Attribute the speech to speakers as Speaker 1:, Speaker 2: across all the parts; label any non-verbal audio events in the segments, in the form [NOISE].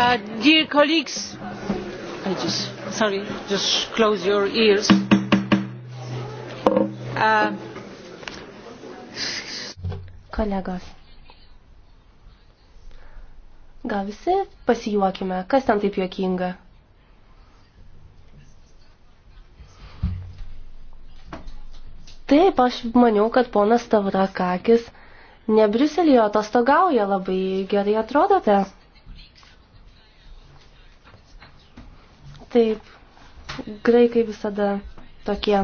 Speaker 1: Uh, dear colleagues, I just, sorry, just close your ears. Uh,
Speaker 2: Kolegos, gal visi pasijuokime, kas ten taip juokinga? Taip, aš maniau, kad ponas Tavrakakis ne Briuselėje atostogauja, labai gerai atrodote. Taip, graikai visada tokie.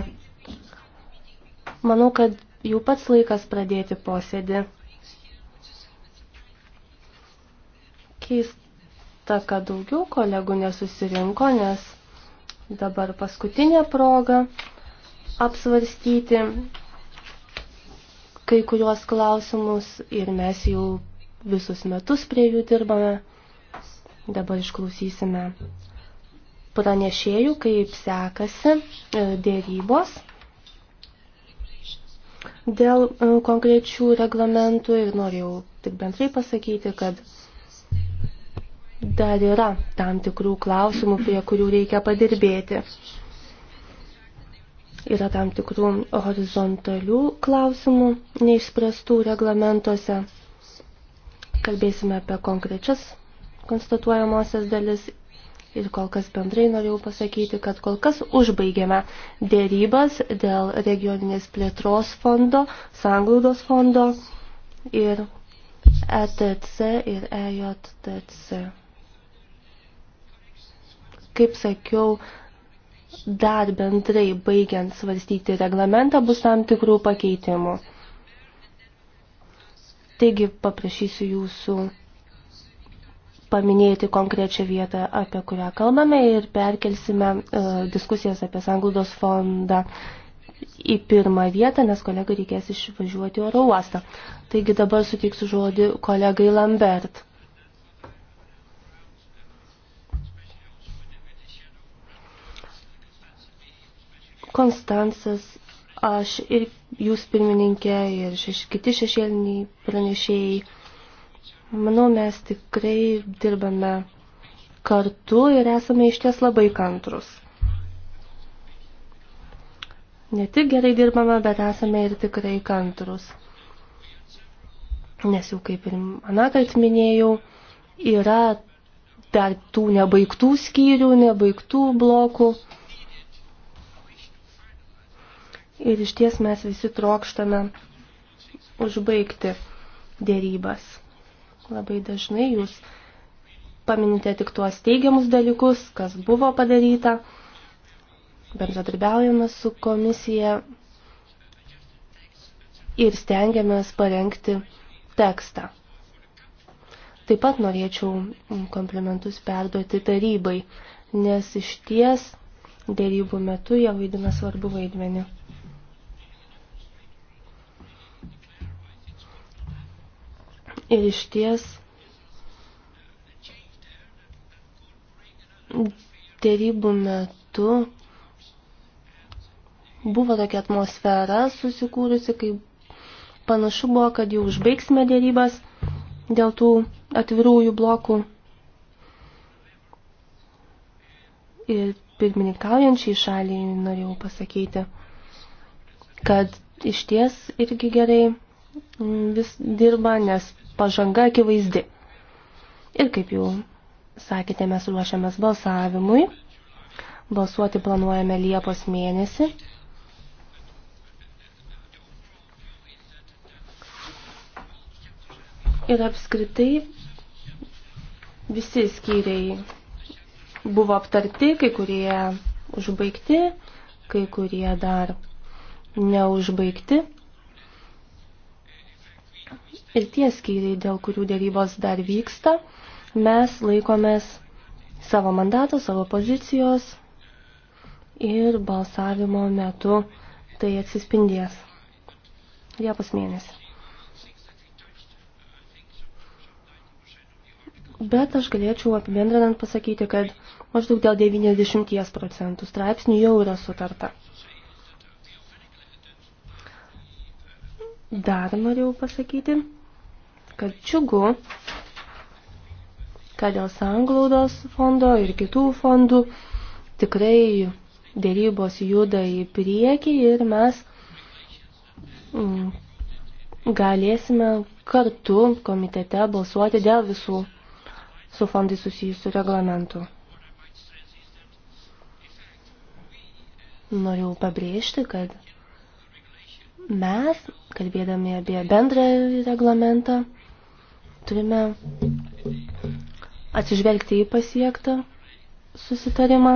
Speaker 2: Manau, kad jau pats laikas pradėti posėdį. Keista, kad daugiau kolegų nesusirinko, nes dabar paskutinė proga apsvarstyti kai kuriuos klausimus ir mes jau visus metus prie jų dirbame. Dabar išklausysime pranešėjų, kaip sekasi e, dėrybos dėl e, konkrečių reglamentų ir norėjau tik bendrai pasakyti, kad dar yra tam tikrų klausimų, prie kurių reikia padirbėti. Yra tam tikrų horizontalių klausimų neišspręstų reglamentuose. Kalbėsime apie konkrečias konstatuojamosias dalis Ir kol kas bendrai norėjau pasakyti, kad kol kas užbaigėme dėrybas dėl regioninės plėtros fondo, sanglaudos fondo ir ETC ir EJTC. Kaip sakiau, dar bendrai baigiant svarstyti reglamentą bus tam tikrų pakeitimų. Taigi paprašysiu jūsų paminėti konkrečią vietą, apie kurią kalbame ir perkelsime e, diskusijas apie sanglaudos fondą į pirmą vietą, nes kolegai reikės išvažiuoti oro uostą. Taigi dabar suteiksiu žodį kolegai Lambert. Konstancas, aš ir jūs pirmininkė ir šeš, kiti šešėliniai pranešėjai Manau, mes tikrai dirbame kartu ir esame iš ties labai kantrus. Ne tik gerai dirbame, bet esame ir tikrai kantrus. Nes jau kaip ir anakart minėjau, yra dar tų nebaigtų skyrių, nebaigtų blokų. Ir iš ties mes visi trokštame užbaigti dėrybas. Labai dažnai jūs paminite tik tuos teigiamus dalykus, kas buvo padaryta, bendradarbiaujame su komisija ir stengiamės parengti tekstą. Taip pat norėčiau komplimentus perduoti tarybai, nes iš ties dėrybų metu jie vaidina svarbu vaidmenį. Ir iš ties dėrybų metu buvo tokia atmosfera susikūrusi, kai panašu buvo, kad jau užbaigsime dėrybas dėl tų atvirųjų blokų. Ir pirmininkaujančiai šaliai norėjau pasakyti, kad iš ties irgi gerai mm, vis dirba, nes pažanga akivaizdi. Ir kaip jau sakėte, mes ruošiamės balsavimui. Balsuoti planuojame Liepos mėnesį. Ir apskritai visi skyriai buvo aptarti, kai kurie užbaigti, kai kurie dar neužbaigti ir tie skyriai, dėl kurių dėrybos dar vyksta, mes laikomės savo mandato, savo pozicijos ir balsavimo metu tai atsispindės. Liepos mėnesį. Bet aš galėčiau apibendrinant pasakyti, kad maždaug dėl 90 procentų straipsnių jau yra sutarta. Dar norėjau pasakyti, kad čiugu, kad dėl sanglaudos fondo ir kitų fondų tikrai dėrybos juda į priekį ir mes mm, galėsime kartu komitete balsuoti dėl visų su fondai susijusių reglamentų. Norėjau pabrėžti, kad mes, kalbėdami apie bendrą reglamentą, Turime atsižvelgti į pasiektą susitarimą.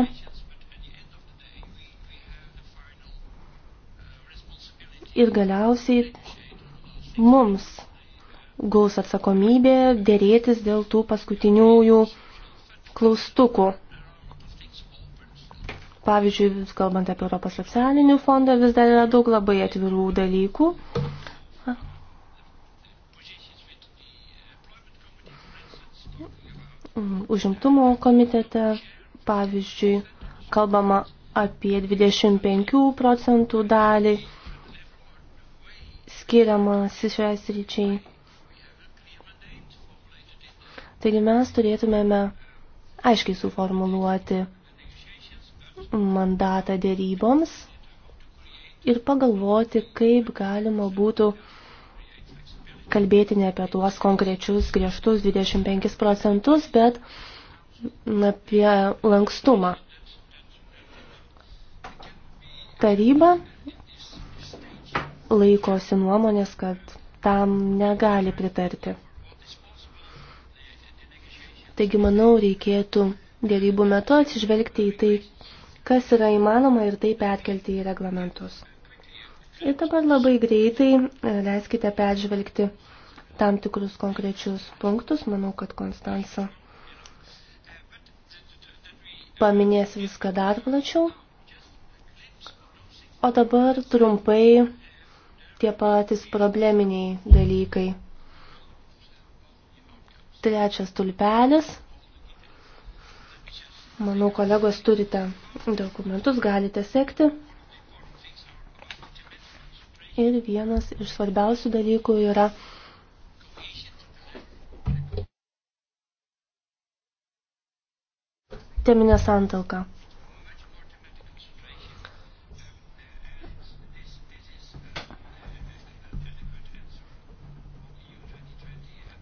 Speaker 2: Ir galiausiai mums gaus atsakomybė dėrėtis dėl tų paskutiniųjų klaustukų. Pavyzdžiui, kalbant apie Europos socialinių fondą, vis dar yra daug labai atvirų dalykų. Mhm. užimtumo komitete, pavyzdžiui, kalbama apie 25 procentų dalį skiriamą šiai sričiai. Taigi mes turėtumėme aiškiai suformuluoti mandatą dėryboms ir pagalvoti, kaip galima būtų uh, kalbėti ne apie tuos konkrečius griežtus 25 procentus, bet apie lankstumą. Taryba laikosi nuomonės, kad tam negali pritarti. Taigi, manau, reikėtų dėrybų metu atsižvelgti į tai, kas yra įmanoma ir tai perkelti į reglamentus. Ir dabar labai greitai e, leiskite peržvelgti tam tikrus konkrečius punktus. Manau, kad Konstanca paminės viską dar plačiau. O dabar trumpai tie patys probleminiai dalykai. Trečias tulpelis. Manau, kolegos turite dokumentus, galite sekti. Ir vienas iš svarbiausių dalykų yra teminė santalka.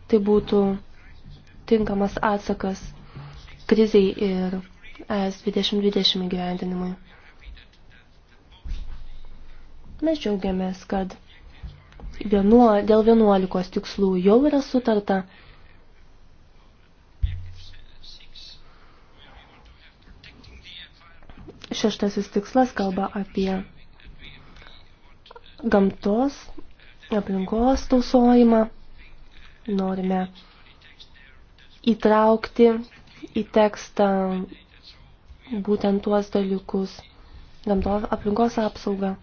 Speaker 2: Tai būtų tinkamas atsakas kriziai ir ES 2020 gyventinimui. Mes džiaugiamės, kad vienuo, dėl 11 tikslų jau yra sutarta. Šeštasis tikslas kalba apie gamtos, aplinkos tausojimą. Norime įtraukti į tekstą būtent tuos dalykus, gamtos aplinkos apsaugą.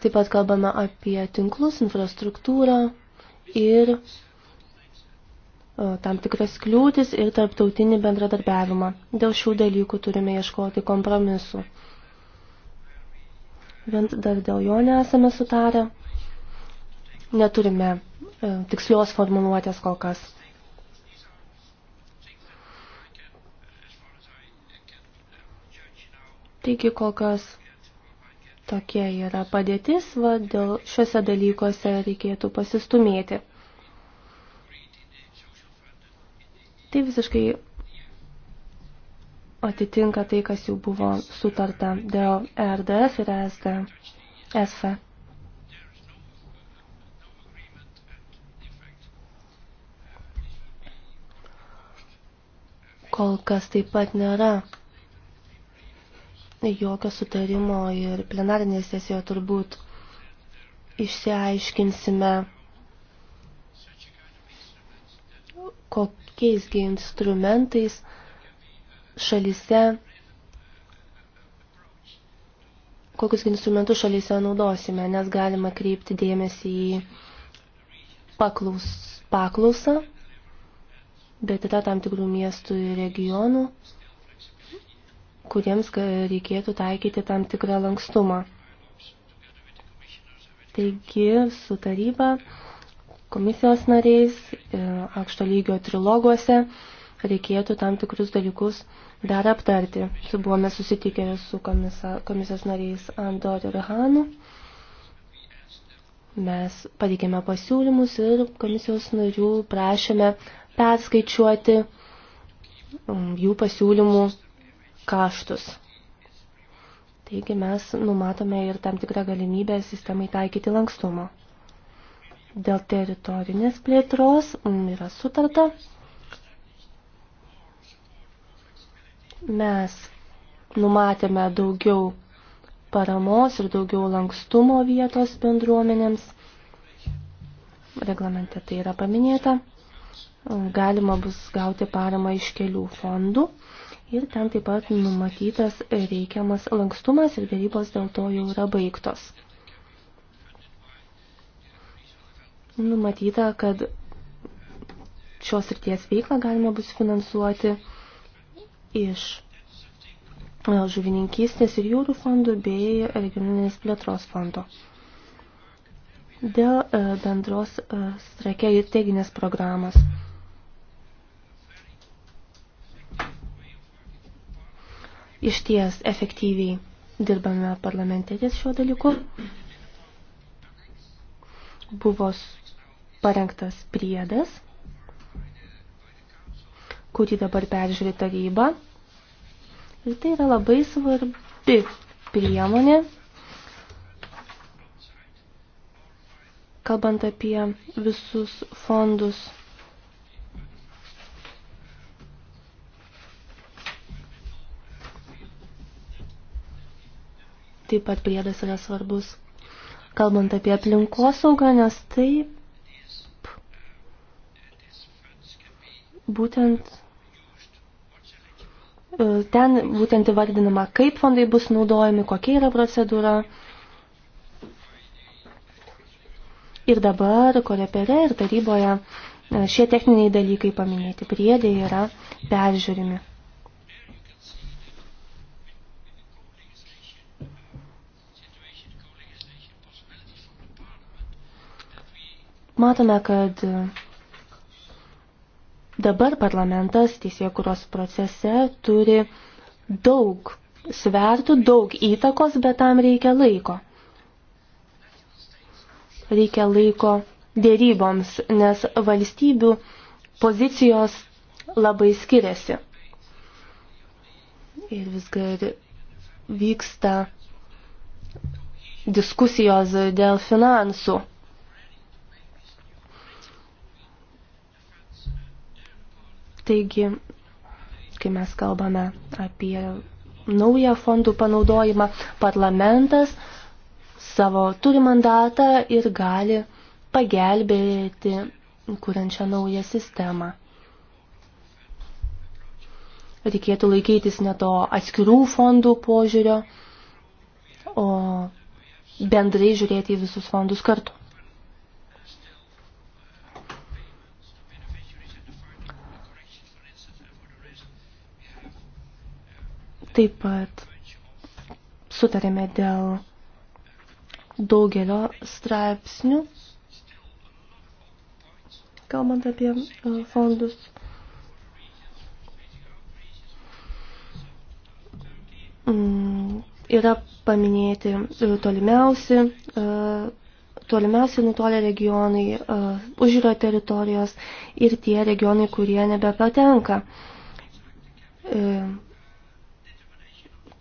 Speaker 2: Taip pat kalbame apie tinklus, infrastruktūrą ir e, tam tikras kliūtis ir tarptautinį bendradarbiavimą. Dėl šių dalykų turime ieškoti kompromisų. Vien dar dėl jo nesame sutarę. Neturime e, tikslios formuluotės kol kas. Taigi kol kas tokia yra padėtis, va, dėl šiuose dalykuose reikėtų pasistumėti. Tai visiškai atitinka tai, kas jau buvo sutarta dėl RDF ir SD, SF. Kol kas taip pat nėra jokio sutarimo ir plenarinėje sesijoje turbūt išsiaiškinsime, kokiaisgi instrumentais šalise, kokius instrumentus šalise naudosime, nes galima kreipti dėmesį į paklaus, paklausą, bet yra tam tikrų miestų ir regionų, kuriems reikėtų taikyti tam tikrą lankstumą. Taigi su taryba, komisijos nariais, e, aukšto lygio triloguose reikėtų tam tikrus dalykus dar aptarti. Buvome susitikę su komisa, komisijos nariais Andor ir Hanu. Mes pateikėme pasiūlymus ir komisijos narių prašėme perskaičiuoti jų pasiūlymų kaštus. Taigi mes numatome ir tam tikrą galimybę sistemai taikyti lankstumą. Dėl teritorinės plėtros mm, yra sutarta. Mes numatėme daugiau paramos ir daugiau lankstumo vietos bendruomenėms. Reglamente tai yra paminėta. Galima bus gauti paramą iš kelių fondų ir ten taip pat numatytas reikiamas lankstumas ir dėrybos dėl to jau yra baigtos. Numatyta, kad šios ryties veiklą galima bus finansuoti iš e, žuvininkystės ir jūrų fondų bei regioninės plėtros fondo. Dėl e, bendros e, strateginės programos. iš ties efektyviai dirbame parlamente ties šiuo dalyku. Buvo parengtas priedas, kurį dabar peržiūri taryba. Ir tai yra labai svarbi priemonė, kalbant apie visus fondus taip pat priedas yra svarbus. Kalbant apie aplinkosaugą, nes taip būtent e, ten būtent įvardinama, kaip fondai bus naudojami, kokia yra procedūra. Ir dabar korepere ir taryboje e, šie techniniai dalykai paminėti priedė yra peržiūrimi. Matome, kad dabar parlamentas teisėkuros procese turi daug svertų, daug įtakos, bet tam reikia laiko. Reikia laiko dėryboms, nes valstybių pozicijos labai skiriasi. Ir visgi vyksta diskusijos dėl finansų. Taigi, kai mes kalbame apie naują fondų panaudojimą, parlamentas savo turi mandatą ir gali pagelbėti kuriančią naują sistemą reikėtų laikytis ne to atskirų fondų požiūrio, o bendrai žiūrėti į visus fondus kartu. Taip pat sutarėme dėl daugelio straipsnių, kalbant apie e, fondus. Mm, yra paminėti e, tolimiausi, e, tolimiausi nutolę regionai, užiro teritorijos ir tie regionai, kurie nebepatenka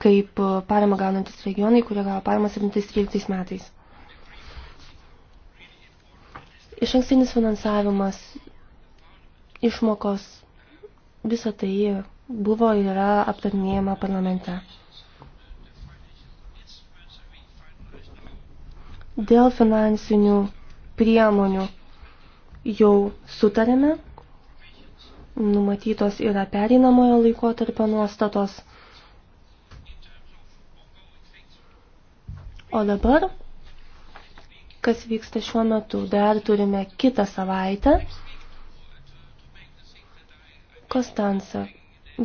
Speaker 2: kaip e, parama gaunantis regionai, kurie gavo paramą 17-13 metais. Iš ankstinis finansavimas, išmokos, visa tai buvo ir yra aptarnėjama parlamente. Dėl finansinių priemonių jau sutarėme, numatytos yra pereinamojo laikotarpio nuostatos – O dabar, kas vyksta šiuo metu, dar turime kitą savaitę. Kostansa,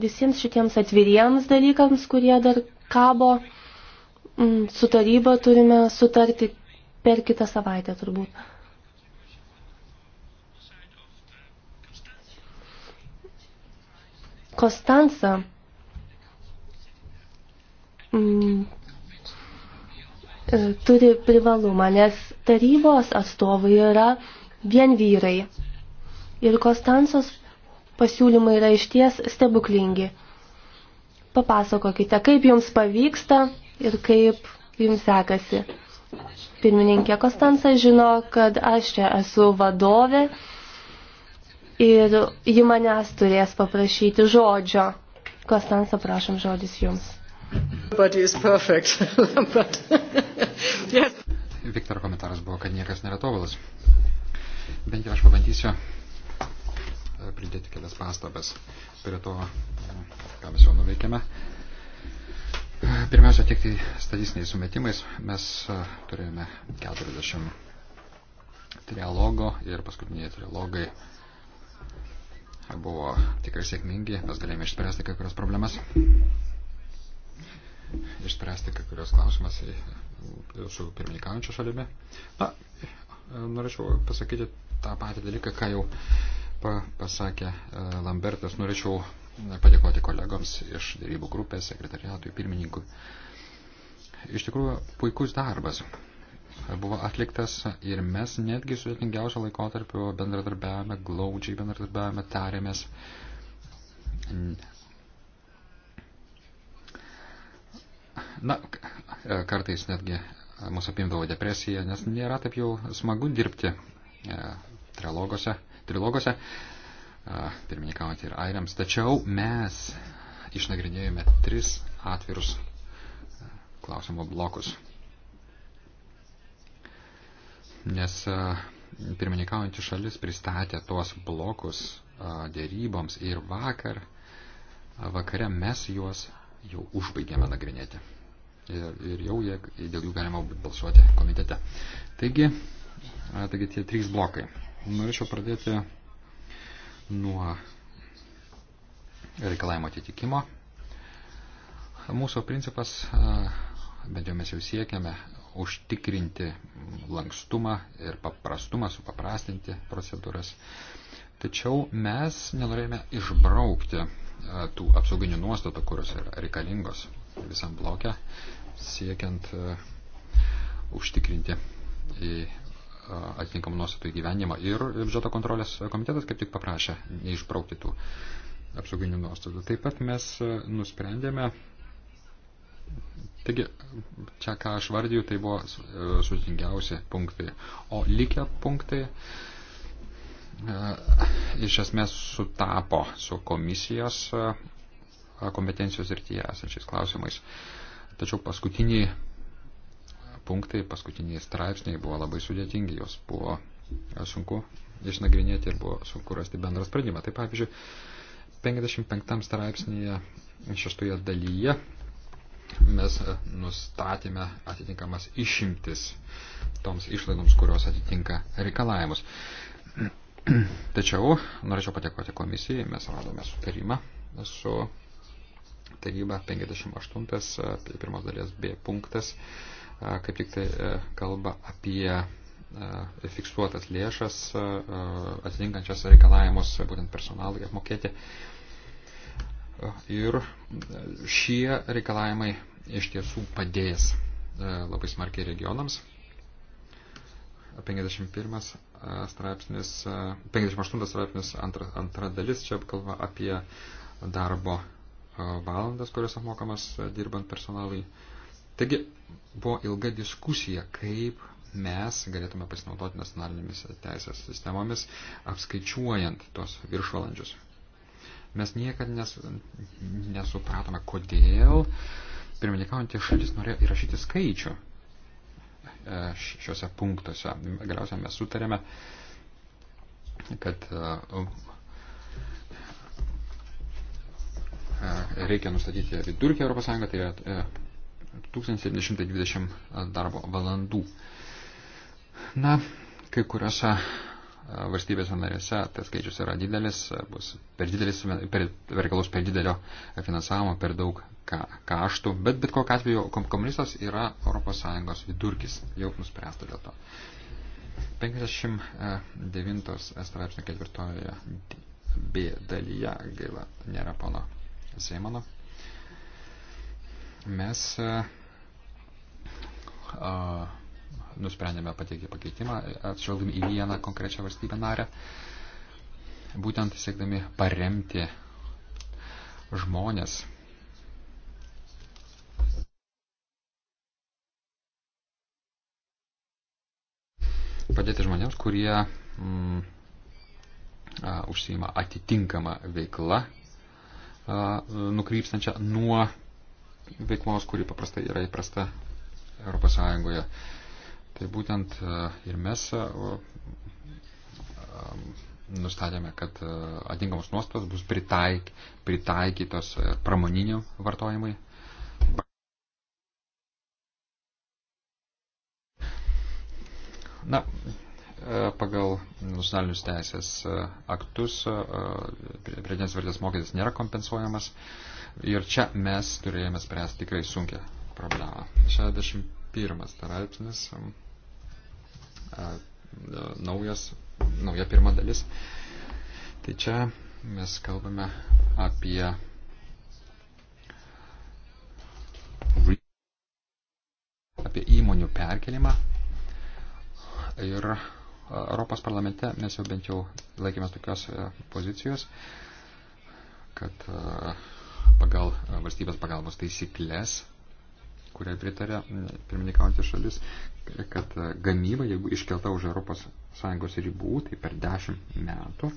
Speaker 2: visiems šitiems atviriems dalykams, kurie dar kabo, mm, su taryba turime sutarti per kitą savaitę turbūt. Kostansa mm, E, turi privalumą, nes tarybos atstovai yra vien vyrai. Ir Konstansos pasiūlymai yra išties stebuklingi. Papasakokite, kaip jums pavyksta ir kaip jums sekasi. Pirmininkė Konstansa žino, kad aš čia esu vadovė ir ji manęs turės paprašyti žodžio. Konstansa, prašom žodis jums.
Speaker 1: [LAUGHS] But...
Speaker 3: yes. Viktoro komentaras buvo, kad niekas nėra tobulas. Bent jau aš pabandysiu e, pridėti kelias pastabas prie to, e, ką mes jau nuveikėme. Pirmiausia, tiek tai statistiniais sumetimais mes e, turėjome 40 trialogo ir paskutiniai trialogai buvo tikrai sėkmingi, mes galėjome išspręsti kai kurias problemas išspręsti kai kurios klausimas su pirmininkaujančia šalimi. Na, norėčiau pasakyti tą patį dalyką, ką jau pa, pasakė e, Lambertas. Norėčiau padėkoti kolegoms iš dėrybų grupės, sekretariatui, pirmininkui. Iš tikrųjų, puikus darbas buvo atliktas ir mes netgi sudėtingiausio laikotarpio bendradarbiavome, glaudžiai bendradarbiavome, tarėmės Na, e, kartais netgi mūsų apimdavo depresija, nes nėra taip jau smagu dirbti e, trilogose, trilogose e, pirmininkaujant ir airiams. Tačiau mes išnagrinėjome tris atvirus klausimo blokus. Nes pirmininkaujantį šalis pristatė tuos blokus dėryboms ir vakar, vakare mes juos jau užbaigėme nagrinėti. Ir, ir jau jie, dėl jų galima balsuoti komitete. Taigi, a, taigi tie trys blokai. Norėčiau pradėti nuo reikalavimo atitikimo. Mūsų principas, bent jau mes jau siekiame, užtikrinti lankstumą ir paprastumą, supaprastinti procedūras. Tačiau mes nenorėjome išbraukti tų apsauginių nuostatų, kurios yra reikalingos visam blokia, siekiant užtikrinti į atitinkamų nuostatų įgyvenimą. Ir biudžeto kontrolės komitetas kaip tik paprašė neišbraukti tų apsauginių nuostatų. Taip pat mes nusprendėme, taigi čia ką aš vardiju, tai buvo e, sudėtingiausi punktai, o likę punktai E, iš esmės sutapo su komisijos e, kompetencijos rytyje esančiais klausimais. Tačiau paskutiniai punktai, paskutiniai straipsniai buvo labai sudėtingi, jos buvo sunku išnagrinėti ir buvo sunku rasti bendrą sprendimą. Tai pavyzdžiui, 55 straipsnėje šeštoje dalyje mes e, nustatėme atitinkamas išimtis toms išlaidoms, kurios atitinka reikalavimus. Tačiau norėčiau patekoti komisijai, mes radome sutarimą su taryba 58 tai pirmos dalies B punktas, kaip tik tai e, kalba apie e, fiksuotas lėšas, e, atitinkančias reikalavimus būtent personalui apmokėti. Ir šie reikalavimai iš tiesų padės labai smarkiai regionams. 51 straipsnis, 58 e, straipsnis antra, antra dalis, čia kalba apie darbo e, valandas, kurios apmokamas e, dirbant personalui. Taigi buvo ilga diskusija, kaip mes galėtume pasinaudoti nacionalinėmis teisės sistemomis, apskaičiuojant tos viršvalandžius. Mes niekad nes, nesupratome, kodėl pirmininkaujantys šalis norėjo įrašyti skaičių E, šiuose punktuose. Galiausiai mes sutarėme, kad e, e, reikia nustatyti vidurkį ES, tai yra 1720 darbo valandų. Na, kai kuriuose valstybėse narėse tas skaičius yra didelis, bus per didelis, per, per galus per didelio finansavimo, per daug kaštų, bet bet kokiu atveju komunistas yra ES vidurkis, jau nuspręsta dėl to. 59 e, straipsnio ketvirtojoje B dalyje, gaila, nėra pono Zeimano. Mes e, a, nusprendėme pateikti pakeitimą, atšaldami į vieną konkrečią valstybę narę, būtent siekdami paremti žmonės padėti žmonėms, kurie mm, a, užsima atitinkamą veiklą, a, nukrypstančią nuo veiklos, kuri paprastai yra įprasta ES. Tai būtent a, ir mes a, a, nustatėme, kad atitinkamos nuostatos bus pritaik, pritaikytos pramoninių vartojimui. Na, e, pagal nacionalinius teisės e, aktus e, pridėtinės vertės mokestis nėra kompensuojamas ir čia mes turėjome spręsti tikrai sunkę problemą. 61 straipsnis, naujas, nauja pirma dalis. Tai čia mes kalbame apie apie įmonių perkelimą Ir e, Europos parlamente mes jau bent jau laikėmės tokios e, pozicijos, kad e, pagal valstybės pagalbos taisyklės, kuriai pritarė pirmininkaujantį šalis, kad gamyba, jeigu iškelta už ES ribų, tai per 10 metų,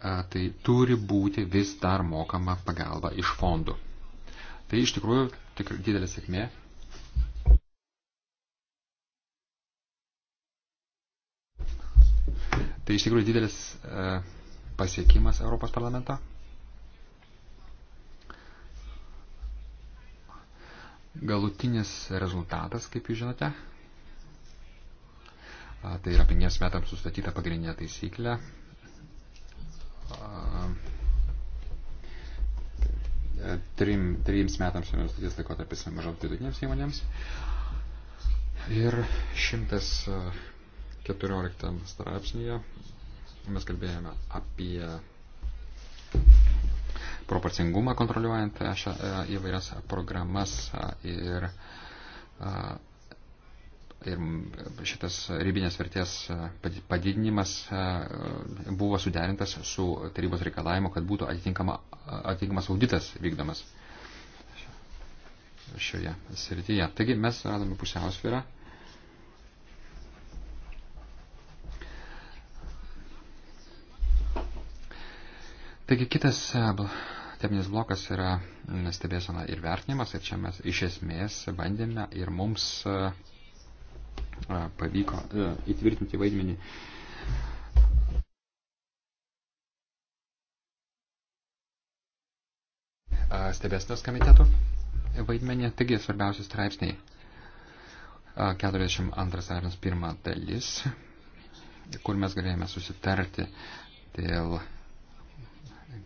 Speaker 3: tai turi būti vis dar mokama pagalba iš fondų. Tai iš tikrųjų tikrai didelė sėkmė Tai iš tikrųjų didelis e, pasiekimas Europos parlamento. Galutinis rezultatas, kaip jūs žinote, a, tai yra penkiems metams sustatyta pagrindinė taisyklė. A, trim, trims metams yra nustatytas laikotarpis mažoms vidutinėms įmonėms. Ir šimtas. A, 14 straipsnėje mes kalbėjome apie proporcingumą kontroliuojant šią e, įvairias programas e, ir, e, ir šitas ribinės vertės padidinimas buvo suderintas su tarybos reikalavimu, kad būtų atitinkamas auditas vykdomas šioje srityje. Taigi mes radome pusiausvyrą Taigi kitas e, teminis blokas yra stebėsena ir vertinimas ir čia mes iš esmės bandėme ir mums e, e, pavyko įtvirtinti vaidmenį. Stebėsnos komitetų vaidmenį, taigi svarbiausi straipsniai. 42 straipsnis pirma dalis, kur mes galėjome susitarti dėl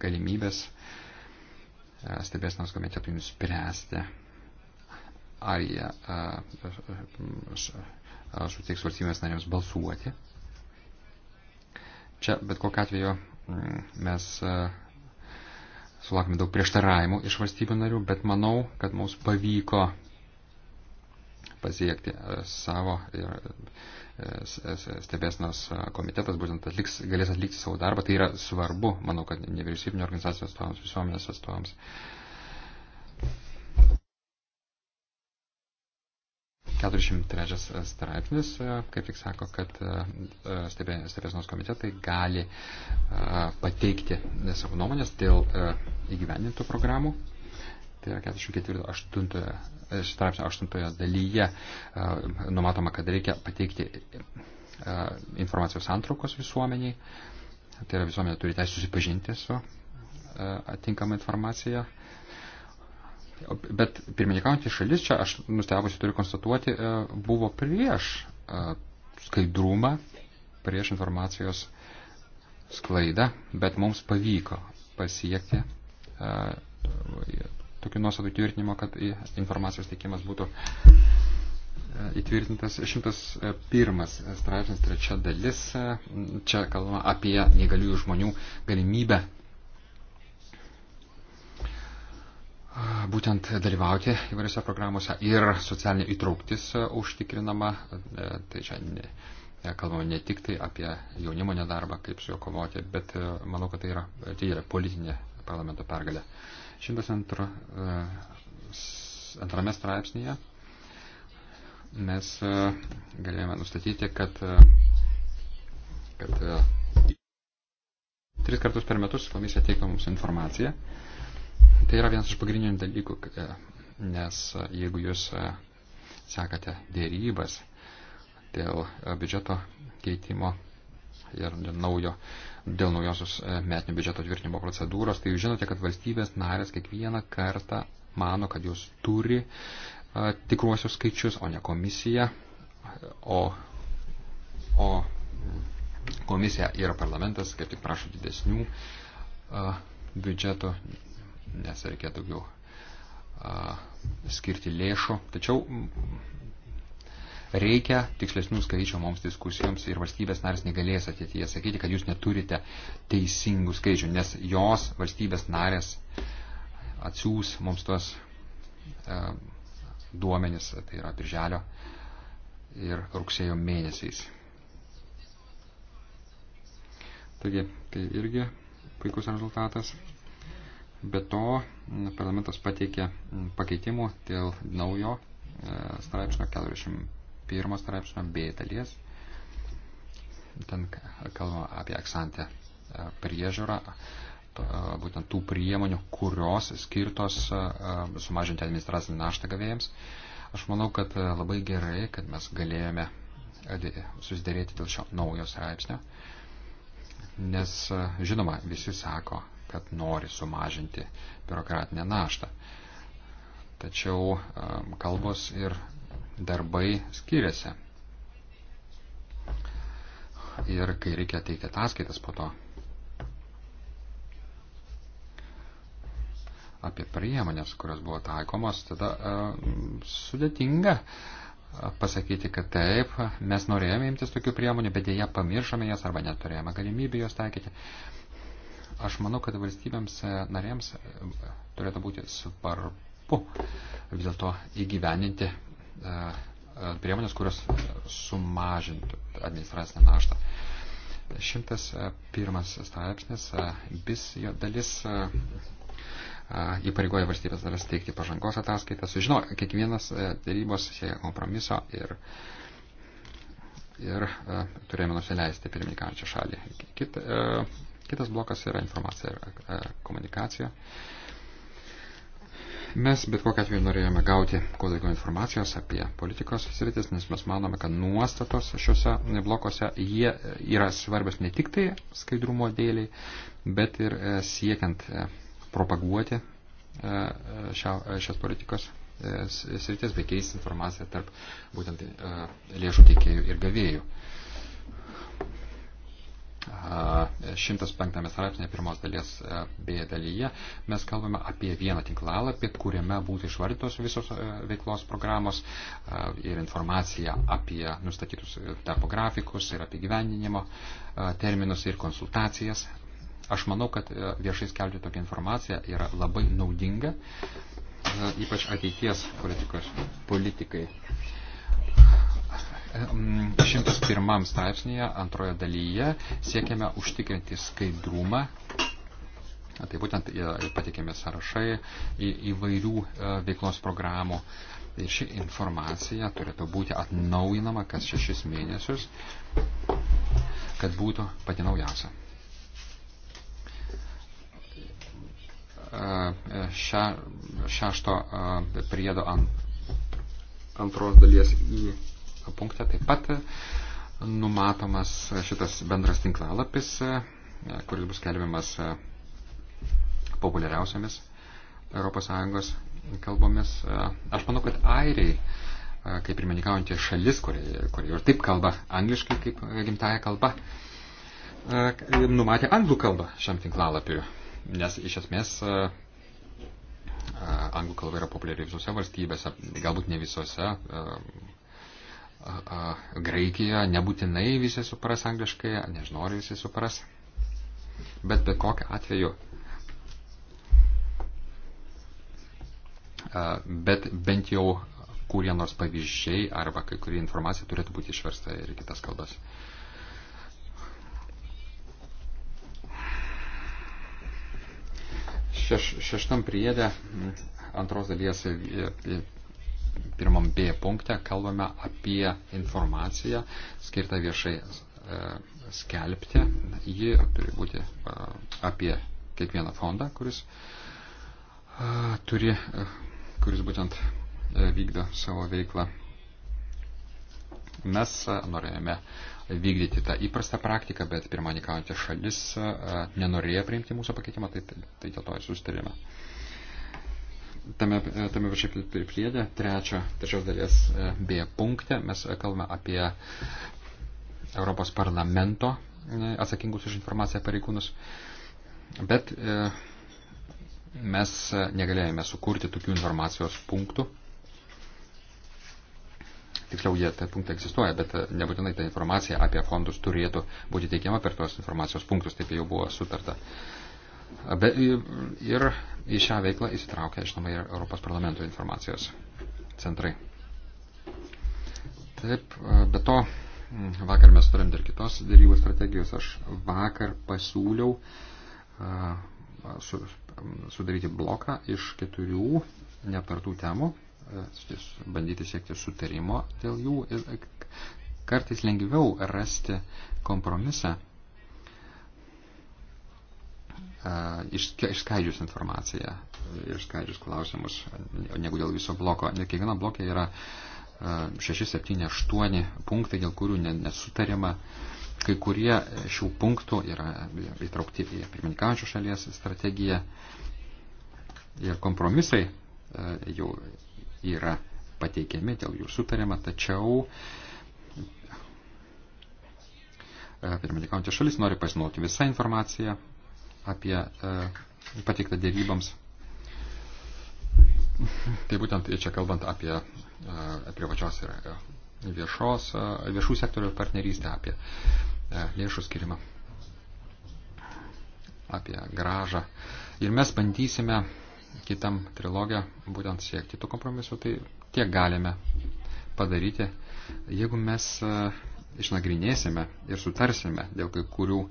Speaker 3: galimybės e, stebėsnos komitetui nuspręsti, ar jie e, e, sutiks valstybės narėms balsuoti. Čia bet kokiu atveju mm, mes sulaukime daug prieštaravimų iš valstybių narių, bet manau, kad mums pavyko pasiekti e, savo ir e, e, stebėsnos komitetas būtent atliks, galės atlikti savo darbą. Tai yra svarbu, manau, kad nevyriausybinio organizacijos atstovams, visuomenės atstovams. trečias straipsnis, kaip tik sako, kad stebėsnos komitetai gali pateikti savo nuomonės dėl įgyvendintų programų tai yra 44 e, straipsnio 8 dalyje e, numatoma, kad reikia pateikti e, informacijos antraukos visuomeniai, tai yra visuomenė turi teisę susipažinti su atinkama informacija. Bet pirmininkaujantį šalis čia, aš nustebusi turiu konstatuoti, buvo prieš skaidrumą, prieš informacijos sklaidą, bet mums pavyko pasiekti tokių nuostatų tvirtinimo, kad informacijos teikimas būtų e, įtvirtintas 101 e, straipsnis, trečia dalis. E, čia kalbama apie negaliųjų žmonių galimybę būtent dalyvauti įvairiose programuose ir socialinė įtrauktis užtikrinama. Tai čia ne, kalbama ne tik tai apie jaunimo nedarbą, kaip su juo kovoti, bet manau, kad tai yra, tai yra politinė parlamento pergalė. Uh, 102 e, antrame straipsnėje mes e, galėjome nustatyti, kad, e, kad tris kartus per metus komisija teikia mums informaciją. Tai yra vienas iš pagrindinių dalykų, nes jeigu jūs sekate dėrybas dėl biudžeto keitimo ir naujo dėl naujosios e, metinio biudžeto tvirtinimo procedūros, tai jūs žinote, kad valstybės narės kiekvieną kartą mano, kad jos turi a, e, tikruosius skaičius, o ne komisija. O, o komisija ir parlamentas kaip tik prašo didesnių a, e, biudžeto, nes reikia daugiau a, skirti lėšų. Tačiau Reikia tikslesnių skaičių mums diskusijoms ir valstybės narės negalės ateityje sakyti, kad jūs neturite teisingų skaičių, nes jos valstybės narės atsiūs mums tuos e, duomenis, tai yra birželio ir rugsėjo mėnesiais. Taigi, tai irgi puikus rezultatas. Be to, parlamentas pateikė pakeitimų dėl naujo e, straipsnio 40 pirmo straipsnio B dalies. Ten kalbama apie eksantę e, priežiūrą, e, būtent tų priemonių, kurios skirtos e, sumažinti administracinį naštą gavėjams. Aš manau, kad labai gerai, kad mes galėjome susidėrėti dėl šio naujo straipsnio, nes žinoma, visi sako, kad nori sumažinti biurokratinę naštą. Tačiau kalbos ir darbai skiriasi. Ir kai reikia teikti ataskaitas po to apie priemonės, kurios buvo taikomos, tada e, sudėtinga pasakyti, kad taip, mes norėjome imtis tokių priemonių, bet jie pamiršome jas arba neturėjome galimybę jos taikyti. Aš manau, kad valstybėms e, narėms e, turėtų būti svarbu vis dėlto įgyveninti E, e, priemonės, kurios sumažintų administracinę naštą. 101 e, straipsnis, bis jo dalis įpareigoja valstybės dalis teikti pažangos ataskaitą. Sužino, kiekvienas darybos siekia kompromiso ir, ir turėjome nusileisti pirmininkančią šalį. Kit, kitas blokas yra informacija ir komunikacija. Mes bet kokią atveju norėjome gauti kuo daugiau informacijos apie politikos sritis, nes mes manome, kad nuostatos šiuose blokuose jie yra svarbios ne tik tai skaidrumo dėliai, bet ir e, siekiant e, propaguoti e, šia, šias politikos sritis bei keisti informaciją tarp būtent lėšų teikėjų ir gavėjų. 105 straipsnė pirmos dalies e, B dalyje mes kalbame apie vieną tinklalapį, kuriame būtų išvardytos visos e, veiklos programos e, ir informacija apie nustatytus darbo grafikus ir apie gyveninimo terminus ir konsultacijas. Aš manau, kad viešai skelbti tokią informaciją yra labai naudinga, ypač ateities politikos politikai. 101 straipsnėje antroje dalyje siekiame užtikrinti skaidrumą. Tai būtent e, patikėme sąrašai įvairių e, veiklos programų. Ir ši informacija turėtų būti atnaujinama kas šešis mėnesius, kad būtų pati naujausia. Še, e, šešto priedo ant, antros dalies į punkte taip pat e, numatomas šitas bendras tinklalapis, e, kuris bus kelbiamas e, populiariausiamis ES kalbomis. Aš manau, kad airiai, kaip ir menikaujantie šalis, kurie, kurie ir taip kalba angliškai kaip gimtaja kalba, numatė anglų kalbą šiam tinklalapiu, nes iš esmės anglų kalba yra populiari visose valstybėse, galbūt ne visose, Graikijoje nebūtinai visi supras angliškai, nežinau, ar visi supras. Bet bet kokiu atveju. Bet bent jau kurie nors pavyzdžiai arba kai kurie informacija turėtų būti išversta ir kitas kalbas. Šeš, šeštam priedė antros dalies e, e, pirmam B punkte kalbame apie informaciją skirtą viešai e, skelbti. Ji turi būti e, apie kiekvieną fondą, kuris, e, turi, kuris būtent vykdo savo veiklą. Mes norėjome vykdyti tą įprastą praktiką, bet pirmanikaujantė šalis nenorėjo priimti mūsų pakeitimą, tai, tai dėl to ir sustarėme. Tai tame, e, tame viršai priedė, trečio, trečios dalies e, B punkte, mes e, kalbame apie Europos parlamento atsakingus už informaciją pareigūnus, bet mes negalėjome sukurti tokių informacijos punktų. Tiksliau, jie tai punktai egzistuoja, bet nebūtinai ta informacija apie fondus turėtų būti teikiama per tuos informacijos punktus, taip jau buvo sutarta. Uh, Be, ir į šią veiklą įsitraukia, žinoma, ir Europos parlamento informacijos centrai. Taip, be to, vakar mes turim dar kitos dėrybų strategijos. Aš vakar pasiūliau su, sudaryti bloką iš keturių neaptartų temų, bandyti siekti sutarimo dėl jų ir kartais lengviau rasti kompromisą išskaidžius informaciją, išskaidžius klausimus, negu dėl viso bloko. Ir kiekviena blokė yra 6, 7, 8 punktai, dėl kurių nesutariama. Kai kurie šių punktų yra įtraukti į pirmininkaujančių šalies strategiją ir kompromisai jau yra pateikiami, dėl jų sutariama, tačiau pirmininkaujančia šalis nori pasinaudoti visą informaciją, apie e, pateiktą dėrybams. Tai būtent čia kalbant apie e, privačios ir e, viešos, viešų sektorių partnerystę, apie lėšų skirimą, apie gražą. Ir mes bandysime kitam trilogę būtent siekti tų kompromisų, tai tiek galime padaryti, jeigu mes išnagrinėsime ir sutarsime dėl kai kurių uh,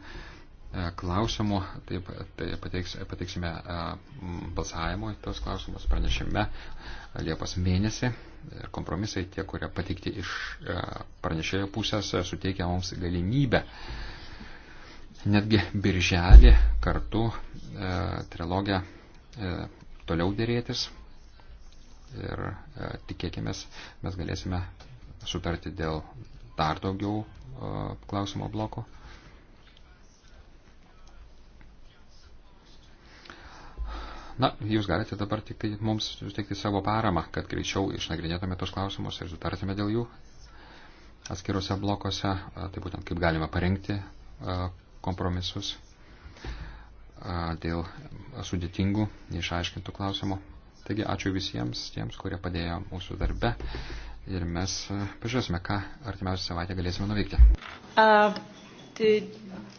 Speaker 3: E, klausimų, taip, tai pateiks, pateiksime e, balsavimo tos klausimus pranešime Liepos mėnesį. Kompromisai tie, kurie pateikti iš e, pranešėjo pusės, suteikia mums galimybę netgi birželį kartu trilogę toliau dėrėtis ir tikėkime mes galėsime sutarti dėl dar daugiau klausimo bloko. Na, jūs galite dabar tik tai mums suteikti savo paramą, kad greičiau išnagrinėtume tos klausimus ir sutartume dėl jų atskiruose blokuose, tai būtent kaip galima parengti kompromisus dėl sudėtingų, neišaiškintų klausimų. Taigi ačiū visiems tiems, kurie padėjo mūsų darbe ir mes pažiūrėsime, ką artimiausią savaitę galėsime nuveikti.
Speaker 1: Uh, the,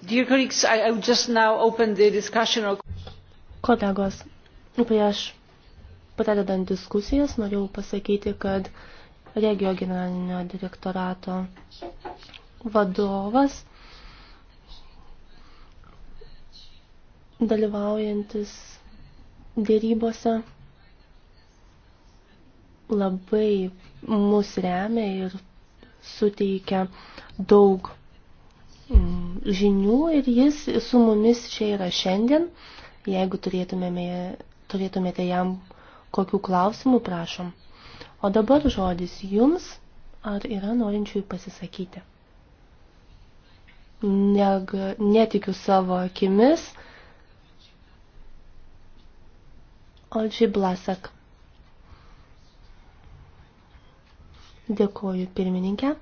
Speaker 1: dear colleagues, I, I would just now open the discussion. Kolegos,
Speaker 2: Prieš pradedant diskusijas norėjau pasakyti, kad regio generalinio direktorato vadovas dalyvaujantis dėrybose labai mus remia ir suteikia daug mm, žinių ir jis su mumis čia yra šiandien. Jeigu turėtumėme turėtumėte jam kokių klausimų, prašom. O dabar žodis jums, ar yra norinčių pasisakyti. Neg, netikiu savo akimis. Olži Blasak. Dėkoju pirmininkę.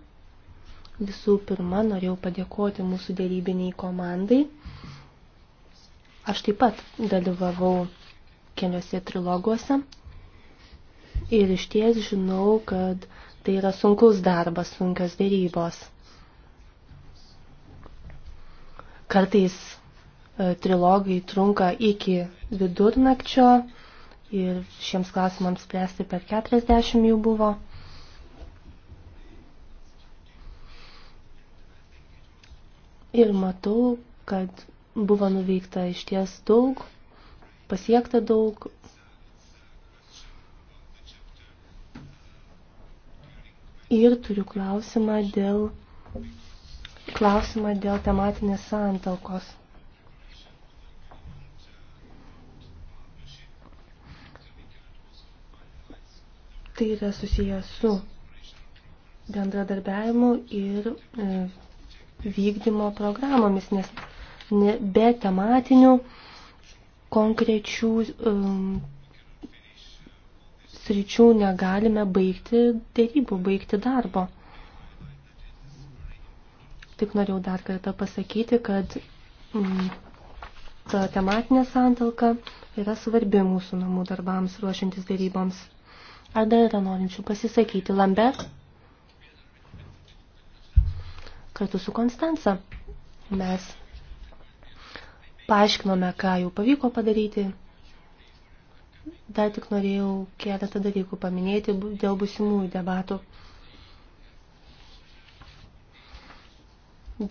Speaker 2: Visų pirma, norėjau padėkoti mūsų dėrybiniai komandai. Aš taip pat dalyvavau keliuose triloguose. Ir iš ties žinau, kad tai yra sunkus darbas, sunkas dėrybos. Kartais e, trilogai trunka iki vidurnakčio ir šiems klausimams spręsti per 40 jų buvo. Ir matau, kad buvo nuveikta iš ties daug pasiekta daug. Ir turiu klausimą dėl, klausimą dėl tematinės santalkos. Tai yra susijęs su bendradarbiavimu ir e, vykdymo programomis, nes ne, be tematinių e, konkrečių um, sričių negalime baigti dėrybų, baigti darbo. Tik norėjau dar kartą pasakyti, kad um, ta tematinė santalka yra svarbi mūsų namų darbams ruošiantis dėryboms. Ar dar yra norinčių pasisakyti Lambert? Kartu su Konstanca mes paaiškinome, ką jau pavyko padaryti. Dar tik norėjau keletą dalykų paminėti dėl busimųjų debatų.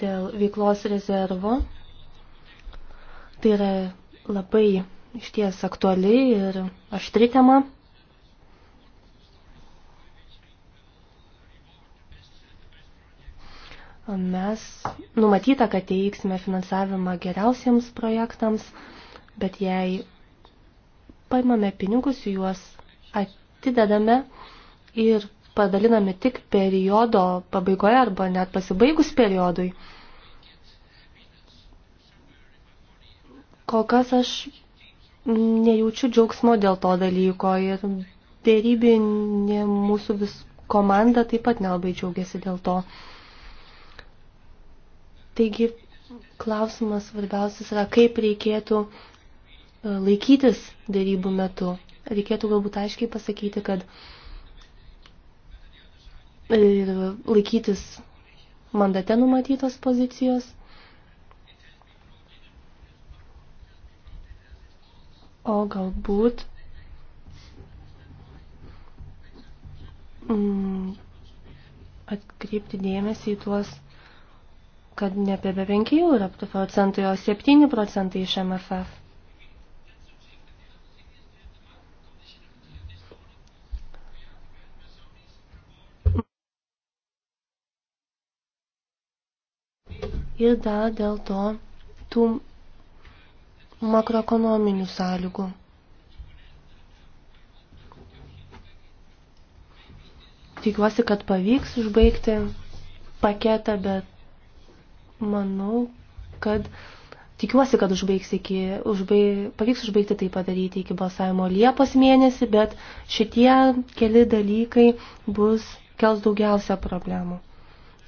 Speaker 2: Dėl veiklos rezervo. Tai yra labai išties aktuali ir aštri tema. Mes numatyta, kad teiksime finansavimą geriausiems projektams, bet jei paimame pinigus, juos atidedame ir padalinami tik periodo pabaigoje arba net pasibaigus periodui. Kol kas aš nejaučiu džiaugsmo dėl to dalyko ir dėrybinė mūsų vis komanda taip pat nelabai džiaugiasi dėl to. Taigi klausimas svarbiausias yra, kaip reikėtų e, laikytis dėrybų metu. Reikėtų galbūt aiškiai pasakyti, kad e, ir laikytis mandate numatytos pozicijos. O galbūt mm, atkreipti dėmesį į tuos kad ne apie 5 eurų procentai, o 7 procentai iš MFF. Ir dar dėl to tų makroekonominių sąlygų. Tikiuosi, kad pavyks užbaigti paketą, bet manau, kad tikiuosi, kad užbaigs iki, užbaig, pavyks užbaigti tai padaryti iki balsavimo Liepos mėnesį, bet šitie keli dalykai bus kels daugiausia problemų.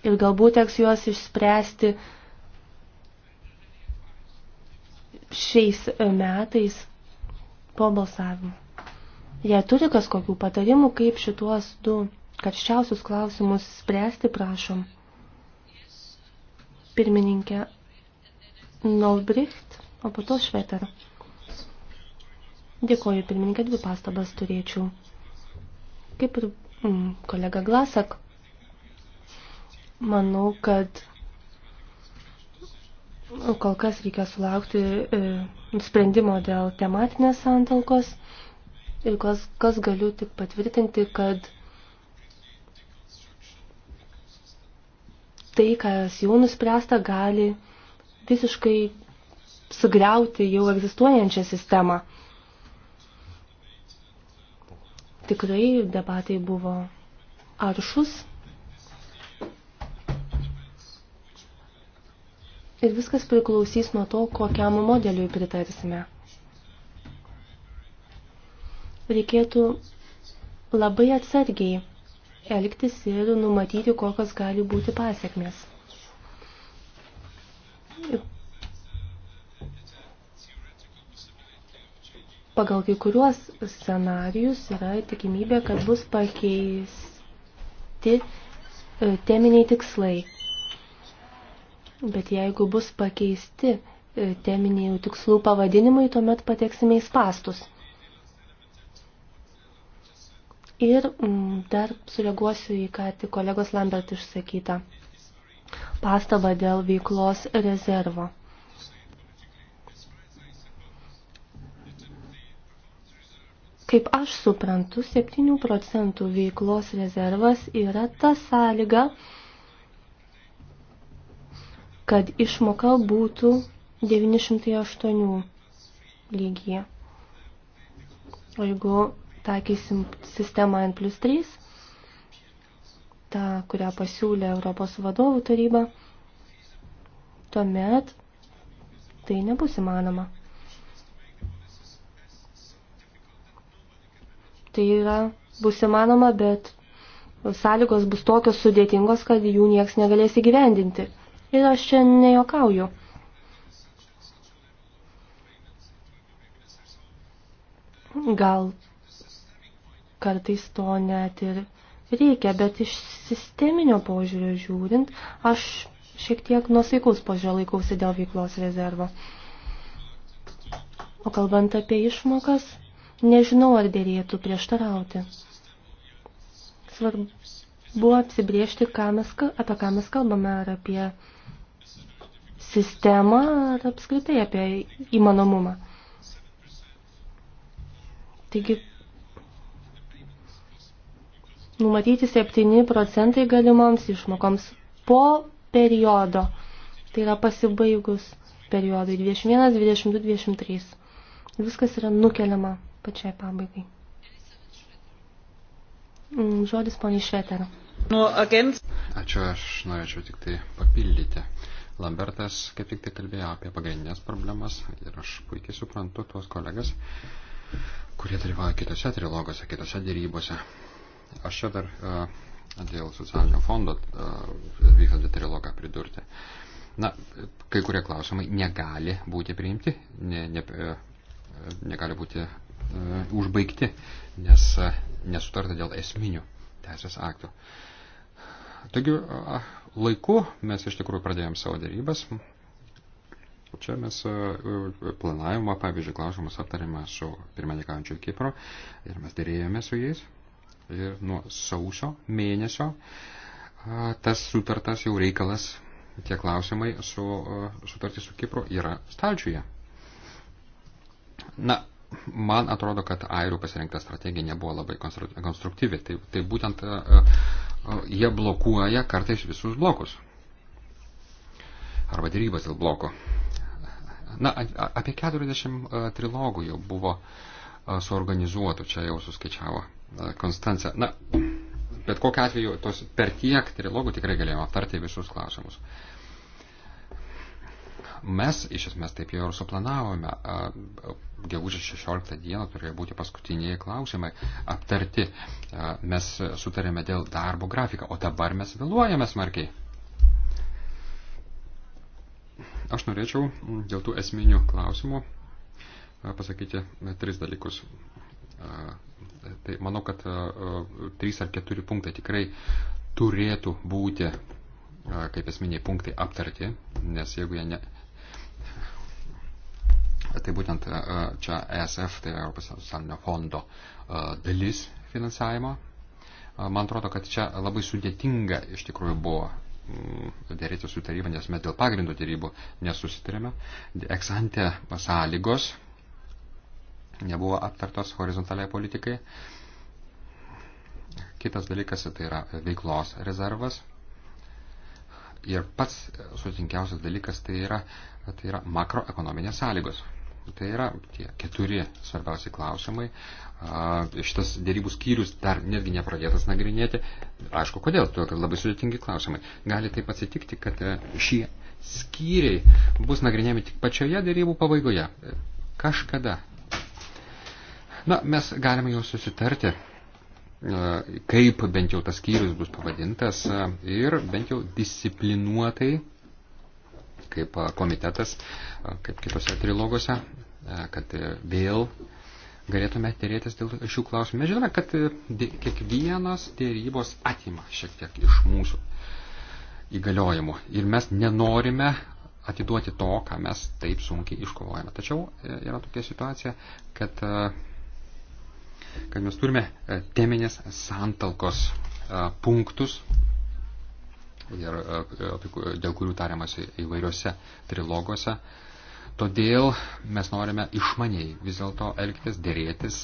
Speaker 2: Ir galbūt teks juos išspręsti šiais metais po balsavimo. Jei turi kas kokių patarimų, kaip šituos du karščiausius klausimus spręsti, prašom pirmininkė Nolbricht, o po to Šveter. Dėkoju, pirmininkė, dvi pastabas turėčiau. Kaip ir mm, kolega Glasak, manau, kad kol kas reikia sulaukti e, sprendimo dėl tematinės santalkos ir kas, kas galiu tik patvirtinti, kad tai, kas jau nuspręsta, gali visiškai sugriauti jau egzistuojančią sistemą. Tikrai debatai buvo aršus. Ir viskas priklausys nuo to, kokiam modeliui pritarsime. Reikėtų labai atsargiai elgtis ir numatyti, kokios gali būti pasiekmes. Pagal kai kuriuos scenarius yra tikimybė, kad bus pakeisti e, teminiai tikslai. Bet jeigu bus pakeisti e, teminiai tikslų pavadinimai, tuomet pateksime į pastus. Ir mm, dar sureaguosiu į ką tik kolegos Lambert išsakytą pastabą dėl veiklos rezervo. Kaip aš suprantu, 7 procentų veiklos rezervas yra ta sąlyga, kad išmoka būtų 908 lygyje. O jeigu taikysim sistemą N plus 3, tą, kurią pasiūlė Europos vadovų taryba, tuomet tai nebus įmanoma. Tai yra, bus įmanoma, bet sąlygos bus tokios sudėtingos, kad jų nieks negalės įgyvendinti. Ir aš čia nejokauju. Gal kartais to net ir reikia, bet iš sisteminio požiūrio žiūrint, aš šiek tiek nusaikaus požiūrio laikausi dėl veiklos rezervo. O kalbant apie išmokas, nežinau, ar dėrėtų prieštarauti. Svarbu apsibriežti, ką mes, apie ką mes kalbame, ar apie sistemą, ar apskritai apie įmanomumą. Taigi numatyti 7 procentai galimoms išmokoms po periodo. Tai yra pasibaigus periodui 21, 22, 23. Viskas yra nukeliama pačiai pabaigai. Mm, žodis poniai Šveter.
Speaker 1: Nu, agents.
Speaker 3: Ačiū, aš norėčiau tik tai papildyti. Lambertas kaip tik tai kalbėjo apie pagrindinės problemas ir aš puikiai suprantu tuos kolegas, kurie dalyvauja kitose trilogose, kitose dėrybose. Aš čia dar e, dėl socialinio fondo e, vykstantį trilogą pridurti. Na, kai kurie klausimai negali būti priimti, ne, ne, e, negali būti uh, užbaigti, nes uh, nesutarta dėl esminių teisės aktų. Taigi, uh, laiku mes iš tikrųjų pradėjom savo dėrybas. Čia mes planavimo, pavyzdžiui, klausimus aptarėme su pirmininkaujančiu Kipro ir mes dėrėjome su jais ir nuo sausio mėnesio tas sutartas jau reikalas, tie klausimai su sutartį su Kipru yra stalčiuje. Na, man atrodo, kad airių pasirinkta strategija nebuvo labai konstruktyvi. Tai, tai būtent jie blokuoja kartais visus blokus. Arba dėrybas dėl bloko. Na, apie 40 trilogų jau buvo suorganizuotų, čia jau suskaičiavo Konstancija. Na, bet kokiu atveju tos per tiek trilogų tikrai galėjome aptarti visus klausimus. Mes iš esmės taip jau ir suplanavome. Gegužės 16 dieną turėjo būti paskutiniai klausimai aptarti. Mes sutarėme dėl darbo grafiko, o dabar mes vėluojame smarkiai. Aš norėčiau dėl tų esminių klausimų pasakyti tris dalykus Tai manau, kad e, trys ar keturi punktai tikrai turėtų būti e, kaip esminiai punktai aptarti, nes jeigu jie ne. Tai būtent e, čia ESF, tai Europos socialinio fondo dalis finansavimo. Man atrodo, kad čia labai sudėtinga iš tikrųjų buvo mm, dėrėti su taryba, nes mes dėl pagrindų dėrybų nesusitarėme. Eksante sąlygos nebuvo aptartos horizontaliai politikai. Kitas dalykas tai yra veiklos rezervas. Ir pats sutinkiausias dalykas tai yra, tai yra makroekonominės sąlygos. Tai yra tie keturi svarbiausi klausimai. Šitas dėrybų skyrius dar netgi nepradėtas nagrinėti. Aišku, kodėl? Tuo, kad labai sudėtingi klausimai. Gali taip atsitikti, kad e, šie skyriai bus nagrinėjami tik pačioje dėrybų pabaigoje. Kažkada Na, mes galime jau susitarti, e, kaip bent jau tas skyrius bus pavadintas e, ir bent jau disciplinuotai, kaip e, komitetas, kaip kitose trilogose, kad vėl galėtume dėrėtis dėl šių klausimų. Mes žinome, kad kiekvienas dėrybos atima šiek tiek iš mūsų įgaliojimų ir mes nenorime atiduoti to, ką mes taip sunkiai iškovojame. Tačiau yra tokia situacija, kad uh, kad mes turime e, teminės santalkos e, punktus, ir, e, dėl kurių tariamasi įvairiuose trilogose. Todėl mes norime išmaniai vis dėlto elgtis, dėrėtis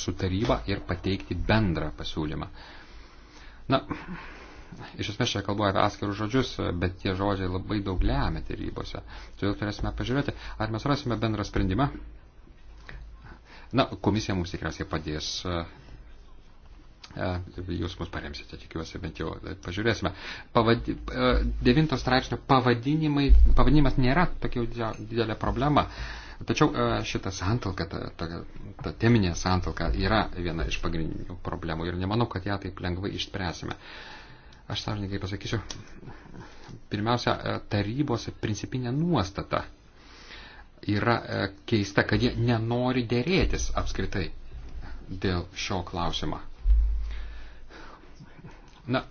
Speaker 3: su taryba ir pateikti bendrą pasiūlymą. Na, iš esmės čia kalbu apie atskirus žodžius, bet tie žodžiai labai daug lemia tarybose. Todėl turėsime pažiūrėti, ar mes rasime bendrą sprendimą Na, komisija mums tikriausiai padės. E, e, jūs mus paremsite, tikiuosi, bent jau e, pažiūrėsime. Pavadi, devinto straipsnio pavadinimai, pavadinimas nėra tokia didelė problema. Tačiau šita santalka, ta, ta, ta teminė santalka yra viena iš pagrindinių problemų ir nemanau, kad ją taip lengvai išspręsime. Aš sąžininkai pasakysiu, pirmiausia, tarybos principinė nuostata yra e, keista, kad jie nenori dėrėtis apskritai dėl šio klausimo. Na,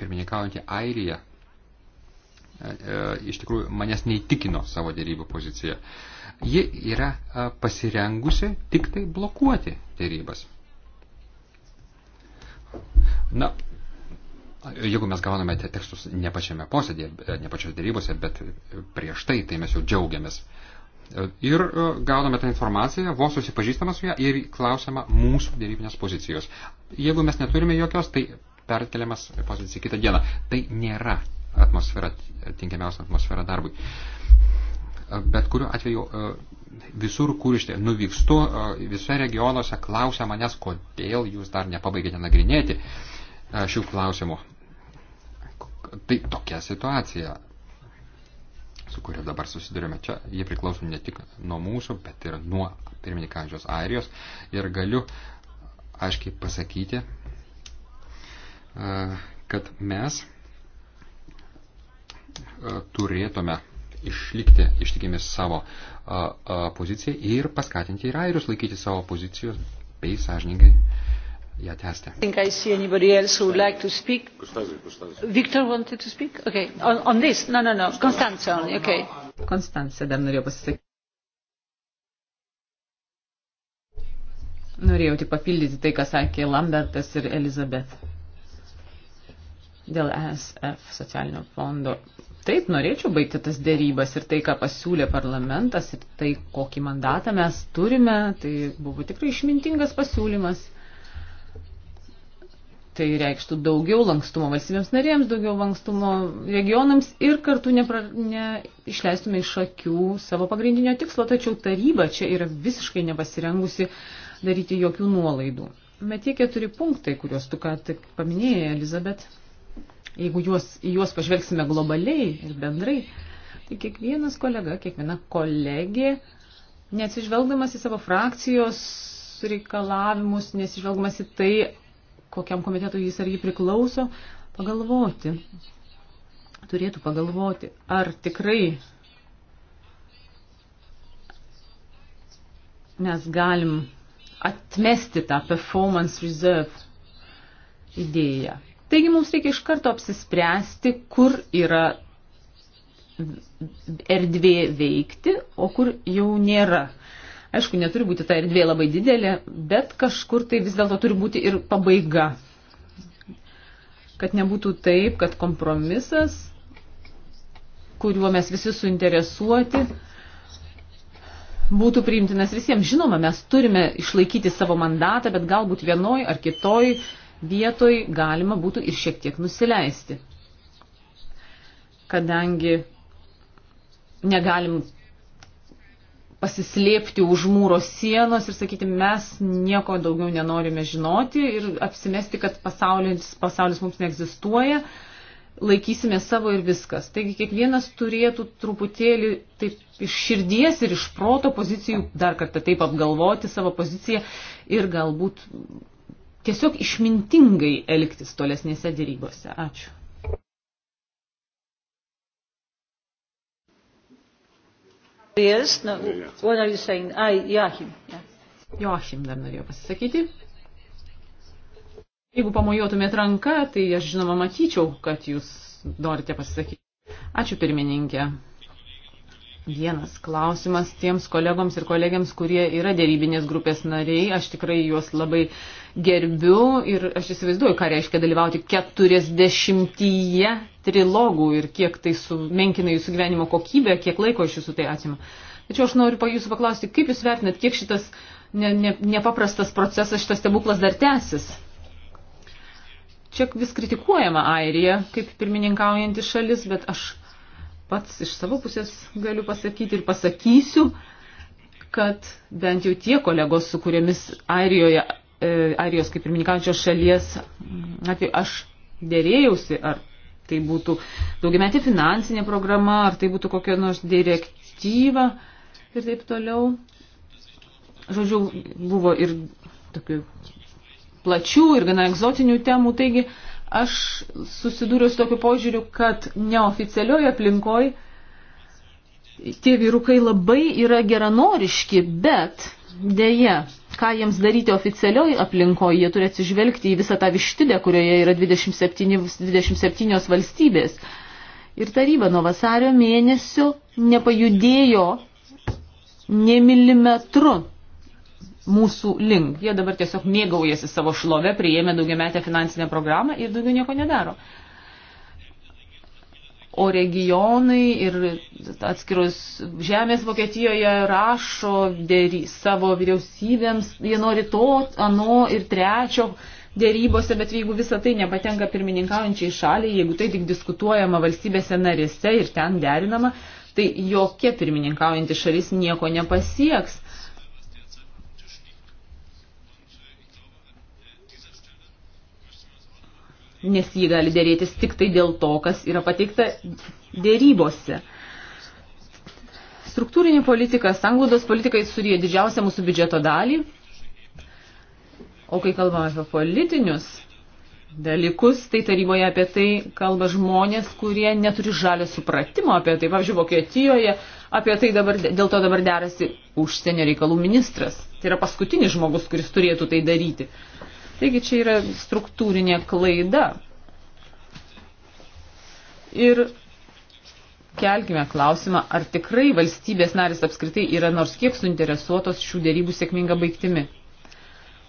Speaker 3: pirmininkaujantį Airiją e, e, iš tikrųjų manęs neįtikino savo dėrybų poziciją. Ji yra e, pasirengusi tik tai blokuoti dėrybas. Na, jeigu mes gauname tekstus ne pačiame posėdėje, ne pačios dėrybose, bet prieš tai, tai mes jau džiaugiamės. E, Ir e, gauname tą informaciją, vos susipažįstame su ją ir klausime mūsų dėrybinės pozicijos. Jeigu mes neturime jokios, tai perkeliamas pozicija kitą dieną. Tai nėra atmosfera, tinkiamiausia atmosfera darbui. Bet kuriuo atveju e, visur, kur iš tiesų nuvykstu, e, visose regionuose klausia manęs, kodėl jūs dar nepabaigėte nagrinėti šių klausimų. Tai tokia situacija su kuria dabar susidurime čia, jie priklauso ne tik nuo mūsų, bet ir nuo pirmininkančios Airijos. Ir galiu aiškiai pasakyti, e, kad mes e, turėtume išlikti ištikimi savo e, pozicijai ir paskatinti ir airius laikyti savo pozicijos bei sąžiningai ją tęsti.
Speaker 1: Konstancija dar norėjo pasisakyti. Norėjau tik papildyti tai, ką sakė Lambertas ir Elizabeth. Dėl ESF socialinio fondo. Taip, norėčiau baigti tas dėrybas ir tai, ką pasiūlė parlamentas ir tai, kokį mandatą mes turime, tai buvo tikrai išmintingas pasiūlymas. Tai reikštų daugiau lankstumo valstybėms narėms, daugiau lankstumo regionams ir kartu neišleistume ne iš akių savo pagrindinio tikslo, tačiau taryba čia yra visiškai nepasirengusi daryti jokių nuolaidų. Bet tie keturi punktai, kuriuos tu ką tik paminėjai, Elizabet, jeigu juos, į juos pažvelgsime globaliai ir bendrai, tai kiekvienas kolega, kiekviena kolegė, neatsižvelgdamas į savo frakcijos reikalavimus, nesižvelgdamas į tai, kokiam komitetui jis ar jį priklauso, pagalvoti. Turėtų pagalvoti, ar tikrai mes galim atmesti tą performance reserve idėją. Taigi mums reikia iš karto apsispręsti, kur yra erdvė veikti, o kur jau nėra Aišku, neturi būti ta erdvė labai didelė, bet kažkur tai vis dėlto turi būti ir pabaiga. Kad nebūtų taip, kad kompromisas, kuriuo mes visi suinteresuoti, būtų priimtinas visiems. Žinoma, mes turime išlaikyti savo mandatą, bet galbūt vienoj ar kitoj vietoj galima būtų ir šiek tiek nusileisti. Kadangi negalim pasislėpti už mūro sienos ir sakyti, mes nieko daugiau nenorime žinoti ir apsimesti, kad pasaulis, pasaulis mums neegzistuoja, laikysime savo ir viskas. Taigi kiekvienas turėtų truputėlį taip iš širdies ir iš proto pozicijų dar kartą taip apgalvoti savo poziciją ir galbūt tiesiog išmintingai elgtis tolesnėse dėrybose. Ačiū. Spears? No, yeah, yeah. What are you saying? I, Joachim. Yeah. Joachim dar norėjo pasisakyti. Jeigu pamojuotumėt ranką, tai aš žinoma matyčiau, kad jūs norite pasisakyti. Ačiū pirmininkė. Vienas klausimas tiems kolegoms ir kolegiams, kurie yra dėrybinės grupės nariai. Aš tikrai juos labai gerbiu ir aš įsivaizduoju, ką reiškia dalyvauti keturiasdešimtyje trilogų ir kiek tai sumenkina jūsų gyvenimo kokybę, kiek laiko iš jūsų tai atima. Tačiau aš noriu pa jūsų paklausti, kaip jūs vertinat, kiek šitas ne, ne, nepaprastas procesas, šitas stebuklas dar tęsis? Čia vis kritikuojama Airija kaip pirmininkaujanti šalis, bet aš pats iš savo pusės galiu pasakyti ir pasakysiu, kad bent jau tie kolegos, su kuriamis Airijoje, e, Airijos kaip pirmininkančios šalies atveju aš dėrėjausi, ar tai būtų daugiametė finansinė programa, ar tai būtų kokia nors direktyva ir taip toliau. Žodžiu, buvo ir tokių plačių ir gana egzotinių temų, taigi uh, Aš susidūriau su tokiu požiūriu, kad neoficialioje aplinkoje tie vyrukai labai yra geranoriški, bet dėje, ką jiems daryti oficialioj aplinkoje, jie turi atsižvelgti į visą tą vištidę, kurioje yra 27, 27 valstybės. Ir taryba nuo vasario mėnesio nepajudėjo ne milimetru mūsų link. Jie dabar tiesiog mėgaujasi savo šlove, prieėmė daugiametę finansinę programą ir daugiau nieko nedaro. O regionai ir atskiros žemės Vokietijoje rašo dėry, savo vyriausybėms, jie nori to, ano ir trečio dėrybose, bet jeigu visa tai nepatenka pirmininkaujančiai šaliai, jeigu tai tik diskutuojama valstybėse narėse ir ten derinama, tai jokia pirmininkaujanti šalis nieko nepasieks. nes jį gali dėrėtis tik tai dėl to, kas yra pateikta dėrybose. Struktūrinė politika, sanglaudos politikai surie didžiausią mūsų biudžeto dalį, o kai kalbame apie politinius dalykus, tai taryboje apie tai kalba žmonės, kurie neturi žalio supratimo apie tai. Pavyzdžiui, Vokietijoje apie tai dabar, dėl to dabar derasi užsienio reikalų ministras. Tai yra paskutinis žmogus, kuris turėtų tai daryti. Taigi čia yra struktūrinė klaida. Ir kelkime klausimą, ar tikrai valstybės narės apskritai yra nors kiek suinteresuotos šių dėrybų sėkminga baigtimi.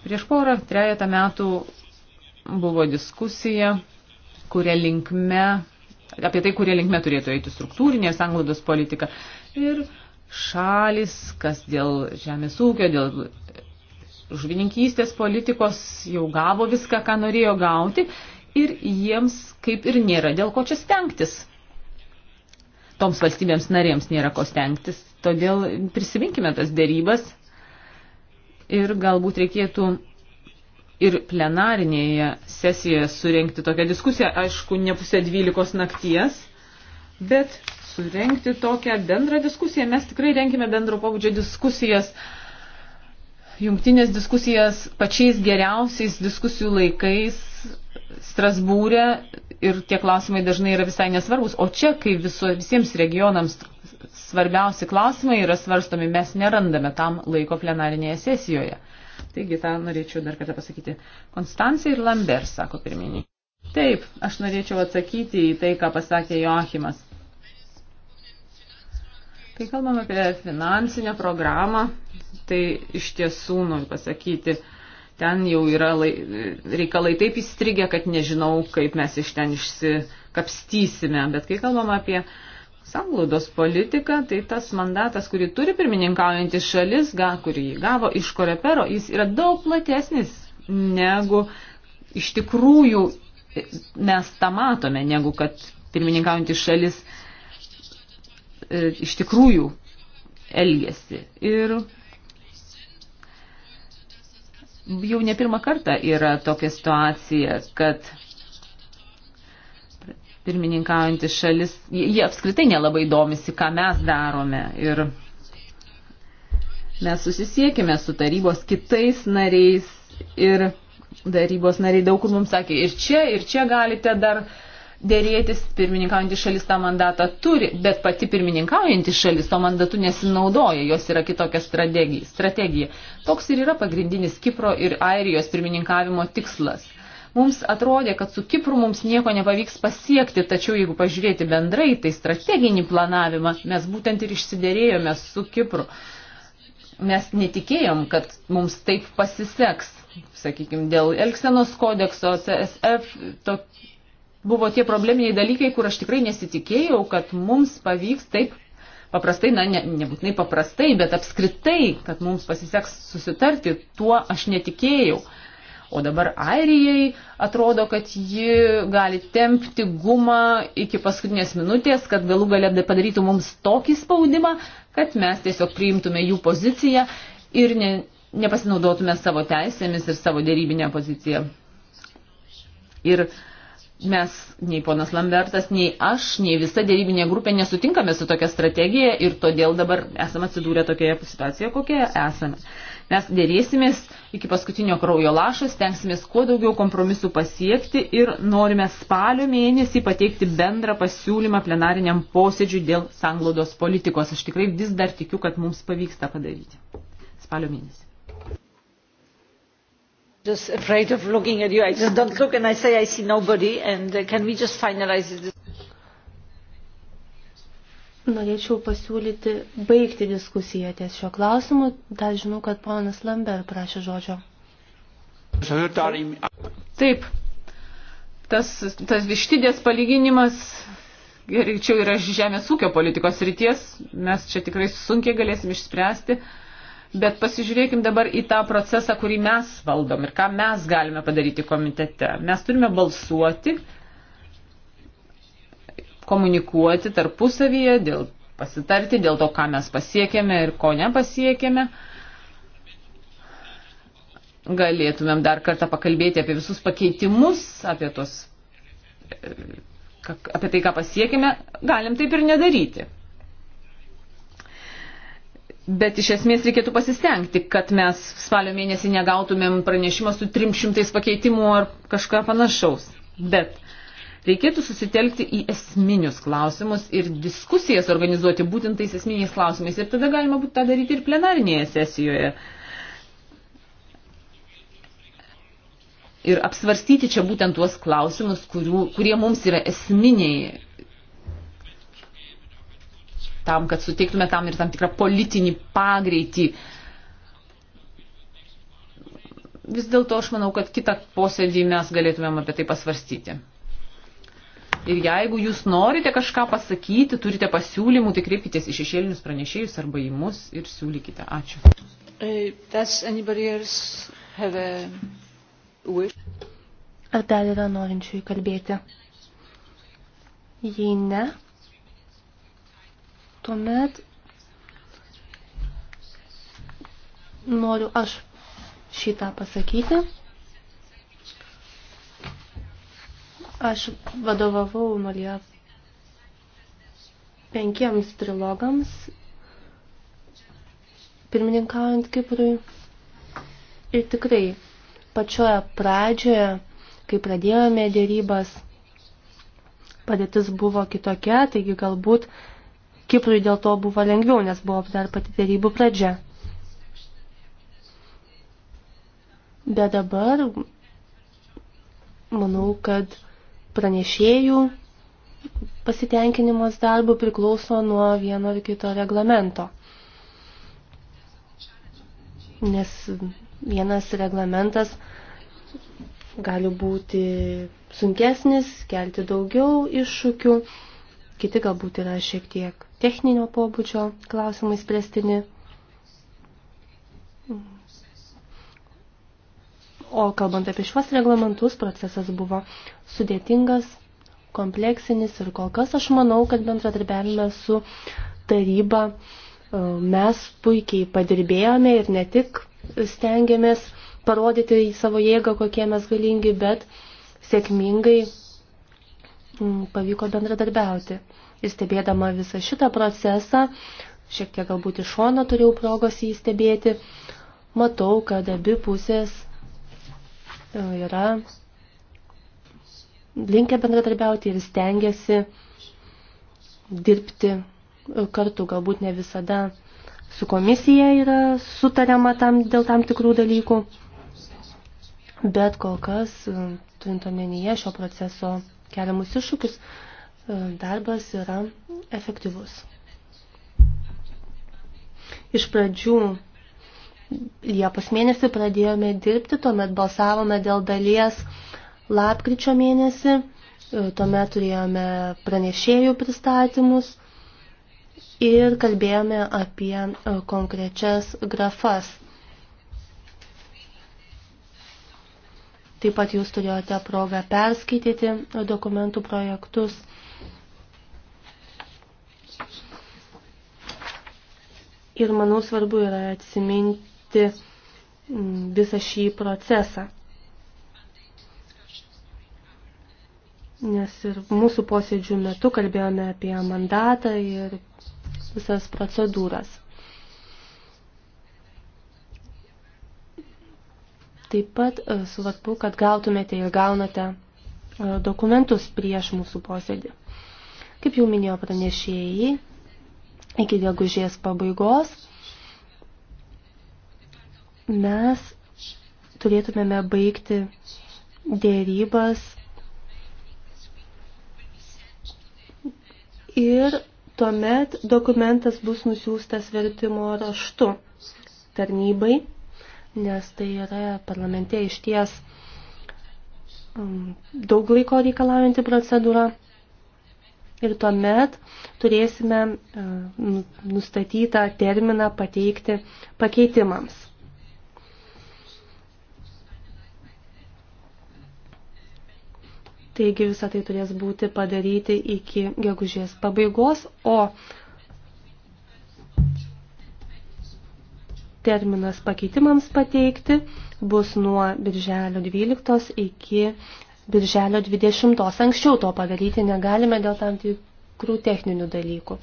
Speaker 1: Prieš porą, trejata metų buvo diskusija, kuria linkme, apie tai, kuria linkme turėtų eiti struktūrinė sanglaudos politika. Ir šalis, kas dėl žemės ūkio, dėl žuvininkystės politikos jau gavo viską, ką norėjo gauti ir jiems kaip ir nėra dėl ko čia stengtis. Toms valstybėms narėms nėra ko stengtis, todėl prisiminkime tas dėrybas ir galbūt reikėtų ir plenarinėje sesijoje surenkti tokią diskusiją, aišku, ne pusė dvylikos nakties, bet surenkti tokią bendrą diskusiją. Mes tikrai renkime bendro pabudžio diskusijas uh, jungtinės diskusijas pačiais geriausiais diskusijų laikais Strasbūrė ir tie klausimai dažnai yra visai nesvarbus, o čia, kai viso, visiems regionams svarbiausi klausimai yra svarstomi, mes nerandame tam laiko plenarinėje sesijoje. Taigi tą norėčiau dar kartą pasakyti. Konstancija ir Lambert, sako pirminiai. Taip, aš norėčiau atsakyti į tai, ką pasakė Joachimas. Kai kalbam apie finansinę programą, tai iš tiesų, noriu pasakyti, ten jau yra lai, reikalai taip įstrigę, kad nežinau, kaip mes iš ten išsikapstysime. Bet kai kalbam apie sanglaudos politiką, tai tas mandatas, kurį turi pirmininkaujantį šalis, ga, kurį jį gavo iš Korepero, jis yra daug platesnis negu iš tikrųjų mes tą matome, negu kad pirmininkaujantį šalis E, iš tikrųjų elgesi. Ir jau ne pirmą kartą yra tokia situacija, kad pirmininkaujantis šalis, jie apskritai nelabai domisi, ką mes darome. Ir mes susisiekime su tarybos kitais nariais ir darybos nariai daug kur mums sakė, ir čia, ir čia galite dar uh, dėrėtis, pirmininkaujantis šalis tą mandatą turi, bet pati pirmininkaujantis šalis to mandatu nesinaudoja, jos yra kitokia strategija. strategija. Toks ir yra pagrindinis Kipro ir Airijos pirmininkavimo tikslas. Mums atrodė, kad su Kipru mums nieko nepavyks pasiekti, tačiau jeigu pažiūrėti bendrai, tai strateginį planavimą mes būtent ir išsiderėjome su Kipru. Mes netikėjom, kad mums taip pasiseks, sakykime, dėl Elksenos kodekso, CSF, to, buvo tie probleminiai dalykai, kur aš tikrai nesitikėjau, kad mums pavyks taip paprastai, na, ne, nebūtinai paprastai, bet apskritai, kad mums pasiseks susitarti, tuo aš netikėjau. O dabar Airijai atrodo, kad ji gali tempti gumą iki paskutinės minutės, kad galų galę padarytų mums tokį spaudimą, kad mes tiesiog priimtume jų poziciją ir ne, nepasinaudotume savo teisėmis ir savo dėrybinę poziciją. Ir uh, mes, nei ponas Lambertas, nei aš, nei visa dėrybinė grupė nesutinkame su tokia strategija ir todėl dabar esame atsidūrę tokioje situacijoje, kokioje esame. Mes dėrėsimės iki paskutinio kraujo lašas, tenksimės kuo daugiau kompromisų pasiekti ir norime spalio mėnesį pateikti bendrą pasiūlymą plenariniam posėdžiui dėl sanglaudos politikos. Aš tikrai vis dar tikiu, kad mums pavyks tą padaryti. Spalio mėnesį just afraid of looking at you. I just don't look and I say I see nobody. And uh, can we just finalize this?
Speaker 2: Norėčiau pasiūlyti baigti diskusiją ties šio klausimu. Dar žinau, kad ponas Lambert prašė žodžio.
Speaker 1: Taip, tas, tas vištidės palyginimas greičiau yra žemės ūkio politikos ryties. Mes čia tikrai sunkiai galėsim išspręsti. Uh, Bet pasižiūrėkim dabar į tą procesą, kurį mes valdom ir ką mes galime padaryti komitete. Mes turime balsuoti, komunikuoti tarpusavyje, dėl, pasitarti dėl to, ką mes pasiekėme ir ko nepasiekėme. Galėtumėm dar kartą pakalbėti apie visus pakeitimus, apie, tos, e, apie tai, ką pasiekėme. Galim taip ir nedaryti. Bet iš esmės reikėtų pasistengti, kad mes spalio mėnesį negautumėm pranešimą su 300 pakeitimų ar kažką panašaus. Bet reikėtų susitelkti į esminius klausimus ir diskusijas organizuoti būtent tais esminiais klausimais. Ir tada galima būtų tą daryti ir plenarinėje sesijoje. Ir apsvarstyti čia būtent tuos klausimus, kurių, kurie mums yra esminiai tam, kad suteiktume tam ir tam tikrą politinį pagreitį. Vis dėlto aš manau, kad kitą posėdį mes galėtumėm apie tai pasvarstyti. Ir jeigu jūs norite kažką pasakyti, turite pasiūlymų, tai kreipkitės į šešėlinius pranešėjus arba į mus ir siūlykite. Ačiū. Uh,
Speaker 2: Ar dar yra norinčių kalbėti? Jei ne, Tuomet noriu aš šitą pasakyti. Aš vadovavau Marija penkiems trilogams, pirmininkaujant Kiprui. Ir tikrai, pačioje pradžioje, kai pradėjome dėrybas, padėtis buvo kitokia, taigi galbūt uh, Kiprui dėl to buvo lengviau, nes buvo dar pati dėrybų pradžia. Bet dabar manau, kad pranešėjų pasitenkinimas darbu priklauso nuo vieno ar kito reglamento. Nes vienas reglamentas gali būti sunkesnis, kelti daugiau iššūkių, kiti galbūt yra šiek tiek techninio pobūdžio klausimai spręstini. O kalbant apie šiuos reglamentus, procesas buvo sudėtingas, kompleksinis ir kol kas aš manau, kad bendradarbiavime su taryba e, mes puikiai padirbėjome ir ne tik stengiamės parodyti į savo jėgą, kokie mes galingi, bet sėkmingai mm, pavyko bendradarbiauti ir stebėdama visą šitą procesą, šiek tiek galbūt iš šono turėjau progos jį stebėti, matau, kad abi pusės e, yra linkę bendradarbiauti ir stengiasi dirbti e, kartu, galbūt ne visada su komisija yra sutariama tam, dėl tam tikrų dalykų, bet kol kas, e, turint omenyje šio proceso keliamus iššūkius, darbas yra efektyvus. Iš pradžių Liepos mėnesį pradėjome dirbti, tuomet balsavome dėl dalies lapkričio mėnesį, tuomet turėjome pranešėjų pristatymus ir kalbėjome apie konkrečias grafas. Taip pat jūs turėjote progą perskaityti dokumentų projektus. Ir manau svarbu yra atsiminti mm, visą šį procesą. Nes ir mūsų posėdžių metu kalbėjome apie mandatą ir visas procedūras. Taip pat e, svarbu, kad gautumėte ir gaunate e, dokumentus prieš mūsų posėdį. Kaip jau minėjo pranešėjai, iki gegužės pabaigos mes turėtumėme baigti dėrybas ir tuomet dokumentas bus nusiųstas vertimo raštu tarnybai, nes tai yra parlamente išties mm, daug laiko reikalaujanti procedūra ir tuomet turėsime e, nu, nustatytą terminą pateikti pakeitimams. Taigi visą tai turės būti padaryti iki gegužės pabaigos, o terminas pakeitimams pateikti bus nuo birželio 12 iki birželio 20. Anksčiau to padaryti negalime dėl tam tikrų techninių dalykų.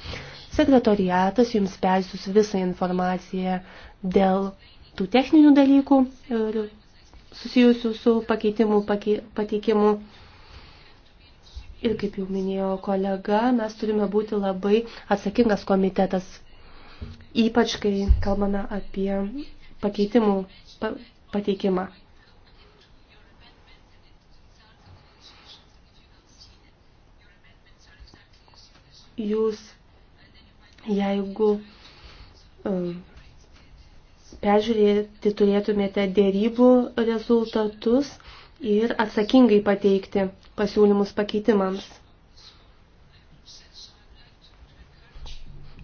Speaker 2: Sekretoriatas jums persius visą informaciją dėl tų techninių dalykų ir susijusių su pakeitimų pakei, pateikimu. Ir kaip jau minėjo kolega, mes turime būti labai atsakingas komitetas, ypač kai kalbame apie pakeitimų pateikimą. jūs, jeigu um, peržiūrėti turėtumėte dėrybų rezultatus ir atsakingai pateikti pasiūlymus pakeitimams.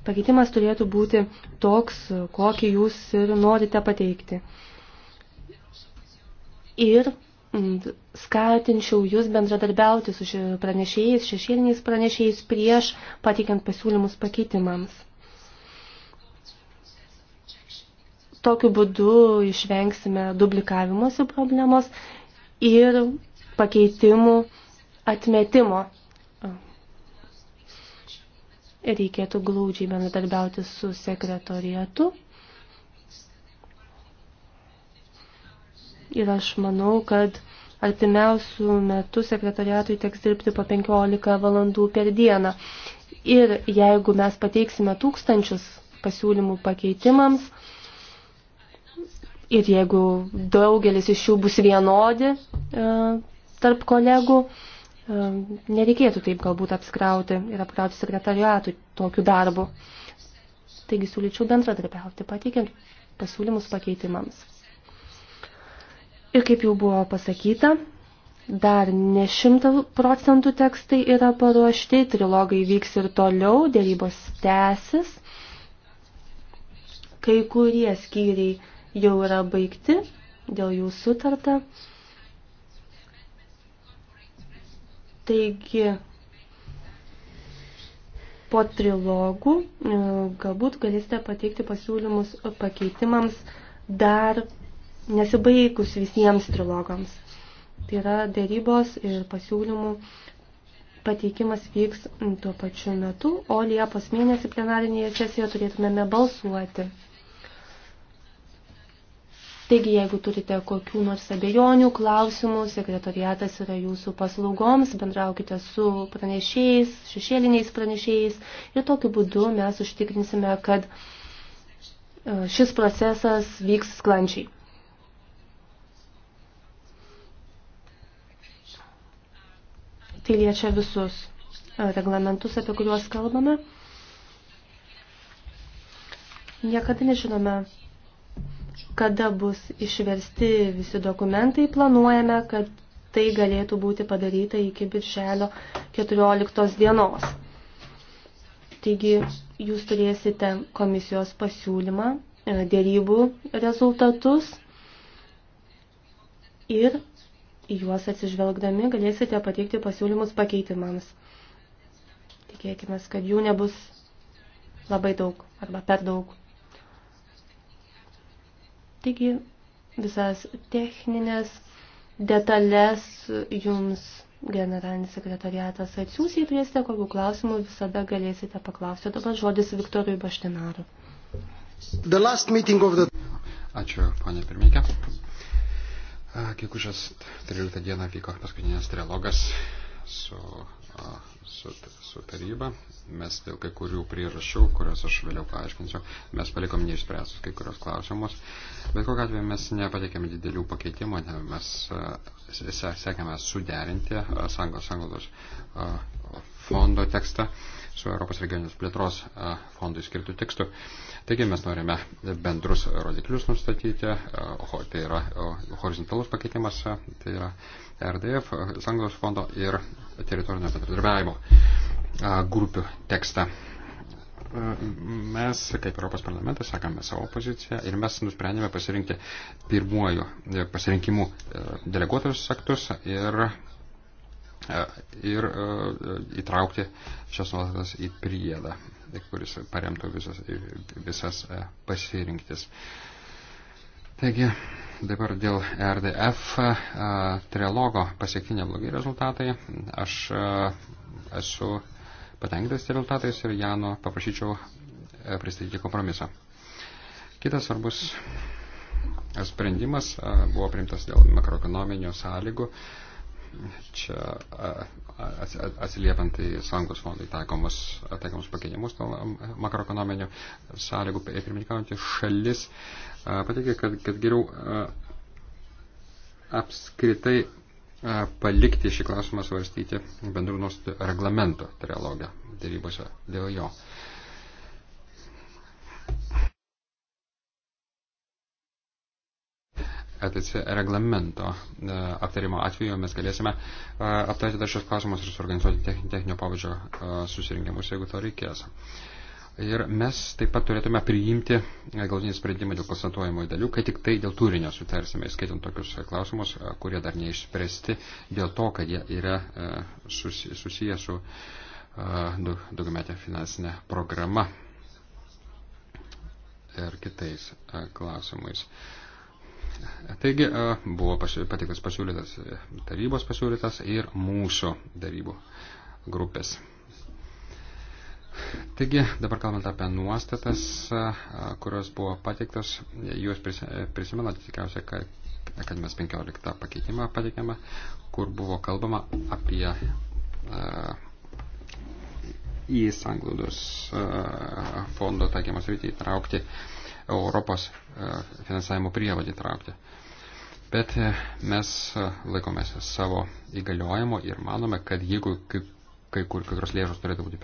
Speaker 2: Pakeitimas turėtų būti toks, kokį jūs ir norite pateikti. Ir Mm, skatinčiau jūs bendradarbiauti su pranešėjais, šešėliniais pranešėjais prieš patikiant pasiūlymus pakeitimams. Tokiu būdu išvengsime dublikavimuose problemos ir pakeitimų atmetimo. Reikėtų glaudžiai bendradarbiauti su sekretorietu ir aš manau, kad artimiausių metų sekretariatui teks dirbti po 15 valandų per dieną. Ir jeigu mes pateiksime tūkstančius pasiūlymų pakeitimams, ir jeigu daugelis iš jų bus vienodi e, tarp kolegų, e, nereikėtų taip galbūt apskrauti ir apkrauti sekretariatui tokiu darbu. Taigi siūlyčiau bendradarbiauti, pateikiant pasiūlymus pakeitimams. Ir kaip jau buvo pasakyta, dar ne šimta procentų tekstai yra paruošti, trilogai vyks ir toliau, dėrybos tęsis. Kai kurie skyriai jau yra baigti, dėl jų sutarta. Taigi, po trilogų e, galbūt galėsite pateikti pasiūlymus pakeitimams dar nesibaigus visiems trilogams. Tai yra dėrybos ir pasiūlymų pateikimas vyks tuo pačiu metu, o Liepos mėnesį plenarinėje sesijoje turėtumėme balsuoti. Taigi, jeigu turite kokių nors abejonių, klausimų, sekretariatas yra jūsų paslaugoms, bendraukite su pranešėjais, šešėliniais pranešėjais ir tokiu būdu mes užtikrinsime, kad e, šis procesas vyks sklančiai. Tai liečia visus e, reglamentus, apie kuriuos kalbame. Niekada nežinome, kada bus išversti visi dokumentai. Planuojame, kad tai galėtų būti padaryta iki birželio 14 dienos. Taigi jūs turėsite komisijos pasiūlymą, e, dėrybų rezultatus ir į juos atsižvelgdami galėsite pateikti pasiūlymus pakeitimams. Tikėkime, kad jų nebus labai daug arba per daug. Taigi visas techninės detalės jums generalinis sekretariatas atsiūs, jei turėsite kokių klausimų, visada galėsite paklausti. Dabar žodis Viktorui Baštinaru.
Speaker 3: The... Ačiū, ponė pirmininkė. Kiekušės 13 dieną vyko paskutinės trilogas su, su, su taryba. Mes dėl kai kurių priežasčių, kurios aš vėliau paaiškinsiu, mes palikom neišspręstus kai kurios klausimus. Bet kokiu atveju mes nepateikėme didelių pakeitimų, ne, mes sekėme suderinti sanglos, sanglos fondo tekstą su Europos regioninės plėtros fondui skirtų tekstų. Taigi mes norime bendrus rodiklius nustatyti, tai yra horizontalus pakeitimas, tai yra RDF, Sanglaus fondo ir teritorinio bendradarbiavimo grupių tekstą. Mes, kaip Europos parlamentas, sakame savo poziciją ir mes nusprendėme pasirinkti pirmuoju e, pasirinkimu e, deleguotus aktus ir E, ir e, įtraukti šias nuostatas į priedą, kuris paremtų visas, visas e, pasirinktis. Taigi, dabar dėl RDF a, trilogo pasiekti neblogai rezultatai. Aš a, esu patenkintas rezultatais ir Jano paprašyčiau a, pristatyti kompromisą. Kitas svarbus sprendimas a, buvo primtas dėl makroekonominių sąlygų. A, čia atsiliepiant į sąjungos fondai taikomus, taikomus pakeitimus dėl makroekonominių sąlygų, pirmininkaujantys šalis pateikė, kad, kad geriau apskritai palikti šį klausimą svarstyti bendrų nuostatų reglamento trilogą dėrybose dėl jo. A, ETC reglamento e, aptarimo atveju mes galėsime e, aptarti dar šios klausimus ir suorganizuoti techninio pavadžio e, susirinkimus, jeigu to reikės. Ir mes taip pat turėtume priimti galutinį sprendimą dėl konstatuojamų dalių, kai tik tai dėl turinio sutarsime, skaitant tokius klausimus, kurie dar neišspręsti, dėl to, kad jie yra susiję su daugiametė finansinė programa ir kitais klausimais. Uh, Taigi e, buvo patiktas pasiūlytas e, tarybos pasiūlytas ir mūsų darybų grupės. Taigi, dabar kalbant apie nuostatas, e, kurios buvo patiktos, jūs prisimenate tikriausiai, kad, kad mes 15 pakeitimą pateikėme, kur buvo kalbama apie į sanglaudos fondo taikymas rytį įtraukti uh, Europos e, finansavimo prievalį traukti. Bet e, mes e, laikomės savo įgaliojimo ir manome, kad jeigu kai, kai kur kai kurios lėšos turėtų būti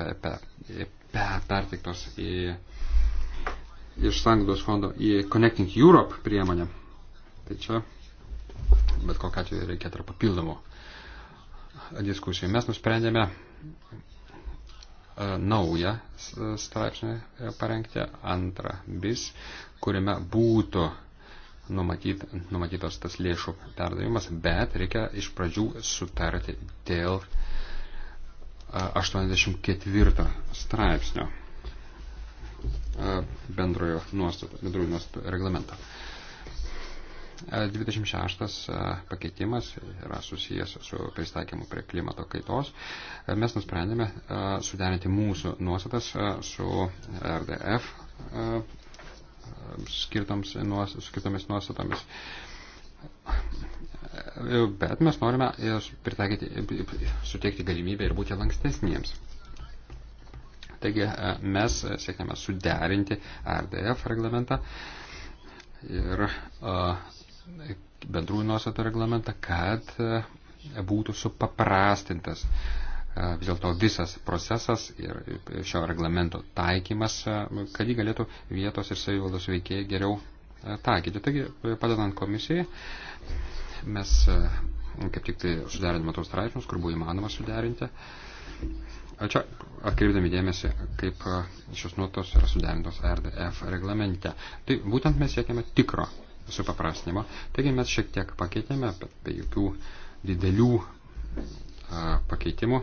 Speaker 3: pertartiktos pe, pe, į, iš Sanglaus fondo į Connecting Europe priemonę, tai čia bet kokia atveju reikia dar papildomų diskusijų. Mes nusprendėme E, naują straipsnį e, parengti, antrą bis, kuriame būtų numatyt, numatytos tas lėšų perdavimas, bet reikia iš pradžių sutarti dėl 84 e, straipsnio bendrojo nuostatų, bendrojo nuostatų reglamento. 26 e, pakeitimas yra susijęs su pristaikymu prie klimato kaitos. E, mes nusprendėme e, suderinti mūsų nuostatas su RDF skirtomis nuostatomis. Bet mes norime suteikti galimybę ir būti lankstesniems. Taigi mes siekiame suderinti RDF reglamentą ir uh, bendrųjų nuostatų reglamentą, kad e, būtų supaprastintas e, vis dėlto visas procesas ir e, šio reglamento taikymas, kad jį galėtų vietos ir savivaldos veikėjai geriau taikyti. Taigi, padedant komisijai, mes kaip tik tai suderinimo tos straipsnius, kur buvo įmanoma suderinti. Čia atkreipdami dėmesį, kaip šios nuotos yra suderintos RDF reglamente. Tai būtent mes siekiame tikro supaprastinimo. Taigi mes šiek tiek pakeitėme, bet be jokių didelių pakeitimų.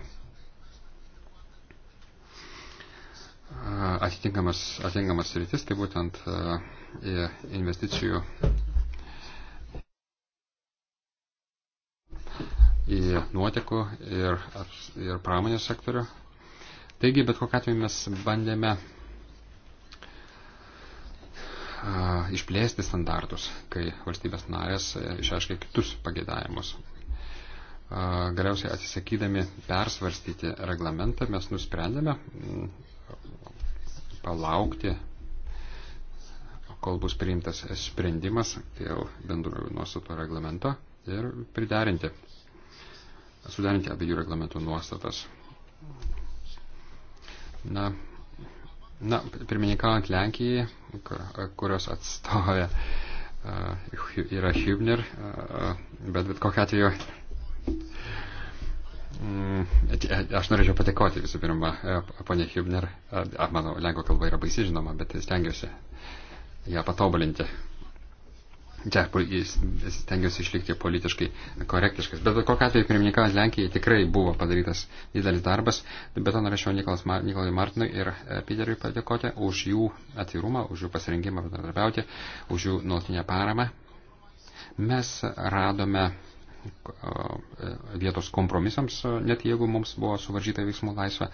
Speaker 3: Atitinkamas, atitinkamas rytis, tai būtent investicijų į nuotekų ir, ir pramonės sektorių. Taigi, bet kokiu atveju mes bandėme išplėsti standartus, kai valstybės narės e, išaiškia kitus pagėdavimus. Galiausiai atsisakydami persvarstyti reglamentą, mes nusprendėme mm, palaukti, kol bus priimtas sprendimas dėl bendrojo nuostato reglamento ir priderinti, suderinti abiejų reglamentų nuostatas. Na, Na, pirmininkaujant Lenkijai, kurios atstovė e, yra Hübner, e, bet bet kokiu atveju mm, aš norėčiau patikoti visų pirma, e, ponė Hübner, mano lenko kalba yra baisi žinoma, bet stengiuosi ją patobulinti čia stengiuosi išlikti politiškai korektiškas. Bet kokiu atveju pirmininkavimas Lenkijai tikrai buvo padarytas didelis darbas. Bet to norėčiau Nikolai Martinui ir e, Piteriui padėkoti už jų atvirumą, už jų pasirinkimą bendradarbiauti, už jų nuolatinę paramą. Mes radome e, vietos kompromisams, net jeigu mums buvo suvaržyta veiksmų laisvė.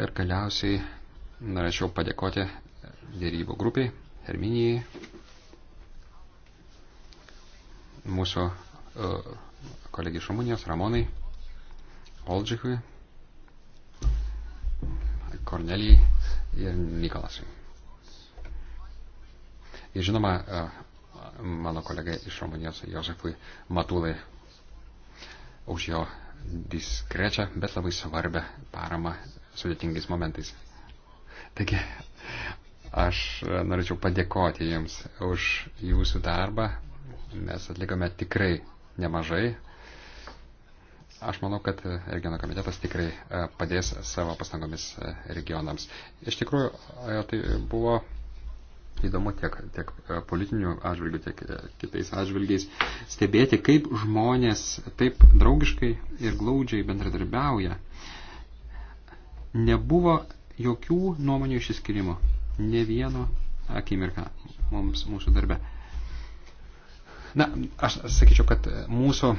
Speaker 3: Ir galiausiai norėčiau padėkoti e, dėrybų grupiai, Herminijai mūsų e, kolegi iš Rumunijos, Ramonai, Oldžikui, Kornelijai ir Nikolasui. Ir žinoma, e, mano kolega iš Rumunijos, Josefui Matulai, už jo diskrečią, bet labai svarbę paramą sudėtingais momentais. Taigi, aš e, norėčiau padėkoti Jums už Jūsų darbą, mes atlikome tikrai nemažai. Aš manau, kad regiono komitetas tikrai e, padės savo pastangomis e, regionams. Iš tikrųjų, e, tai buvo įdomu tiek, tiek politinių atžvilgių, tiek kitais atžvilgiais stebėti, kaip žmonės taip draugiškai ir glaudžiai bendradarbiauja. Nebuvo jokių nuomonių išsiskirimo, ne vieno akimirką mums mūsų darbe. Na, aš sakyčiau, kad mūsų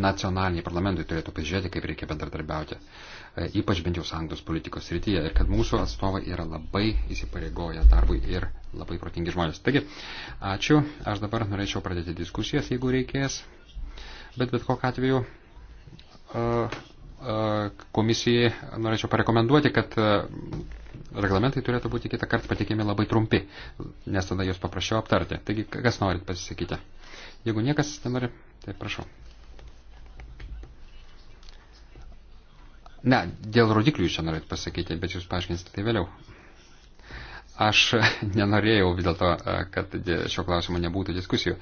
Speaker 3: nacionaliniai parlamentai turėtų pažiūrėti, kaip reikia bendradarbiauti, e, ypač bent jau sąjungos politikos srityje, ir kad mūsų atstovai yra labai įsipareigoję darbui ir labai protingi žmonės. Taigi, ačiū, aš dabar norėčiau pradėti diskusijas, jeigu reikės, bet bet kokiu atveju. Uh, komisijai norėčiau parekomenduoti, kad reglamentai turėtų būti kitą kartą pateikiami labai trumpi, nes tada juos paprašiau aptarti. Taigi, kas norit pasisakyti? Jeigu niekas nenori, tai, tai prašau. Ne, dėl rodiklių jūs čia norėt pasakyti, bet jūs paaiškinsite tai vėliau. Aš [LAUGHS] nenorėjau vis dėlto, e, kad šio klausimo nebūtų diskusijų.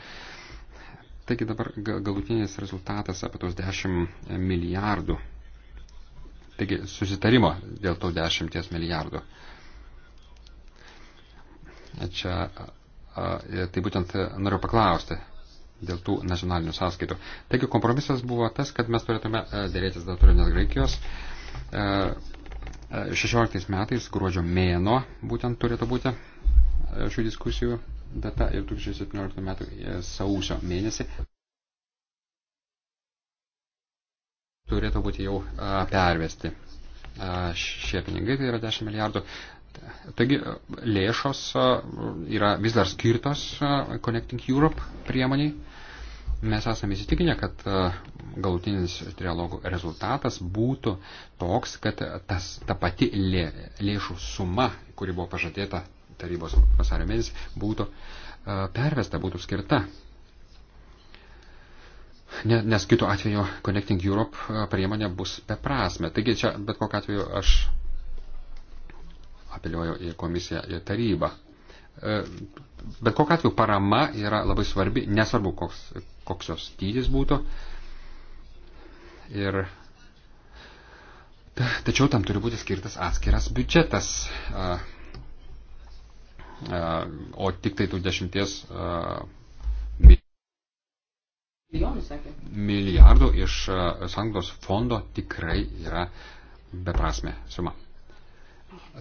Speaker 3: Taigi dabar galutinis rezultatas apie tos 10 milijardų. Taigi susitarimo dėl to 10 milijardų. E, čia tai būtent noriu paklausti, dėl tų nacionalinių sąskaitų. Taigi kompromisas buvo tas, kad mes turėtume e, dėrėtis dėl turinės Graikijos. 16 e, e, metais gruodžio mėno būtent turėtų būti šių diskusijų data ir 2017 metų sausio mėnesį turėtų būti jau pervesti šie pinigai, tai yra 10 milijardų. Taigi lėšos yra vis dar skirtos Connecting Europe priemoniai. Mes esame įsitikinę, kad galutinis trialogų rezultatas būtų toks, kad tas, ta pati lė, lėšų suma, kuri buvo pažadėta tarybos vasario mėnesį, būtų pervesta, būtų skirta. Nes kitų atveju Connecting Europe priemonė bus beprasme. Taigi čia bet kokiu atveju aš apeliuoju į komisiją ir tarybą. E, bet kokiu atveju parama yra labai svarbi, nesvarbu, koks, koks jos dydis būtų. Ir Tačiau tam turi būti skirtas atskiras biudžetas, e, e, o tik tai tų dešimties
Speaker 1: milijardų
Speaker 3: iš sanglos fondo tikrai yra beprasme suma.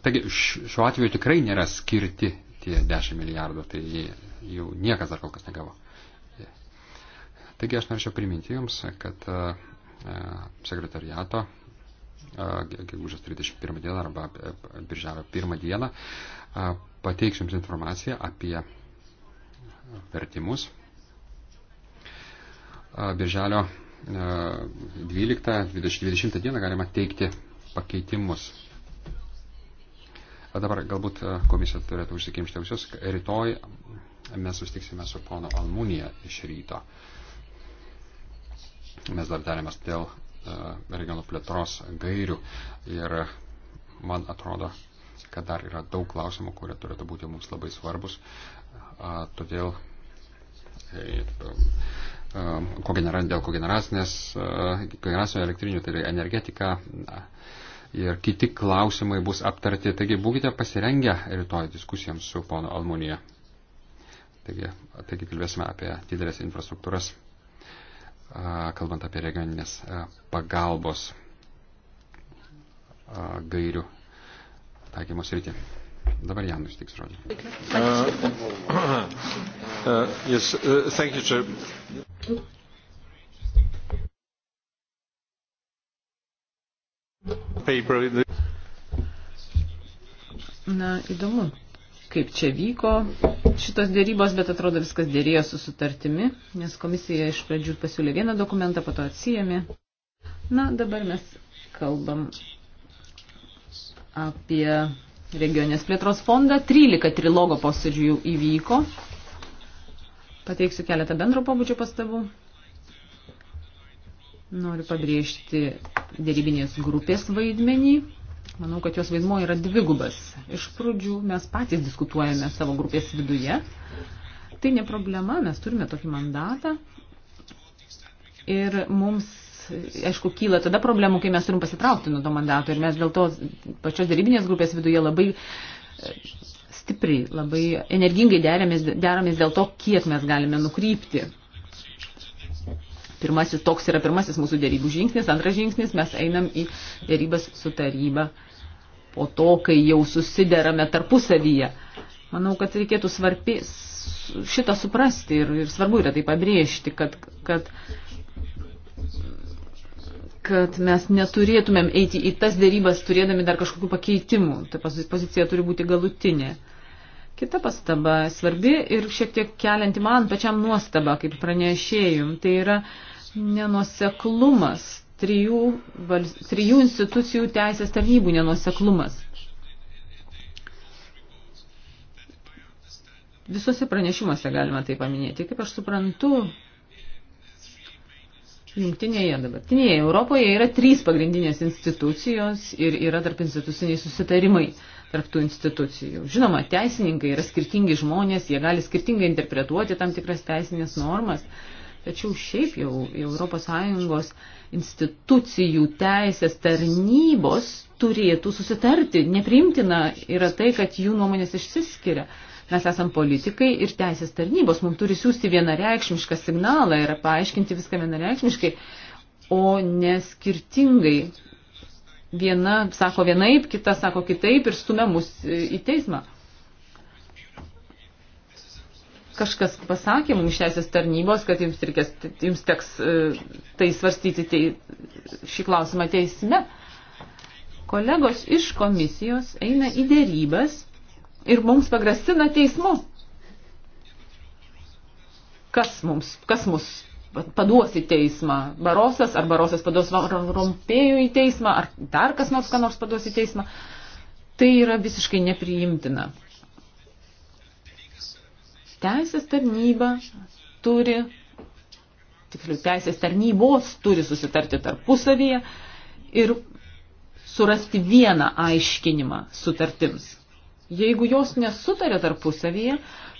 Speaker 3: Taigi šiuo atveju tikrai nėra skirti tie 10 milijardų, tai jau niekas dar kol kas negavo. Taigi aš norėčiau priminti Jums, kad e, e, sekretariato e, gegužės 31 dieną arba birželio 1 dieną pateiksiu Jums informaciją apie vertimus. Birželio 12-20 dieną galima teikti pakeitimus Dabar galbūt e, komisija turėtų užsikimšti ausis. Rytoj mes sustiksime su pono Almunija iš ryto. Mes dar darėmės dėl e, regionų plėtros gairių ir man atrodo, kad dar yra daug klausimų, kurie turėtų būti mums labai svarbus. Todėl e, kogeneran, dėl kogeneracinės, kogeneracinio elektrinių, tai energetika, ir kiti klausimai bus aptarti. Taigi būkite pasirengę rytoj diskusijoms su pono Almunija. Taigi, taigi kalbėsime apie didelės infrastruktūras, kalbant apie regioninės pagalbos gairių taikymo sritį. Dabar Janus tiks žodžiu. Uh, uh, yes, uh, paper.
Speaker 1: Na, įdomu, kaip čia vyko šitos dėrybos, bet atrodo viskas dėrėjo su sutartimi, nes komisija iš pradžių pasiūlė vieną dokumentą, po to atsijėmė. Na, dabar mes kalbam apie regionės plėtros fondą. 13 trilogo posėdžių jau įvyko. Pateiksiu keletą bendro pobūdžio pastabų. Noriu pabrėžti dėrybinės grupės vaidmenį. Manau, kad jos vaidmo yra dvigubas. Iš pradžių mes patys diskutuojame savo grupės viduje. Tai ne problema, mes turime tokį mandatą. Ir mums, aišku, kyla tada problemų, kai mes turim pasitraukti nuo to mandato. Ir mes dėl to pačios dėrybinės grupės viduje labai e, stipriai, labai energingai deramės, deramės dėl to, kiek mes galime nukrypti Pirmasis toks yra pirmasis mūsų dėrybų žingsnis, antras žingsnis mes einam į dėrybas su taryba po to, kai jau susiderame tarpusavyje. Manau, kad reikėtų svarbi, šitą suprasti ir, ir svarbu yra tai pabrėžti, kad, kad kad mes neturėtumėm eiti į tas dėrybas turėdami dar kažkokių pakeitimų. Ta pozicija turi būti galutinė. Kita pastaba svarbi ir šiek tiek kelianti man pačiam nuostabą kaip pranešėjum. Tai yra nenuseklumas, trijų, trijų institucijų teisės tarnybų nenuseklumas. Visose pranešimuose galima tai paminėti. Kaip aš suprantu, jungtinėje dabartinėje Europoje yra trys pagrindinės institucijos ir yra tarp instituciniai susitarimai. Uh, tarptų institucijų. Žinoma, teisininkai yra skirtingi žmonės, jie gali skirtingai interpretuoti tam tikras teisinės normas, tačiau šiaip jau ES institucijų teisės tarnybos turėtų susitarti. Nepriimtina yra tai, kad jų nuomonės išsiskiria. Mes esam politikai ir teisės tarnybos, mums turi siūsti vienareikšmišką signalą ir paaiškinti viską vienareikšmiškai, o neskirtingai viena sako vienaip, kita sako kitaip ir stumia mus į teismą. Kažkas pasakė mums teisės tarnybos, kad jums, reikės, jums teks e, tai svarstyti tai, šį klausimą teisme. Kolegos iš komisijos eina į dėrybas ir mums pagrasina teismu. Kas mums, kas mus paduos į teismą Barosas, ar Barosas paduos Rompėjų į teismą, ar dar kas nors ką nors paduos į teismą. Tai yra visiškai nepriimtina. Teisės tarnyba turi, tiksliau, teisės tarnybos turi susitarti tarpusavyje ir surasti vieną aiškinimą sutartims. Jeigu jos nesutarė tarpusavyje,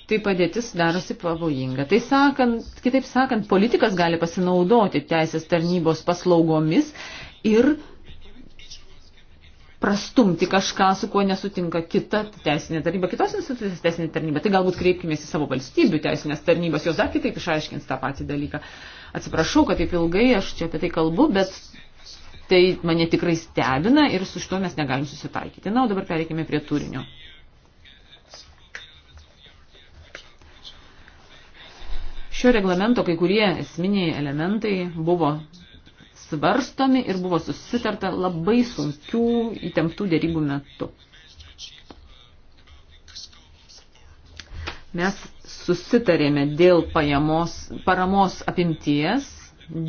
Speaker 1: tai padėtis darosi pavojinga. Tai sakant, kitaip sakant, politikas gali pasinaudoti teisės tarnybos paslaugomis ir prastumti kažką, su kuo nesutinka kita teisinė tarnyba, kitos institucijos teisinė tarnyba. Tai galbūt kreipkime į savo valstybių teisinės tarnybas, jos dar kitaip išaiškins tą patį dalyką. Atsiprašau, kad taip ilgai aš čia apie tai kalbu, bet tai mane tikrai stebina ir su šituo mes negalim susitaikyti. Na, o dabar pereikime prie turinio. Šio reglamento kai kurie esminiai elementai buvo svarstomi ir buvo susitarta labai sunkių įtemptų dėrybų metu. Mes susitarėme dėl pajamos, paramos apimties,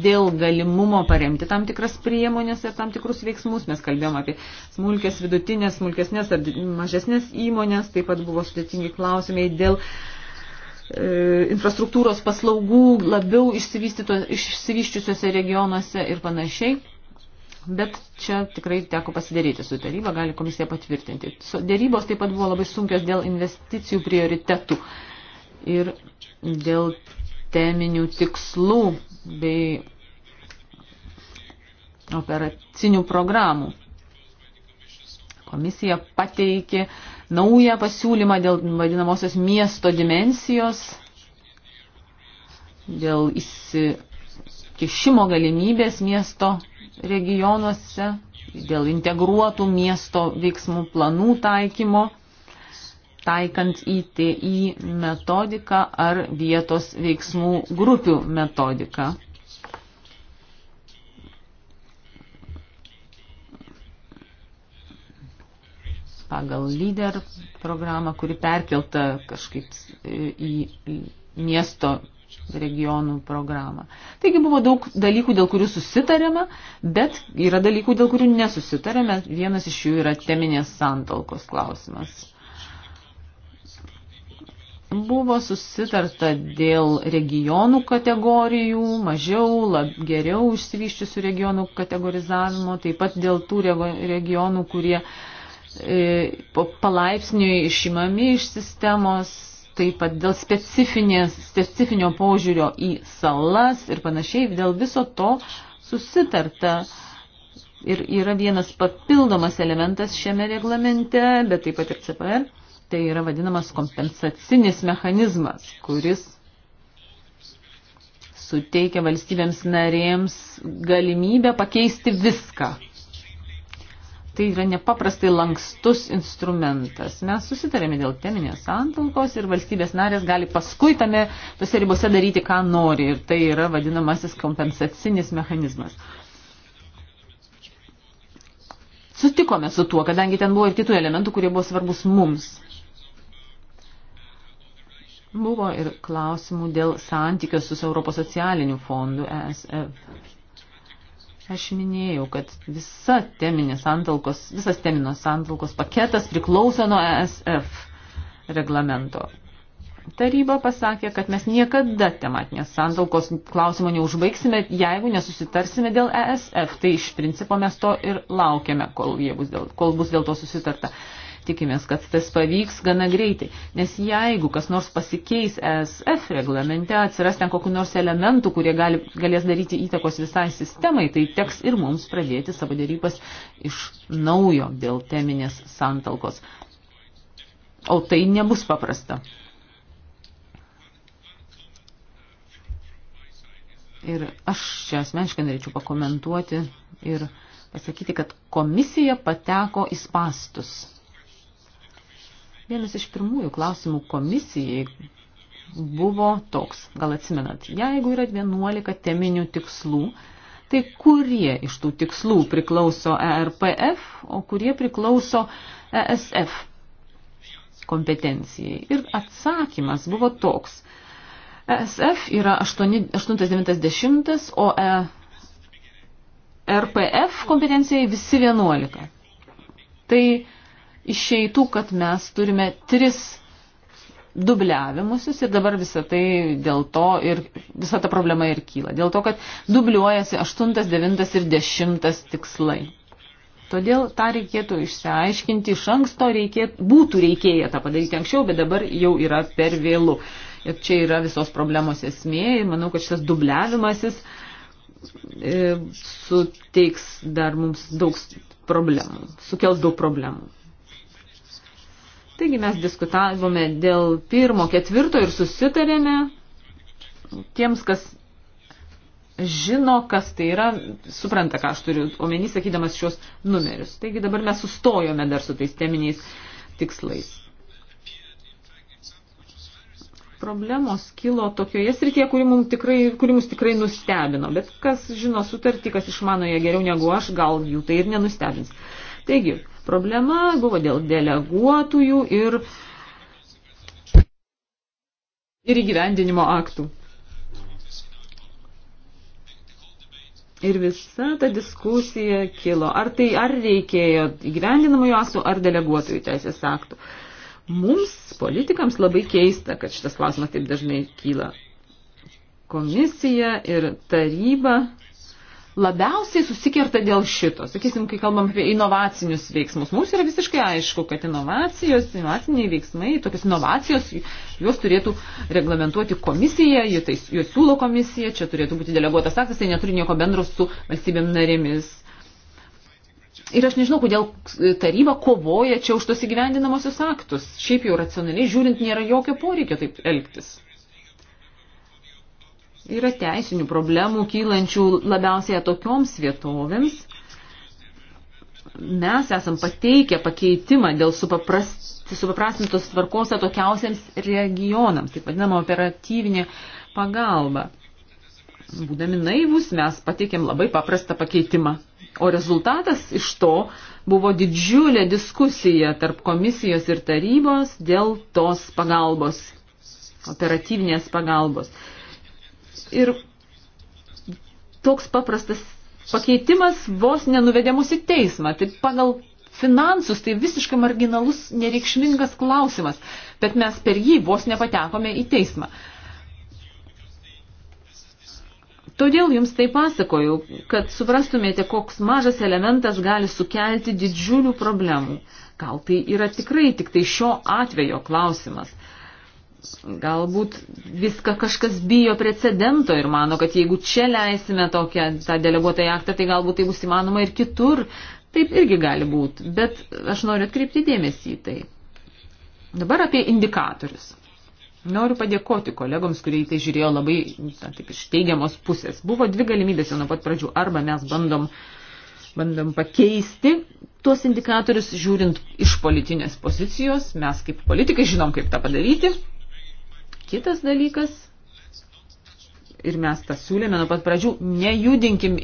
Speaker 1: dėl galimumo paremti tam tikras priemonės ir tam tikrus veiksmus. Mes kalbėjom apie smulkės, vidutinės, smulkesnės ar mažesnės įmonės, taip pat buvo sudėtingi klausimai dėl uh, E, infrastruktūros paslaugų labiau išsivyščiusiuose regionuose ir panašiai. Bet čia tikrai teko pasidaryti su taryba, gali komisija patvirtinti. Dėrybos taip pat buvo labai sunkios dėl investicijų prioritetų ir dėl teminių tikslų bei operacinių programų. Komisija pateikė uh, naują pasiūlymą dėl vadinamosios miesto dimensijos, dėl įsikišimo galimybės miesto regionuose, dėl integruotų miesto veiksmų planų taikymo, taikant ITI metodiką ar vietos veiksmų grupių metodiką. pagal lyder programą, kuri perkelta kažkaip į miesto regionų programą. Taigi buvo daug dalykų, dėl kurių susitarėme, bet yra dalykų, dėl kurių nesusitarėme. Vienas iš jų yra teminės santalkos klausimas. Buvo susitarta dėl regionų kategorijų, mažiau, lab, geriau išsivyščiusių regionų kategorizavimo, taip pat dėl tų regionų, kurie uh, E, palaipsniui išimami iš sistemos, taip pat dėl specifinio požiūrio į salas ir panašiai, dėl viso to susitarta. Ir yra vienas papildomas elementas šiame reglamente, bet taip pat ir CPR, tai yra vadinamas kompensacinis mechanizmas, kuris suteikia valstybėms narėms galimybę pakeisti viską, tai yra nepaprastai lankstus instrumentas. Mes susitarėme dėl teminės santalkos ir valstybės narės gali paskui tame tose ribose daryti, ką nori. Ir tai yra vadinamasis kompensacinis mechanizmas. Sutikome su tuo, kadangi ten buvo ir kitų elementų, kurie buvo svarbus mums. Buvo ir klausimų dėl santykio su Europos socialiniu fondu ESF. Aš minėjau, kad visa teminė santalkos, visas teminos santalkos paketas priklauso nuo ESF reglamento. Taryba pasakė, kad mes niekada tematinės santalkos klausimo neužbaigsime, jeigu nesusitarsime dėl ESF. Tai iš principo mes to ir laukiame, kol, bus, dėl, kol bus dėl to susitarta. Tikimės, kad tas pavyks gana greitai, nes jeigu kas nors pasikeis ESF reglamente, atsiras ten kokiu nors elementų, kurie gali, galės daryti įtakos visai sistemai, tai teks ir mums pradėti savo dėrybas iš naujo dėl teminės santalkos. O tai nebus paprasta. Ir aš čia asmeniškai norėčiau pakomentuoti ir pasakyti, kad komisija pateko į spastus. Vienas iš pirmųjų klausimų komisijai buvo toks, gal atsimenat, jeigu yra 11 teminių tikslų, tai kurie iš tų tikslų priklauso ERPF, o kurie priklauso ESF kompetencijai. Ir atsakymas buvo toks. ESF yra 890, o e, RPF kompetencijai visi 11. Tai išeitų, kad mes turime tris dubliavimusis ir dabar visa tai dėl to ir visa ta problema ir kyla. Dėl to, kad dubliuojasi 8, 9 ir 10 tikslai. Todėl tą reikėtų išsiaiškinti, iš anksto reikėtų, būtų reikėję tą padaryti anksčiau, bet dabar jau yra per vėlų. Ir čia yra visos problemos esmė ir manau, kad šitas dubliavimasis e, suteiks dar mums daug problemų, sukels daug problemų. Taigi mes diskutavome dėl pirmo, ketvirto ir susitarėme tiems, kas žino, kas tai yra, supranta, ką aš turiu omeny, sakydamas šios numerius. Taigi dabar mes sustojome dar su tais teminiais tikslais. Problemos kilo tokioje srityje, kuri, mums tikrai, kuri mus tikrai nustebino, bet kas žino sutartį, kas išmano ją geriau negu aš, gal jų tai ir nenustebins. Taigi, Problema buvo dėl deleguotųjų ir, ir įgyvendinimo aktų. Ir visa ta diskusija kilo, ar tai ar reikėjo įgyvendinamojo aktų, ar deleguotojų teisės aktų. Mums, politikams, labai keista, kad šitas klausimas taip dažnai kyla. Komisija ir taryba labiausiai susikerta dėl šito. Sakysim, kai kalbam apie inovacinius veiksmus, mums yra visiškai aišku, kad inovacijos, inovaciniai veiksmai, tokios inovacijos, juos turėtų reglamentuoti komisija, tai juos tai, siūlo komisija, čia turėtų būti deleguotas aktas, tai neturi nieko bendro su valstybėm narėmis. Ir aš nežinau, kodėl taryba kovoja čia už tos įgyvendinamosius aktus. Šiaip jau racionaliai žiūrint, nėra jokio poreikio taip elgtis. Yra teisinių problemų kylančių labiausiai tokioms vietovėms. Mes esam pateikę pakeitimą dėl supaprastintos tvarkos atokiausiams regionams, taip vadinama operatyvinė pagalba. Būdami naivus mes pateikėm labai paprastą pakeitimą. O rezultatas iš to buvo didžiulė diskusija tarp komisijos ir tarybos dėl tos pagalbos, operatyvinės pagalbos ir toks paprastas pakeitimas vos nenuvedė mus į teismą. Tai pagal finansus tai visiškai marginalus, nereikšmingas klausimas, bet mes per jį vos nepatekome į teismą. Todėl jums tai pasakoju, kad suprastumėte, koks mažas elementas gali sukelti didžiulių problemų. Gal tai yra tikrai tik tai šio atvejo klausimas galbūt viską kažkas bijo precedento ir mano, kad jeigu čia leisime tokią tą deleguotą aktą, tai galbūt tai bus įmanoma ir kitur. Taip irgi gali būti, bet aš noriu atkreipti dėmesį į tai. Dabar apie indikatorius. Noriu padėkoti kolegoms, kurie į tai žiūrėjo labai na, taip, iš teigiamos pusės. Buvo dvi galimybės jau nuo pat pradžių. Arba mes bandom, bandom pakeisti tuos indikatorius, žiūrint iš politinės pozicijos. Mes kaip politikai žinom, kaip tą padaryti. Kitas dalykas, ir mes tą siūlėme nuo pat pradžių, nejudinkim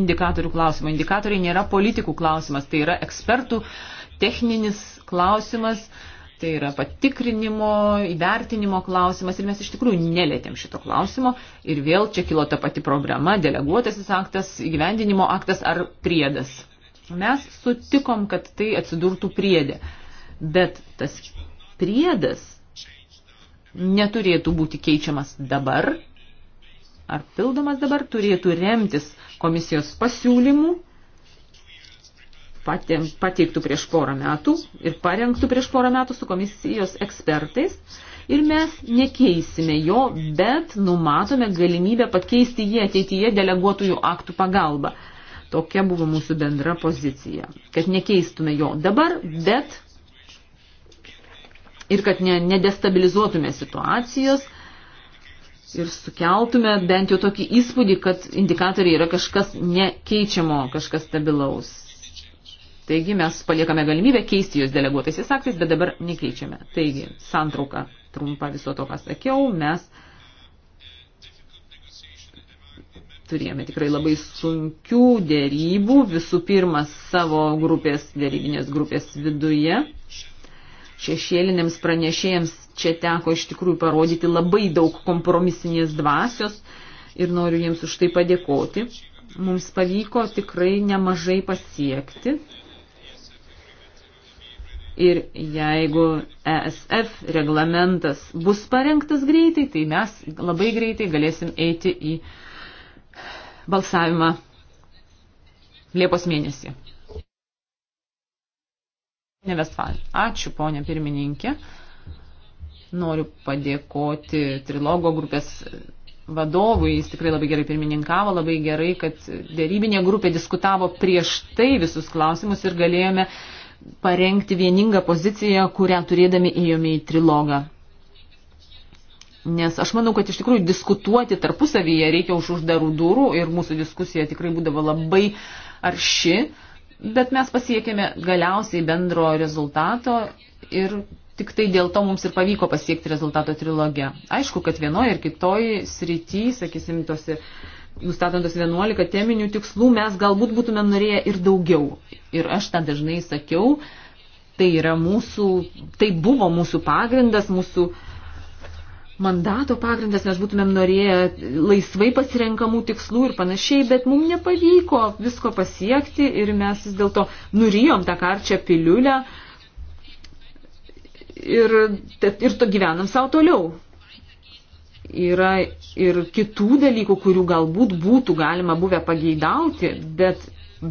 Speaker 1: indikatorių klausimą. Indikatoriai nėra politikų klausimas, tai yra ekspertų techninis klausimas, tai yra patikrinimo, įvertinimo klausimas ir mes iš tikrųjų nelėtėm šito klausimo ir vėl čia kilo ta pati programa, deleguotasis aktas, įgyvendinimo aktas ar priedas. Mes sutikom, kad tai atsidurtų priedė, bet tas priedas neturėtų būti keičiamas dabar ar pildomas dabar, turėtų remtis komisijos pasiūlymų pateiktų prieš porą metų ir parengtų prieš porą metų su komisijos ekspertais. Ir mes nekeisime jo, bet numatome galimybę pakeisti jį ateityje deleguotųjų aktų pagalba. Tokia buvo mūsų bendra pozicija, kad nekeistume jo dabar, bet ir kad ne, nedestabilizuotume situacijos ir sukeltume bent jau tokį įspūdį, kad indikatoriai yra kažkas nekeičiamo, kažkas stabilaus. Taigi mes paliekame galimybę keisti jos deleguotaisiais aktais, bet dabar nekeičiame. Taigi, santrauka trumpa viso to, ką sakiau, mes turėjome tikrai labai sunkių dėrybų, visų pirma savo grupės, dėrybinės grupės viduje šešėliniams pranešėjams čia teko iš tikrųjų parodyti labai daug kompromisinės dvasios ir noriu jiems už tai padėkoti. Mums pavyko tikrai nemažai pasiekti. Ir jeigu ESF reglamentas bus parengtas greitai, tai mes labai greitai galėsim eiti į balsavimą Liepos mėnesį. Nevestfalė. Ačiū, ponė pirmininkė. Noriu padėkoti trilogo grupės vadovui, jis tikrai labai gerai pirmininkavo, labai gerai, kad dėrybinė grupė diskutavo prieš tai visus klausimus ir galėjome parengti vieningą poziciją, kurią turėdami ėjome į trilogą. Nes aš manau, kad iš tikrųjų diskutuoti tarpusavyje reikia už uždarų durų ir mūsų diskusija tikrai būdavo labai arši. Uh, Bet mes pasiekėme galiausiai bendro rezultato ir tik tai dėl to mums ir pavyko pasiekti rezultato trilogę. Aišku, kad vienoje ir kitoje srityje, sakysim, tose nustatant tos 11 teminių tikslų, mes galbūt būtume norėję ir daugiau. Ir aš tą dažnai sakiau, tai, yra mūsų, tai buvo mūsų pagrindas, mūsų uh, mandato pagrindas, mes būtumėm norėję laisvai pasirenkamų tikslų ir panašiai, bet mums nepavyko visko pasiekti ir mes vis dėlto nurijom tą karčią piliulę ir, ir to gyvenam savo toliau. Yra ir kitų dalykų, kurių galbūt būtų galima buvę pageidauti, bet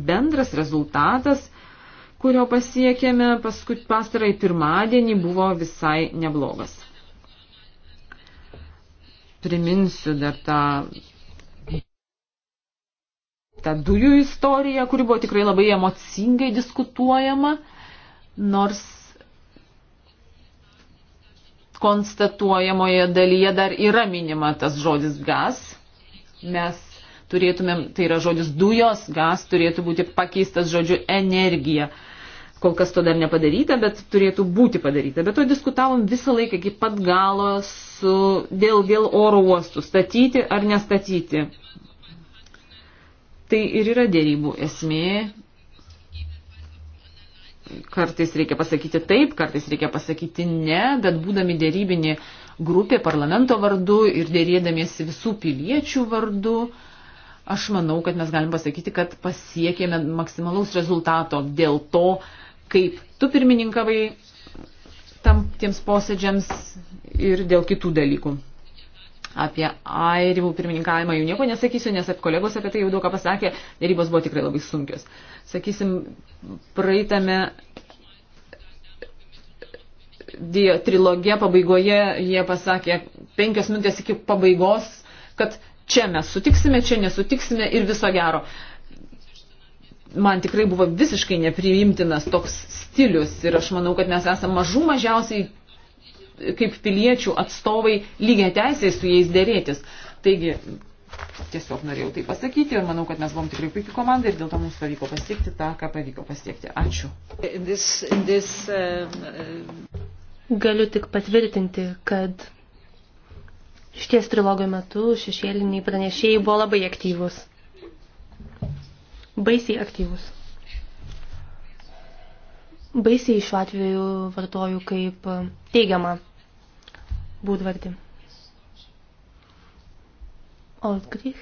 Speaker 1: bendras rezultatas, kurio pasiekėme paskut pastarai pirmadienį, buvo visai neblogas priminsiu dar tą, tą dujų istoriją, kuri buvo tikrai labai emocingai diskutuojama, nors konstatuojamoje dalyje dar yra minima tas žodis gas. Mes turėtumėm, tai yra žodis dujos, gas turėtų būti pakeistas žodžiu energija. Uh, Kol kas to dar nepadaryta, bet turėtų būti padaryta. Bet to diskutavom visą laiką iki pat galo su, dėl, dėl oro uostų, statyti ar nestatyti. Tai ir yra dėrybų esmė. Kartais reikia pasakyti taip, kartais reikia pasakyti ne, bet būdami dėrybinė grupė parlamento vardu ir dėrėdamiesi visų piliečių vardu, aš manau, kad mes galim pasakyti, kad pasiekėme maksimalaus rezultato dėl to, kaip tu pirmininkavai tam, tiems posėdžiams ir dėl kitų dalykų. Apie airimų pirmininkavimą jau nieko nesakysiu, nes apie kolegos apie tai jau daug ką pasakė, dėrybos buvo tikrai labai sunkios. Sakysim, praeitame trilogė pabaigoje jie pasakė penkios minutės iki pabaigos, kad čia mes sutiksime, čia nesutiksime ir viso gero man tikrai buvo visiškai nepriimtinas toks stilius ir aš manau, kad mes esame mažų mažiausiai kaip piliečių atstovai lygiai teisiai su jais dėrėtis. Taigi, tiesiog norėjau tai pasakyti ir manau, kad mes buvom tikrai puikiai komanda ir dėl to mums pavyko pasiekti tą, ką pavyko pasiekti. Ačiū. In this, in this, uh,
Speaker 2: Galiu tik patvirtinti, kad šties trilogo metu šešėliniai pranešėjai buvo labai aktyvus baisiai aktyvus. Baisiai šiuo atveju vartoju kaip e, teigiamą būdvardį. Oldgrich.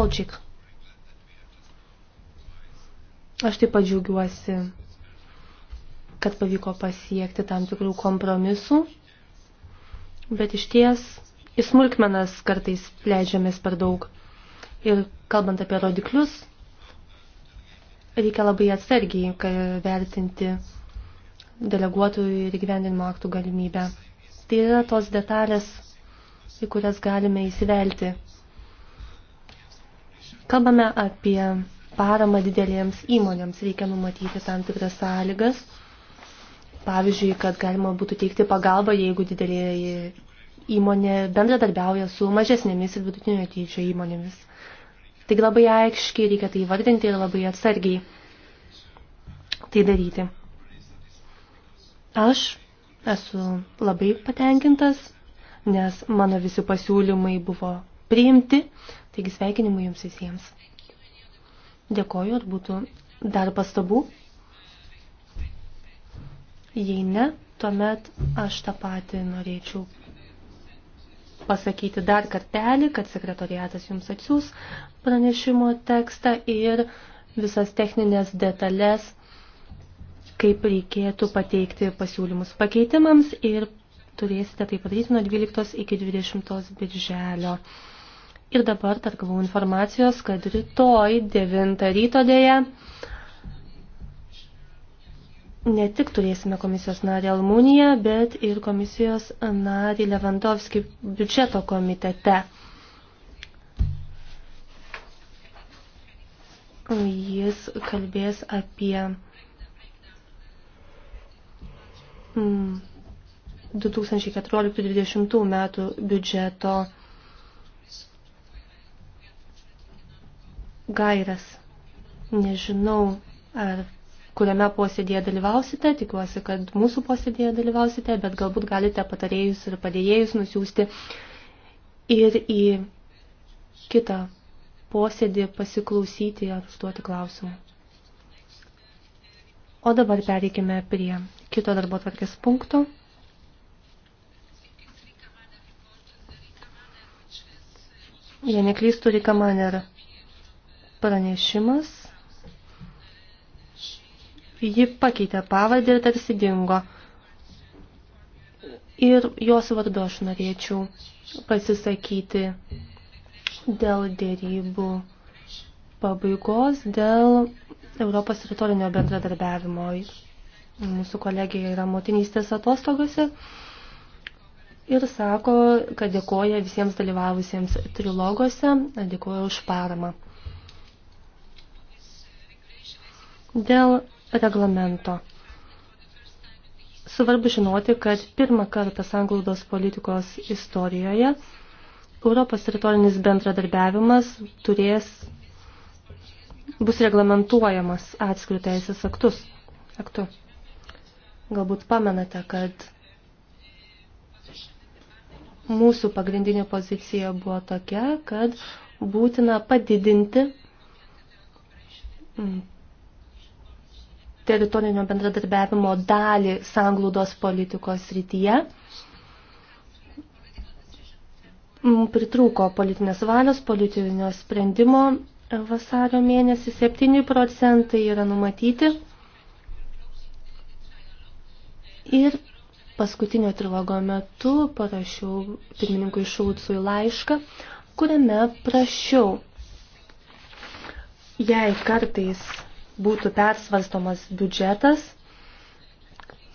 Speaker 2: Oldžik. Aš taip pat džiaugiuosi, kad pavyko pasiekti tam tikrų kompromisų, bet iš ties į smulkmenas kartais leidžiamės per daug. Ir kalbant apie rodiklius, reikia labai atsargiai vertinti deleguotojų ir gyvendinimo aktų galimybę. Tai yra tos detalės, į kurias galime įsivelti. Kalbame apie paramą didelėms įmonėms. Reikia numatyti tam tikras sąlygas. Pavyzdžiui, kad galima būtų teikti pagalbą, jeigu didelė įmonė bendradarbiauja su mažesnėmis ir vidutinio dydžio įmonėmis. Taigi labai aiškiai reikia tai vardinti ir labai atsargiai tai daryti. Aš esu labai patenkintas, nes mano visi pasiūlymai buvo priimti, taigi sveikinimai jums visiems. Dėkoju, ar būtų dar pastabų? Jei ne, tuomet aš tą patį norėčiau pasakyti dar kartelį, kad sekretoriatas jums atsiūs pranešimo tekstą ir visas techninės detalės, kaip reikėtų pateikti pasiūlymus pakeitimams ir turėsite tai padaryti nuo 12 iki 20 birželio. Ir dabar dar gavau informacijos, kad rytoj 9 ryto dėja ne tik turėsime komisijos narį Almuniją, bet ir komisijos narį Levandovskį biudžeto komitete. Jis kalbės apie 2014-2020 mm, metų biudžeto gairias. Nežinau, ar kuriame posėdėje dalyvausite. Tikiuosi, kad mūsų posėdėje dalyvausite, bet galbūt galite patarėjus ir padėjėjus nusiųsti ir į kitą posėdį pasiklausyti ar užduoti klausimų. O dabar pereikime prie kito darbo tvarkės punkto. Jei neklystų Rika Maner pranešimas Ji pakeitė pavardę ir tarsi dingo. Ir jos vardu aš norėčiau pasisakyti dėl dėrybų pabaigos, dėl Europos teritorinio bendradarbiavimo. Mūsų kolegija yra motinystės atostogose ir sako, kad dėkoja visiems dalyvavusiems trilogose, dėkoja už paramą. Dėl reglamento. Svarbu žinoti, kad pirmą kartą sanglaudos politikos istorijoje Europos teritorinis bendradarbiavimas turės bus reglamentuojamas atskirių teisės aktus. Aktu. Galbūt pamenate, kad mūsų pagrindinė pozicija buvo tokia, kad būtina padidinti teritorinio bendradarbiavimo dalį sanglūdos politikos rytyje. Mm, pritrūko politinės valios, politinio sprendimo e, vasario mėnesį 7 procentai yra numatyti. Ir paskutinio trilogo metu parašiau pirmininkui Šulcui laišką, kuriame prašiau, jei kartais būtų persvarstomas biudžetas,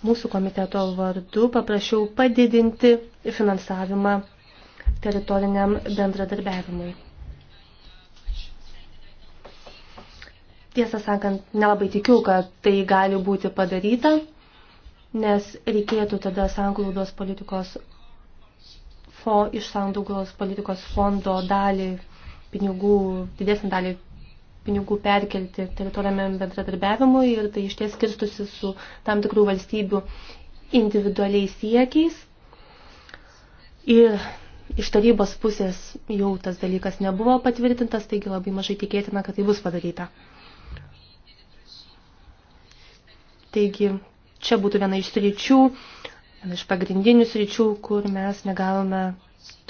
Speaker 2: mūsų komiteto vardu paprašiau padidinti finansavimą teritoriniam bendradarbiavimui. Tiesą sakant, nelabai tikiu, kad tai gali būti padaryta, nes reikėtų tada sanglaudos politikos fo, iš sanglaudos politikos fondo dalį pinigų, didesnį dalį pinigų perkelti teritorijame bendradarbiavimui ir tai išties skirstusi su tam tikrų valstybių individualiais siekiais. Ir iš tarybos pusės jau tas dalykas nebuvo patvirtintas, taigi labai mažai tikėtina, kad tai bus padaryta. Taigi čia būtų viena iš sričių, viena iš pagrindinių sričių, kur mes negavome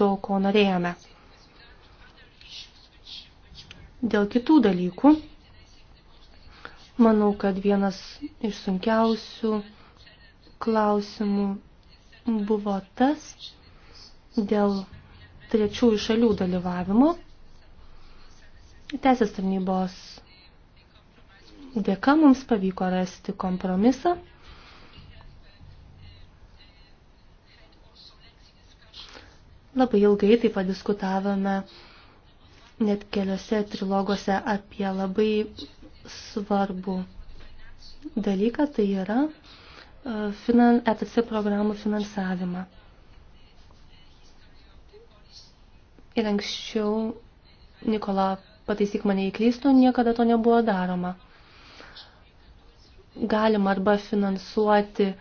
Speaker 2: to, ko norėjome. Dėl kitų dalykų, manau, kad vienas iš sunkiausių klausimų buvo tas dėl trečiųjų šalių dalyvavimo. Teisės tarnybos dėka mums pavyko rasti kompromisą. Labai ilgai taip padiskutavome diskutavome net keliose trilogose apie labai svarbų dalyką, tai yra e, finan, ETC programų finansavimą. Ir anksčiau, Nikola, pataisyk mane įklystų, niekada to nebuvo daroma. Galima arba finansuoti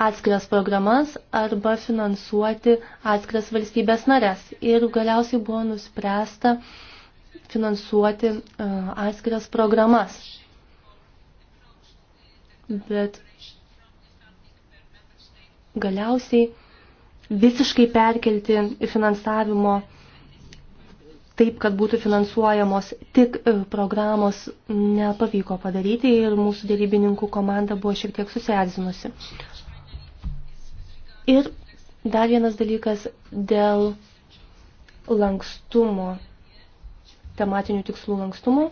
Speaker 2: atskiras programas arba finansuoti atskiras valstybės narės. Ir galiausiai buvo nuspręsta uh, finansuoti e, atskiras programas. Bet galiausiai visiškai perkelti finansavimo taip, kad būtų finansuojamos tik e, programos nepavyko padaryti ir mūsų dėrybininkų komanda buvo šiek tiek susierzinusi. Ir dar vienas dalykas dėl lankstumo tematinių tikslų lankstumo.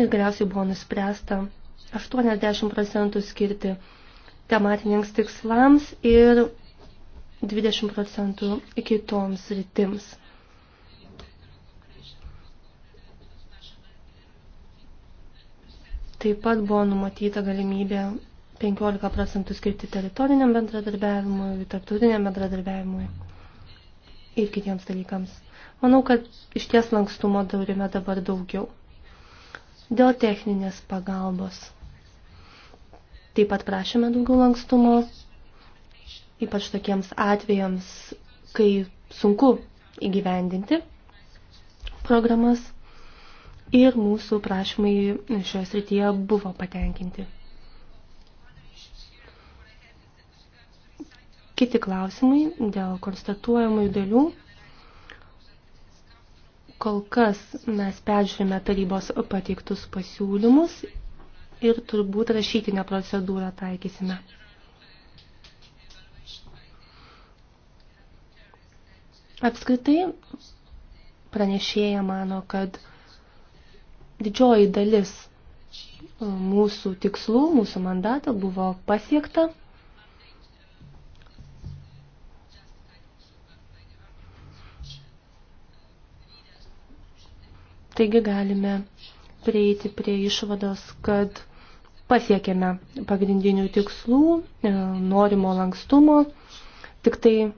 Speaker 2: Ir galiausiai buvo nuspręsta 80 procentų skirti tematiniams tikslams ir 20 procentų kitoms rytims. Taip pat buvo numatyta galimybė 15 procentų skirti teritoriniam bendradarbiavimui, tarptautiniam bendradarbiavimui ir kitiems dalykams. Manau, kad iš ties lankstumo turime dabar daugiau. Dėl techninės pagalbos. Taip pat prašėme daugiau lankstumo, ypač tokiems atvejams, kai sunku įgyvendinti programas ir mūsų prašymai šioje srityje buvo patenkinti. Kiti klausimai dėl konstatuojamųjų dalių. Kol kas mes peržiūrime tarybos pateiktus pasiūlymus ir turbūt rašytinę procedūrą taikysime. Apskritai pranešėja mano, kad didžioji dalis mūsų tikslų, mūsų mandato buvo pasiekta Taigi galime prieiti prie išvados, kad pasiekėme pagrindinių tikslų, e, norimo lankstumo, tik tai e,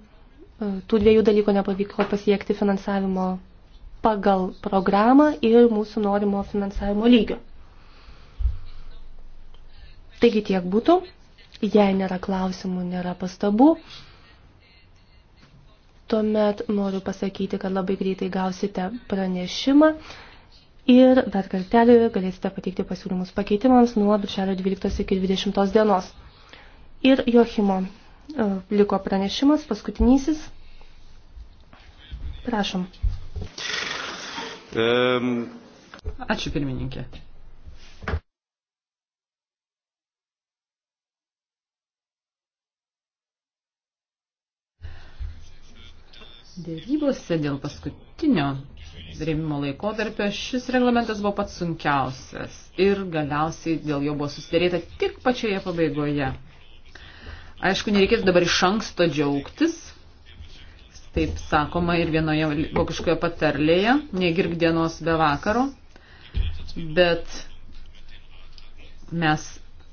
Speaker 2: tų dviejų dalykų nepavyko pasiekti finansavimo pagal programą ir mūsų norimo finansavimo lygio. Taigi tiek būtų, jei nėra klausimų, nėra pastabų. Tuomet noriu pasakyti, kad labai greitai gausite pranešimą ir dar kartelį galėsite pateikti pasiūlymus pakeitimams nuo birželio 12 iki 20 dienos. Ir Jochimo e, liko pranešimas, paskutinysis. Prašom.
Speaker 1: Um. Ačiū pirmininkė. Dėrybose dėl paskutinio rėmimo laikotarpio šis reglamentas buvo pats sunkiausias ir galiausiai dėl jo buvo susidėrėta tik pačioje pabaigoje. Aišku, nereikėtų dabar iš anksto džiaugtis, taip sakoma ir vienoje vokiškoje patarlėje, negirk dienos be vakaro, bet mes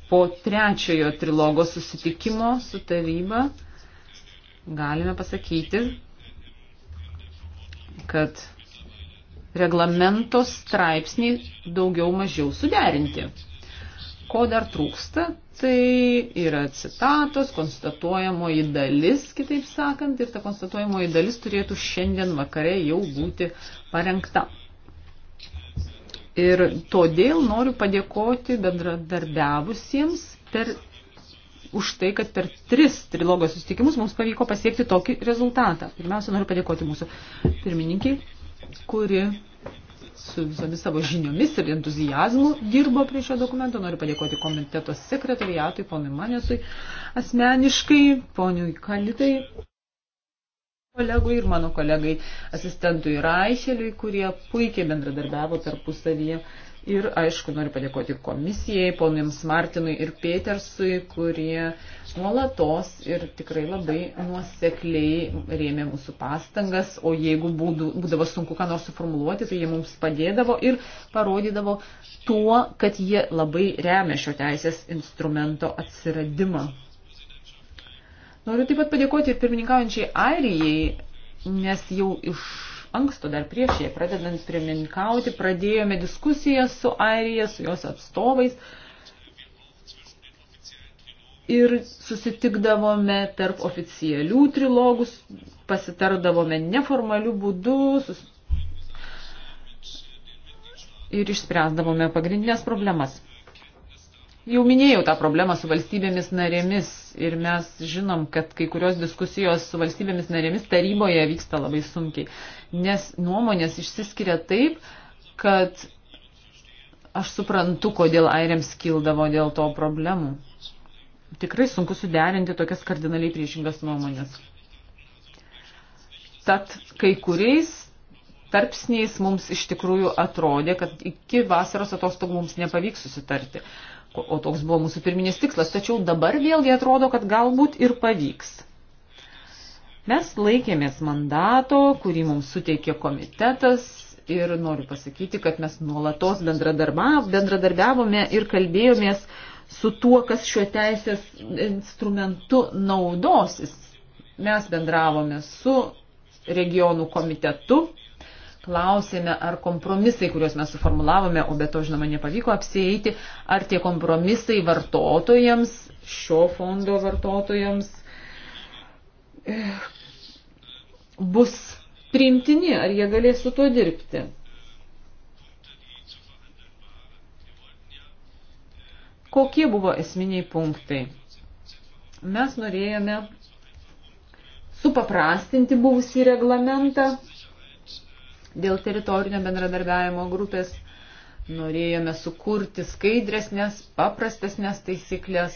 Speaker 1: po trečiojo trilogo susitikimo su taryba galime pasakyti, kad reglamento straipsniai daugiau mažiau suderinti. Ko dar trūksta, tai yra citatos, konstatuojamoji dalis, kitaip sakant, ir ta konstatuojamoji dalis turėtų šiandien vakare jau būti parengta. Ir todėl noriu padėkoti bendradarbiavusiems per, už tai, kad per tris trilogo susitikimus mums pavyko pasiekti tokį rezultatą. Pirmiausia, noriu padėkoti mūsų pirmininkiai kuri su visomis savo žiniomis ir entuzijazmu dirbo prie šio dokumento. Noriu padėkoti komiteto sekretariatui, ponui Manesui, asmeniškai, poniui Kalitai, kolegui ir mano kolegai asistentui Raišeliui, kurie puikiai bendradarbiavo tarpusavyje. Ir, aišku, noriu padėkoti komisijai, ponui Martinui ir Petersui, kurie uh, nuolatos ir tikrai labai nuosekliai rėmė mūsų pastangas, o jeigu būdų, būdavo sunku ką nors suformuluoti, tai jie mums padėdavo ir parodydavo tuo, kad jie labai remia šio teisės instrumento atsiradimą. Noriu taip pat padėkoti ir pirmininkaujančiai Airijai, nes jau iš anksto dar prieš jai pradedant pirmininkauti pradėjome diskusiją su Airija, su jos atstovais ir susitikdavome tarp oficialių trilogus, pasitardavome neformalių būdų sus... ir išspręsdavome pagrindinės problemas. Jau minėjau tą problemą su valstybėmis narėmis ir mes žinom, kad kai kurios diskusijos su valstybėmis narėmis taryboje vyksta labai sunkiai, nes nuomonės išsiskiria taip, kad aš suprantu, kodėl airiams kildavo dėl to problemų tikrai sunku suderinti tokias kardinaliai priešingas nuomonės. Tad kai kuriais tarpsniais mums iš tikrųjų atrodė, kad iki vasaros atostogų mums nepavyks susitarti, o toks buvo mūsų pirminis tikslas, tačiau dabar vėlgi atrodo, kad galbūt ir pavyks. Mes laikėmės mandato, kurį mums suteikė komitetas ir noriu pasakyti, kad mes nuolatos bendradarbiavome ir kalbėjomės su tuo, kas šiuo teisės instrumentu naudosis. Mes bendravome su regionų komitetu, klausėme, ar kompromisai, kuriuos mes suformulavome, o be to, žinoma, nepavyko apsieiti, ar tie kompromisai vartotojams, šio fondo vartotojams eh, bus priimtini, ar jie galės su tuo dirbti. Kokie buvo esminiai punktai? Mes norėjome supaprastinti buvusį reglamentą dėl teritorinio bendradarbiavimo grupės. Norėjome sukurti skaidresnės, paprastesnės taisyklės.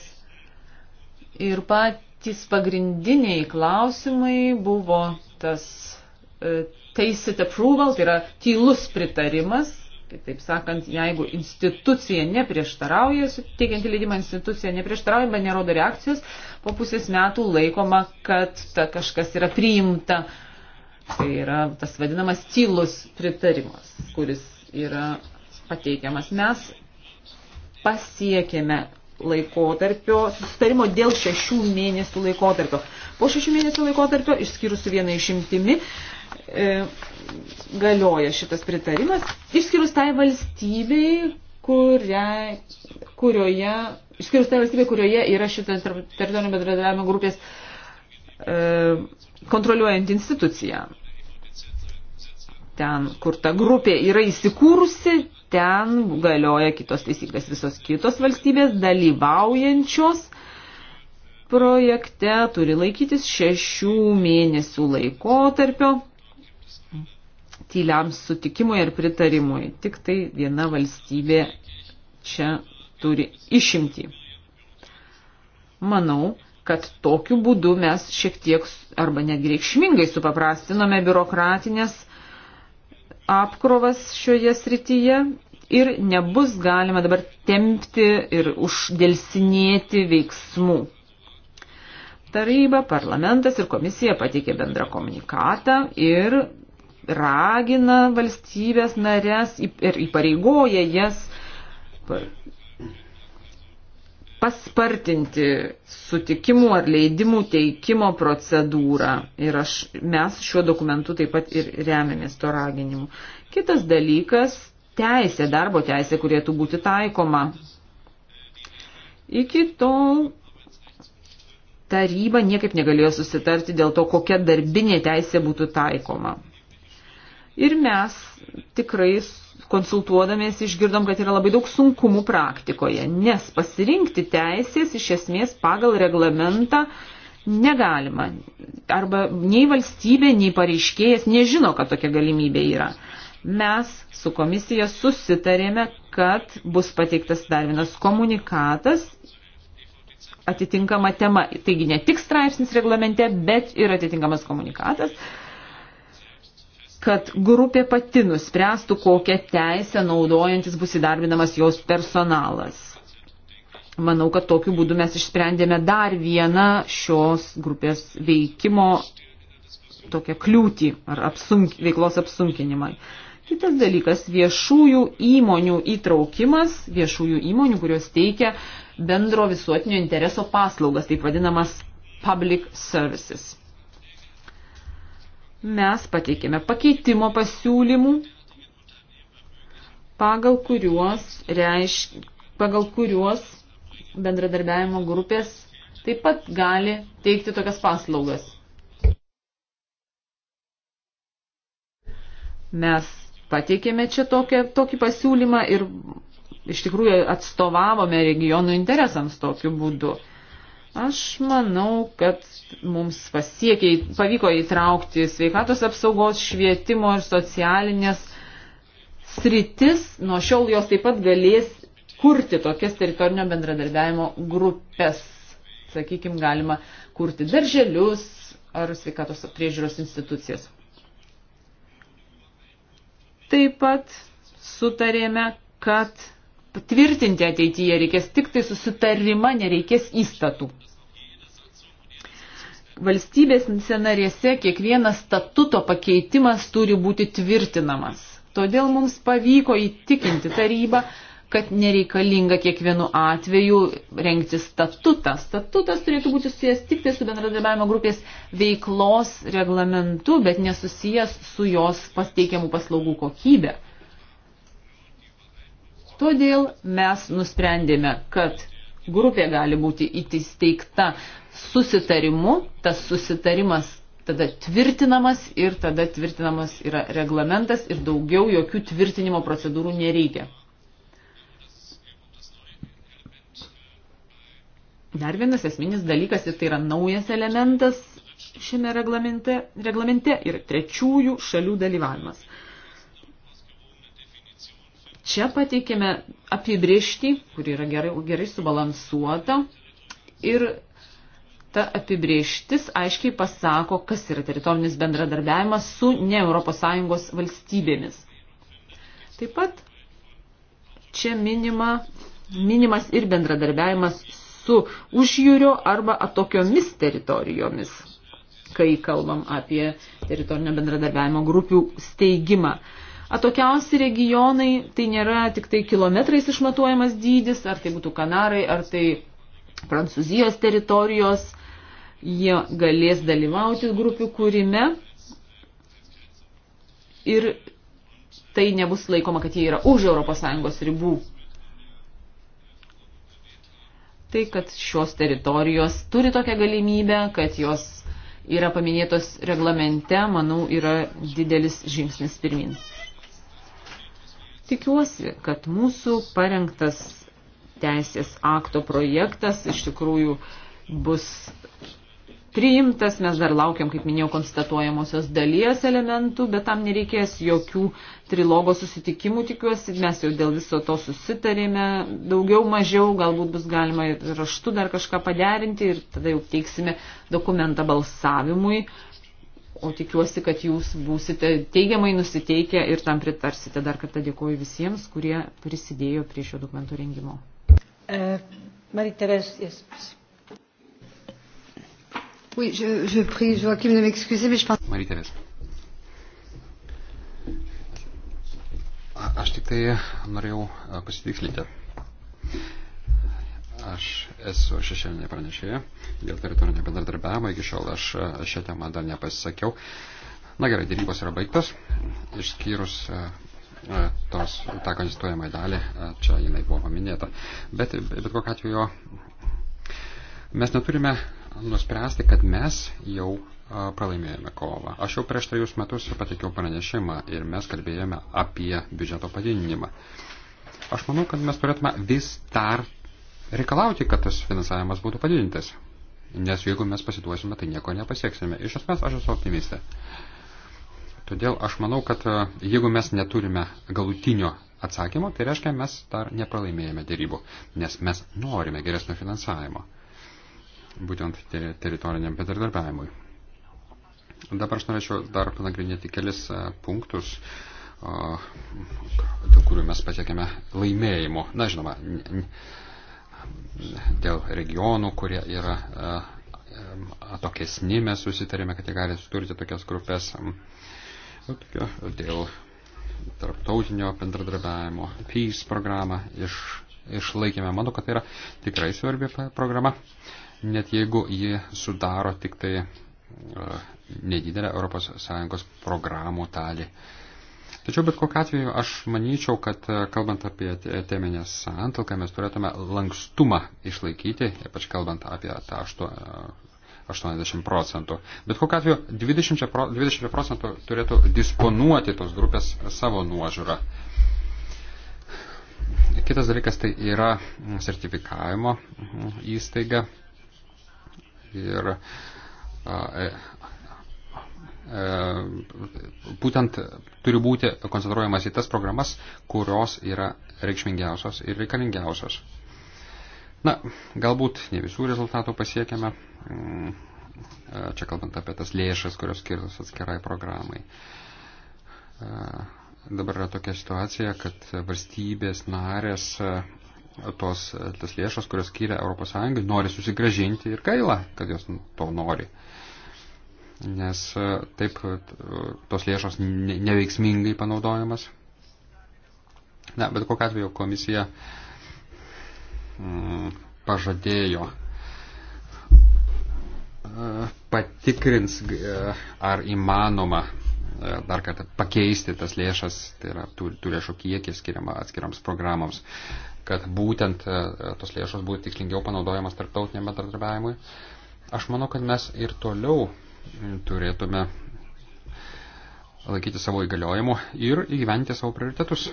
Speaker 1: Ir patys pagrindiniai klausimai buvo tas e, tacit approval, tai yra tylus pritarimas, Tai taip sakant, jeigu institucija neprieštarauja, teikianti leidimą institucija neprieštarauja, bet nerodo reakcijos, po pusės metų laikoma, kad ta kažkas yra priimta. Tai yra tas vadinamas tylus pritarimas, kuris yra pateikiamas. Mes pasiekėme laikotarpio, sustarimo dėl šešių mėnesių laikotarpio. Po šešių mėnesių laikotarpio, išskyrus vieną išimtimi, iš e, galioja šitas pritarimas, išskyrus tai valstybei, kuria, kurioje, išskyrus tai valstybė, kurioje yra šitas teritorinio bendradarbiavimo grupės e, kontroliuojant instituciją. Ten, kur ta grupė yra įsikūrusi, ten galioja kitos taisyklės. Visos kitos valstybės dalyvaujančios projekte turi laikytis šešių mėnesių laikotarpio tyliam sutikimui ar pritarimui. Tik tai viena valstybė čia turi išimti. Manau, kad tokiu būdu mes šiek tiek arba net reikšmingai supaprastinome biurokratinės apkrovas šioje srityje ir nebus galima dabar tempti ir uždėlsinėti veiksmų. Taryba, parlamentas ir komisija pateikė bendrą komunikatą ir ragina valstybės narės ir įpareigoja jas paspartinti sutikimų ar leidimų teikimo procedūrą. Ir aš, mes šiuo dokumentu taip pat ir remiamės to raginimu. Kitas dalykas - teisė, darbo teisė, kurėtų būti taikoma. Iki tol taryba niekaip negalėjo susitarti dėl to, kokia darbinė teisė būtų taikoma. Ir mes tikrai konsultuodamės išgirdom, kad yra labai daug sunkumų praktikoje, nes pasirinkti teisės iš esmės pagal reglamentą negalima. Arba nei valstybė, nei pareiškėjas nežino, kad tokia galimybė yra. Mes su komisija susitarėme, kad bus pateiktas dar vienas komunikatas atitinkama tema. Taigi ne tik straipsnis reglamente, bet ir atitinkamas komunikatas kad grupė pati nuspręstų, kokią teisę naudojantis bus įdarbinamas jos personalas. Manau, kad tokiu būdu mes išsprendėme dar vieną šios grupės veikimo tokią kliūtį ar apsunk, veiklos apsunkinimai. Kitas dalykas - viešųjų įmonių įtraukimas, viešųjų įmonių, kurios teikia bendro visuotinio intereso paslaugas, taip vadinamas public services mes pateikėme pakeitimo pasiūlymų, pagal kuriuos, reišk, pagal kuriuos bendradarbiavimo grupės taip pat gali teikti tokias paslaugas. Mes pateikėme čia tokią, tokį pasiūlymą ir iš tikrųjų atstovavome regionų interesams tokiu būdu. Aš manau, kad mums pasiekiai, pavyko įtraukti sveikatos apsaugos, švietimo ir socialinės sritis. Nuo šiol jos taip pat galės kurti tokias teritorinio bendradarbiavimo grupės. Sakykime, galima kurti darželius ar sveikatos priežiūros institucijas. Taip pat sutarėme, kad tvirtinti ateityje, reikės tik tai susitarimą, nereikės įstatų. Valstybės narėse kiekvienas statuto pakeitimas turi būti tvirtinamas. Todėl mums pavyko įtikinti tarybą, kad nereikalinga kiekvienu atveju renkti statutą. Statutas turėtų būti susijęs tik tai su bendradarbiavimo grupės veiklos reglamentu, bet nesusijęs su jos pasteikiamų paslaugų kokybė. Todėl mes nusprendėme, kad grupė gali būti įsteigta susitarimu, tas susitarimas tada tvirtinamas ir tada tvirtinamas yra reglamentas ir daugiau jokių tvirtinimo procedūrų nereikia. Dar vienas esminis dalykas ir tai yra naujas elementas šiame reglamente, reglamente ir trečiųjų šalių dalyvavimas. Čia pateikėme apibriežtį, kuri yra gerai, gerai subalansuota ir ta apibrieštis aiškiai pasako, kas yra teritorinis bendradarbiavimas su ne ES valstybėmis. Taip pat čia minima, minimas ir bendradarbiavimas su užjūrio arba atokiomis teritorijomis, kai kalbam apie teritorinio bendradarbiavimo grupių steigimą. Atokiausi regionai tai nėra tik tai kilometrais išmatuojamas dydis, ar tai būtų Kanarai, ar tai Prancūzijos teritorijos, jie galės dalyvauti grupių kūrime ir tai nebus laikoma, kad jie yra už ES ribų. Tai, kad šios teritorijos turi tokią galimybę, kad jos yra paminėtos reglamente, manau, yra didelis žingsnis pirmin. Tikiuosi, kad mūsų parengtas teisės akto projektas iš tikrųjų bus priimtas, mes dar laukiam, kaip minėjau, konstatuojamosios dalies elementų, bet tam nereikės jokių trilogo susitikimų, tikiuosi, mes jau dėl viso to susitarėme, daugiau mažiau, galbūt bus galima ir raštu dar kažką paderinti ir tada jau teiksime dokumentą balsavimui, o tikiuosi, kad jūs būsite teigiamai nusiteikę ir tam pritarsite. Dar kartą dėkoju visiems, kurie prisidėjo prie šio dokumento rengimo.
Speaker 2: Uh, Marie-Thérèse, yes, please. Oui, je,
Speaker 1: je prie Joachim de m'excuser, mais je pense.
Speaker 3: Marie-Thérèse. Aš tik tai norėjau uh, pasitikslinti. Aš esu šešėlinė pranešėja dėl teritorinio bendradarbiavimo. Iki šiol aš e, šią temą dar nepasisakiau. Na gerai, dėrybos yra baigtos. Išskyrus e, e, tos, tą konstituojamą dalį, čia jinai buvo paminėta. Bet, bet kokiu atveju mes neturime nuspręsti, kad mes jau pralaimėjome kovą. Aš jau prieš trejus metus pateikiau pranešimą ir mes kalbėjome apie biudžeto padidinimą. Aš manau, kad mes turėtume vis dar reikalauti, kad tas finansavimas būtų padidintas. Nes jeigu mes pasiduosime, tai nieko nepasieksime. Iš esmės aš esu optimistė. Todėl aš manau, kad e, jeigu mes neturime galutinio atsakymo, tai reiškia, mes dar nepralaimėjome dėrybų, nes mes norime geresnio finansavimo, būtent ter teritoriniam bendradarbiavimui. Dabar aš norėčiau dar panagrinėti kelis e, punktus, e, dėl kurių mes pasiekėme laimėjimo. Na, žinoma, dėl regionų, kurie yra e, e, atokesni, mes susitarėme, kad jie gali suturti tokias grupės nu, dėl tarptautinio bendradarbiavimo, PEACE programą iš, išlaikėme. Manau, kad tai yra tikrai svarbi programa, net jeigu ji sudaro tik tai e, nedidelę ES programų dalį. Uh, Tačiau bet kokiu atveju aš manyčiau, kad e, kalbant apie teminę santalką, mes turėtume lankstumą išlaikyti, ypač kalbant apie tą 80 e, procentų. Bet kokiu atveju 20 procentų turėtų disponuoti tos grupės savo nuožiūrą. Kitas dalykas tai yra sertifikavimo įstaiga. Ir e, Ehm, būtent turi būti koncentruojamas į tas programas, kurios yra reikšmingiausios ir reikalingiausios. Na, galbūt ne visų rezultatų pasiekėme, mm, e, čia kalbant apie tas lėšas, kurios skirtos atskirai programai. E, dabar yra tokia situacija, kad valstybės narės e, tos, tas lėšas, kurios skiria ES, nori susigražinti ir gaila, kad jos to nori. Uh, nes e, taip e, tos lėšos neveiksmingai panaudojamas. Na, bet kokiu atveju komisija mm, pažadėjo e, patikrins, ar įmanoma dar kartą pakeisti tas lėšas, tai yra tų, tų lėšų kiekį skiriama atskiriams programoms, kad būtent tos lėšos būtų tikslingiau panaudojamas tarptautiniam bendradarbiavimui. Aš manau, kad mes ir toliau turėtume laikyti savo įgaliojimų ir įgyventi savo prioritetus.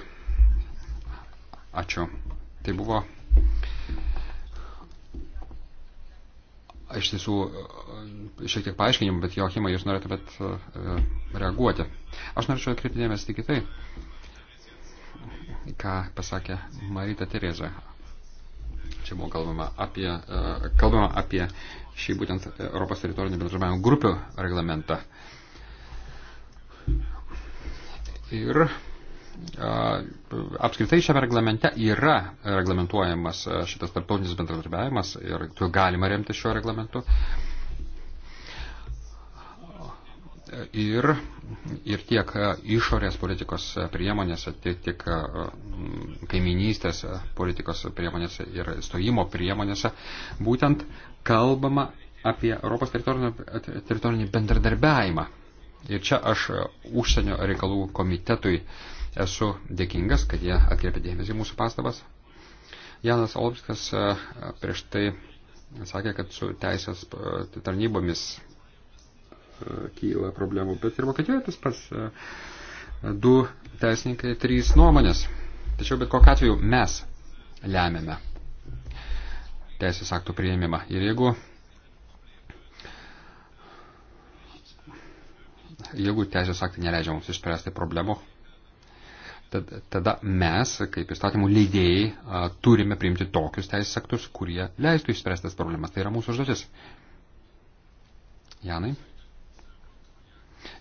Speaker 3: Ačiū. Tai buvo iš tiesų e, šiek tiek paaiškinimų, bet Joachimai, jūs norėtumėt e, reaguoti. Aš norėčiau atkreipti dėmesį tik į tai, ką pasakė Marita Tereza čia buvo kalbama apie, e, kalbama apie šį būtent Europos teritorinio bendradarbiavimo grupių reglamentą. Ir e, apskritai šiame reglamente yra reglamentuojamas e, šitas tarptautinis bendradarbiavimas ir galima remti šiuo reglamentu. A, ir, ir tiek išorės politikos priemonėse, tiek, tiek mm, kaiminystės politikos priemonėse ir stojimo priemonėse būtent kalbama apie Europos teritorinį, teritorinį bendradarbiavimą. Ir čia aš užsienio reikalų komitetui esu dėkingas, kad jie atkreipė dėmesį mūsų pastabas. Janas Olbskas e, prieš tai sakė, kad su teisės e, tarnybomis kyla problemų, bet ir Vokietijoje tas pats e, du teisininkai, trys nuomonės. Tačiau bet kokiu atveju mes lemiame teisės aktų prieimimą. Ir jeigu, jeigu teisės aktai neleidžia mums išspręsti problemų, tad, tada mes, kaip įstatymų leidėjai, turime priimti tokius teisės aktus, kurie leistų išspręsti tas problemas. Tai yra mūsų užduotis. Janai?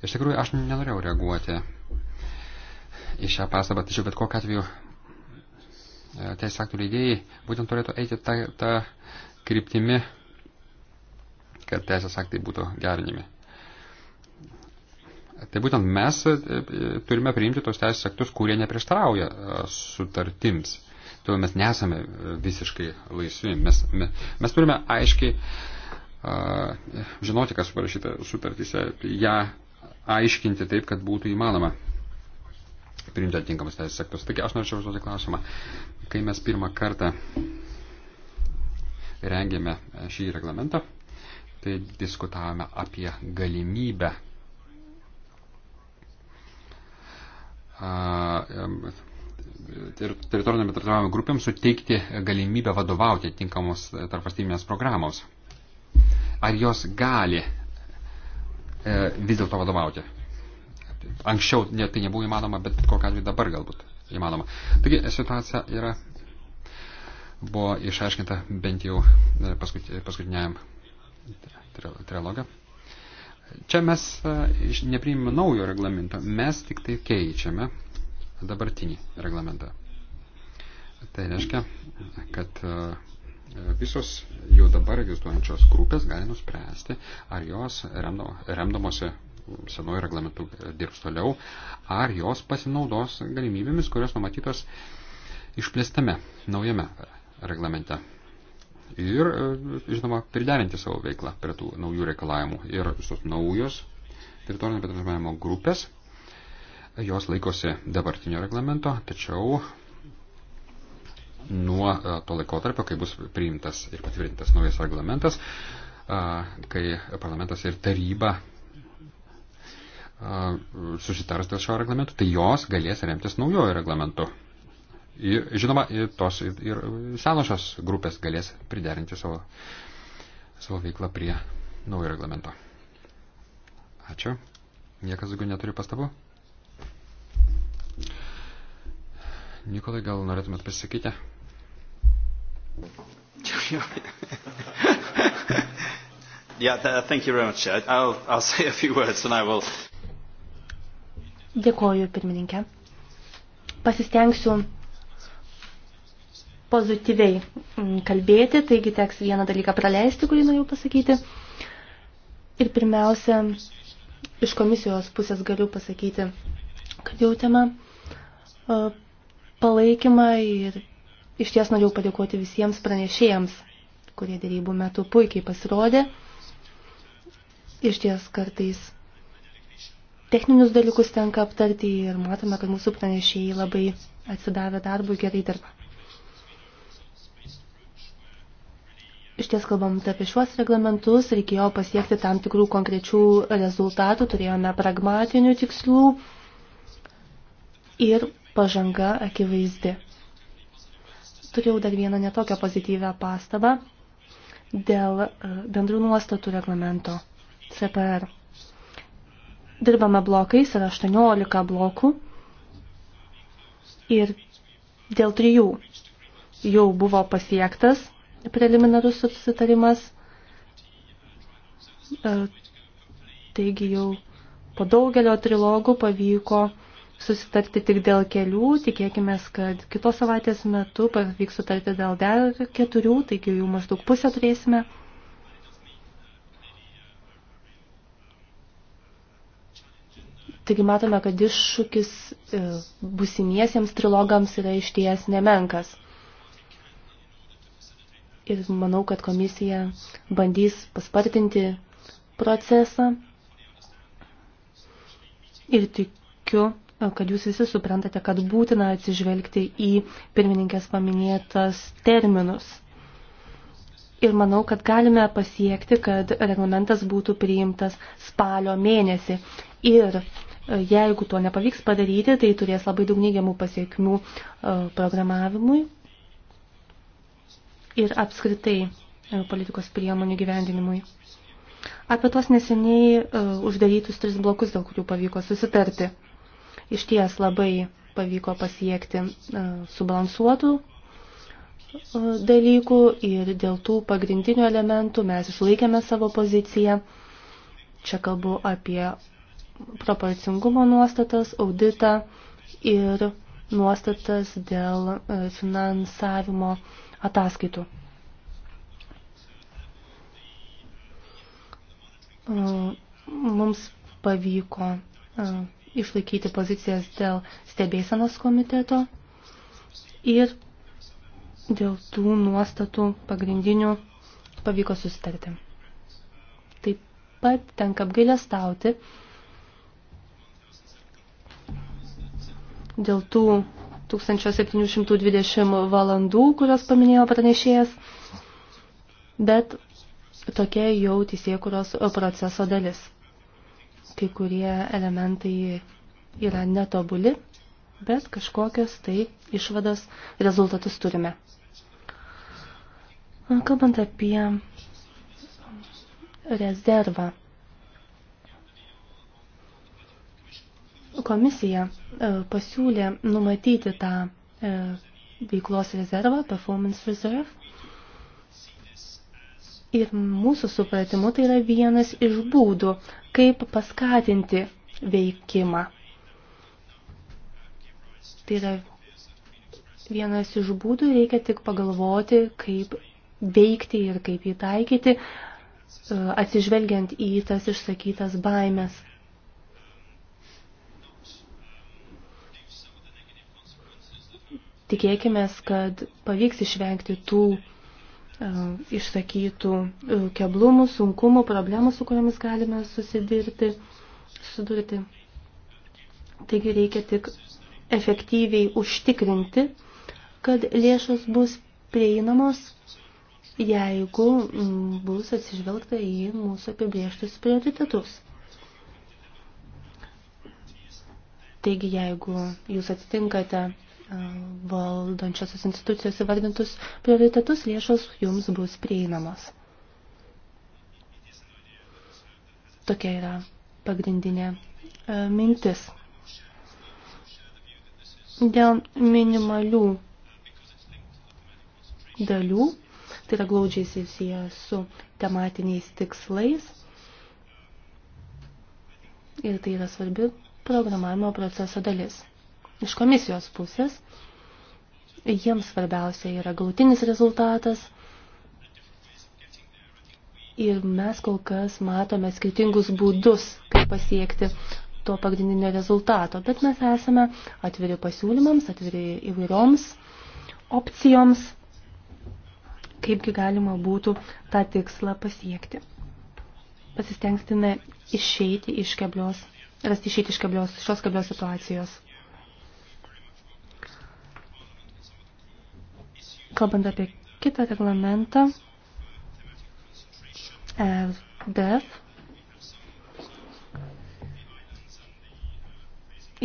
Speaker 3: Iš tikrųjų, aš nenorėjau reaguoti į šią pastabą, tačiau bet kokiu atveju e, teisės aktų leidėjai būtent turėtų eiti tą, tą kryptimį, kad teisės aktai būtų gerinimi. Tai būtent mes e, e, turime priimti tos teisės aktus, kurie neprieštarauja sutartims. Tai mes nesame visiškai laisvi. Mes, mes, mes turime aiškiai uh, žinoti, kas parašyta sutartyse, ją ja aiškinti taip, kad būtų įmanoma priimti atinkamus teisės aktus. Taigi aš norėčiau užduoti klausimą. Kai mes pirmą kartą rengėme šį reglamentą, tai diskutavome apie galimybę teritoriniam bendradarbiavimo grupėms suteikti galimybę vadovauti tinkamos tarpvalstybinės programos. Ar jos gali E, vis dėlto vadovauti. Anksčiau ne, tai nebuvo įmanoma, bet kokiu atveju dabar galbūt įmanoma. Taigi situacija yra, buvo išaiškinta bent jau e, paskutiniajam trilogą. Čia mes e, nepriimame naujo reglamento, mes tik tai keičiame dabartinį reglamentą. Tai reiškia, kad E, visos jau dabar egzistuojančios grupės gali nuspręsti, ar jos remdamosi senuoju reglamentu e, dirbs toliau, ar jos pasinaudos galimybėmis, kurios numatytos išplėstame naujame reglamente. Ir, e, žinoma, priderinti savo veiklą prie tų naujų reikalavimų. Ir visos naujos teritorinio bendradarbiavimo grupės, jos laikosi dabartinio reglamento, tačiau nuo e, to laikotarpio, kai bus priimtas ir patvirtintas naujas reglamentas, e, kai parlamentas ir taryba e, susitars dėl šio reglamento, tai jos galės remtis naujojo reglamentu. Ir, žinoma, ir tos ir, ir senosios grupės galės priderinti savo, savo veiklą prie naujo reglamento. Ačiū. Niekas daugiau neturi pastabų? Nikolai, gal norėtumėt pasakyti? [LAUGHS] yeah, thank you very much. I'll, I'll say a few words and I will.
Speaker 2: Dėkoju, pirmininkė. Pasistengsiu pozityviai mm, kalbėti, taigi teks vieną dalyką praleisti, kurį norėjau pasakyti. Ir pirmiausia, iš komisijos pusės galiu pasakyti, kad jautėme palaikymą ir iš ties norėjau padėkoti visiems pranešėjams, kurie dėrybų metu puikiai pasirodė. Iš ties kartais techninius dalykus tenka aptarti ir matome, kad mūsų pranešėjai labai atsidavę darbui gerai dirba. Iš ties kalbant apie šiuos reglamentus, reikėjo pasiekti tam tikrų konkrečių rezultatų, turėjome pragmatinių tikslų ir pažanga akivaizdi. Turėjau dar vieną netokią pozityvę pastabą dėl e, bendrų nuostatų reglamento CPR. Dirbame blokais, yra 18 blokų ir dėl trijų jau buvo pasiektas preliminarus susitarimas. E, taigi jau po daugelio trilogų pavyko susitarti tik dėl kelių, tikėkime, kad kitos savaitės metu pavyks sutarti dėl dar keturių, taigi jų maždaug pusę turėsime. Taigi matome, kad iššūkis e, busimiesiems trilogams yra išties nemenkas. Ir manau, kad komisija bandys paspartinti procesą. Ir tikiu, kad jūs visi suprantate, kad būtina atsižvelgti į pirmininkės paminėtas terminus. Ir manau, kad galime pasiekti, kad reglamentas būtų priimtas spalio mėnesį. Ir e, jeigu to nepavyks padaryti, tai turės labai daug neigiamų pasiekmių e, programavimui ir apskritai e, politikos priemonių gyvendinimui. Apie tos neseniai uždarytus tris blokus, dėl kurių pavyko susitarti. Iš ties labai pavyko pasiekti e, subalansuotų e, dalykų ir dėl tų pagrindinių elementų mes išlaikėme savo poziciją. Čia kalbu apie proporcingumo nuostatas, auditą ir nuostatas dėl e, finansavimo ataskaitų. Mums pavyko išlaikyti pozicijas dėl stebėsenos komiteto ir dėl tų nuostatų pagrindinių pavyko susitarti. Taip pat tenka apgailestauti dėl tų 1720 valandų, kurios paminėjo pranešėjas, bet tokia jau teisėkuros proceso dalis kai kurie elementai yra netobuli, bet kažkokios tai išvados rezultatus turime. Kalbant apie rezervą, komisija e, pasiūlė numatyti tą e, veiklos rezervą, performance reserve, Ir mūsų supratimu tai yra vienas iš būdų, kaip paskatinti veikimą. Tai yra vienas iš būdų, reikia tik pagalvoti, kaip veikti ir kaip jį taikyti, e, atsižvelgiant į tas išsakytas baimės. Tikėkime, kad pavyks išvengti tų E, išsakytų e, keblumų, sunkumų, problemų, su kuriamis galime susidirti, sudurti. Taigi reikia tik efektyviai užtikrinti, kad lėšos bus prieinamos, jeigu bus atsižvelgta į mūsų apibrieštus prioritetus. Taigi, jeigu jūs atitinkate E, valdančiosios institucijos įvardintus prioritetus, lėšos jums bus prieinamos. Tokia yra pagrindinė e, mintis. Dėl minimalių dalių, tai yra glaudžiai susiję su tematiniais tikslais, ir tai yra svarbi programavimo proceso dalis iš komisijos pusės. Jiems svarbiausia yra galutinis rezultatas. Ir mes kol kas matome skirtingus būdus, kaip pasiekti to pagrindinio rezultato. Bet mes esame atviri pasiūlymams, atviri įvairioms opcijoms, kaipgi galima būtų tą tikslą pasiekti. Pasistengsime išeiti iš keblios, rasti išeiti iš keblios, šios keblios situacijos. Kalbant apie kitą reglamentą, DEF,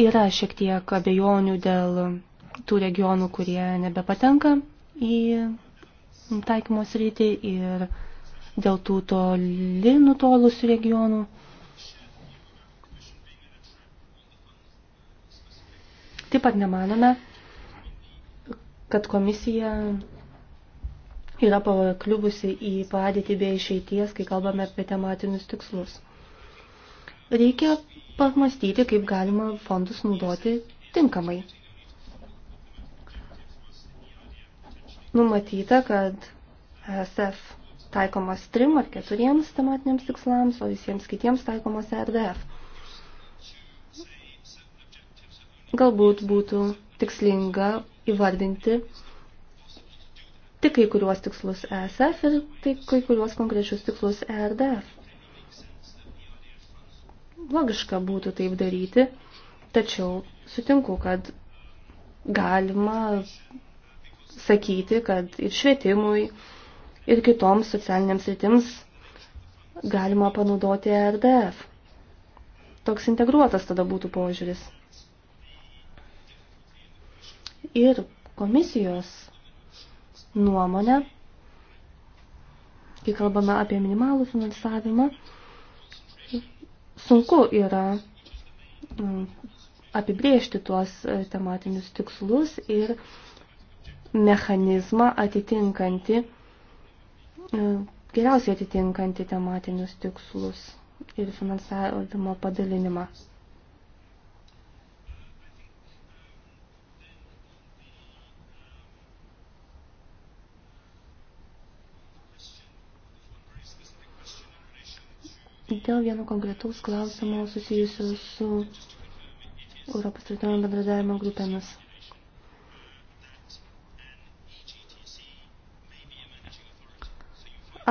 Speaker 2: yra šiek tiek abejonių dėl tų regionų, kurie nebepatenka į taikymo sritį ir dėl tų toli nutolusių regionų. Taip pat nemanome, kad komisija yra pakliuvusi į padėtį be išeities, kai kalbame apie tematinius tikslus. Reikia pamastyti, kaip galima fondus naudoti tinkamai. Numatyta, kad e SF taikomas trim ar keturiems tematiniams tikslams, o visiems kitiems taikomas e RDF. Galbūt būtų tikslinga įvardinti tik kai kuriuos tikslus ESF ir tik kai kuriuos konkrečius tikslus ERDF. Logiška būtų taip daryti, tačiau sutinku, kad galima sakyti, kad ir švietimui, ir kitoms socialiniams rytims galima panaudoti e RDF. Toks integruotas tada būtų požiūris ir komisijos nuomonę, kai kalbame apie minimalų finansavimą, sunku yra mm, apibrėžti tuos e, tematinius tikslus ir mechanizmą atitinkanti, e, geriausiai atitinkanti tematinius tikslus ir finansavimo padalinimą. dėl vieno konkretaus klausimo susijusio su Europos teritorinio bendradavimo grupėmis.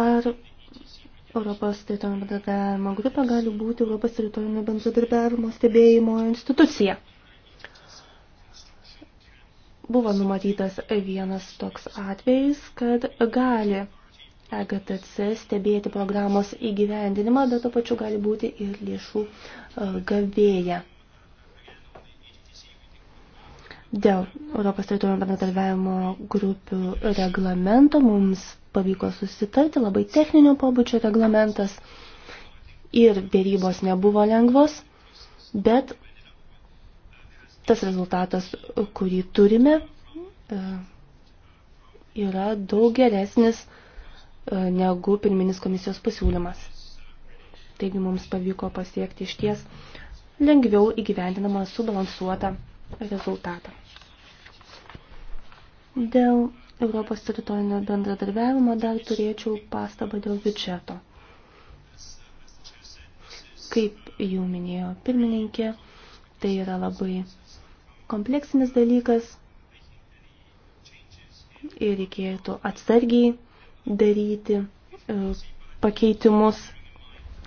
Speaker 2: Ar Europos teritorinio bendradarbiavimo grupė gali būti Europos teritorinio bendradarbiavimo stebėjimo institucija? Buvo numatytas vienas toks atvejis, kad gali EGTC stebėti programos įgyvendinimą, bet to pačiu gali būti ir lėšų e, gavėja. Dėl Europos teritorijų bendradarbiavimo grupių reglamento mums pavyko susitarti, labai techninio pobūdžio reglamentas ir dėrybos nebuvo lengvos, bet tas rezultatas, kurį turime, e, yra daug geresnis E, negu pirminis komisijos pasiūlymas. Taigi mums pavyko pasiekti išties lengviau įgyvendinamą subalansuotą rezultatą. Dėl Europos teritorinio bendradarbiavimo dar turėčiau pastabą dėl biudžeto. Kaip jau minėjo pirmininkė, tai yra labai kompleksinis dalykas ir reikėtų atsargiai daryti e, pakeitimus,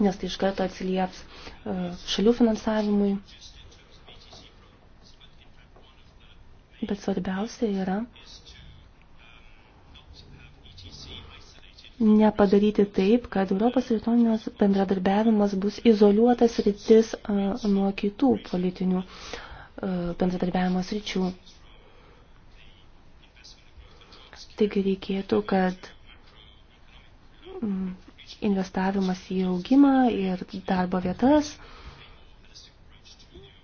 Speaker 2: nes tai iš karto atsilieps e, šalių finansavimui. Bet svarbiausia yra nepadaryti taip, kad Europos rytoninės bendradarbiavimas bus izoliuotas rytis e, nuo kitų politinių bendradarbiavimo sričių. Taigi reikėtų, kad investavimas į augimą ir darbo vietas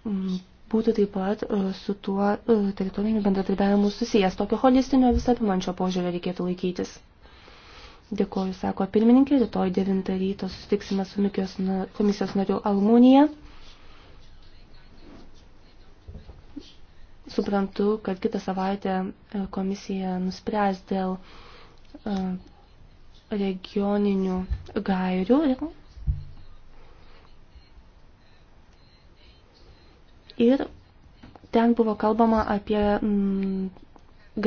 Speaker 2: būtų taip pat e, su tuo e, teritoriniu bendradarbiavimu susijęs. Tokio holistinio visapimančio požiūrio reikėtų laikytis. Dėkoju, sako pirmininkė, rytoj 9 ryto susitiksime su Mikijos komisijos nariu Almūnija. Suprantu, kad kitą savaitę e, komisija nuspręs dėl regioninių gairių ir ten buvo kalbama apie mm,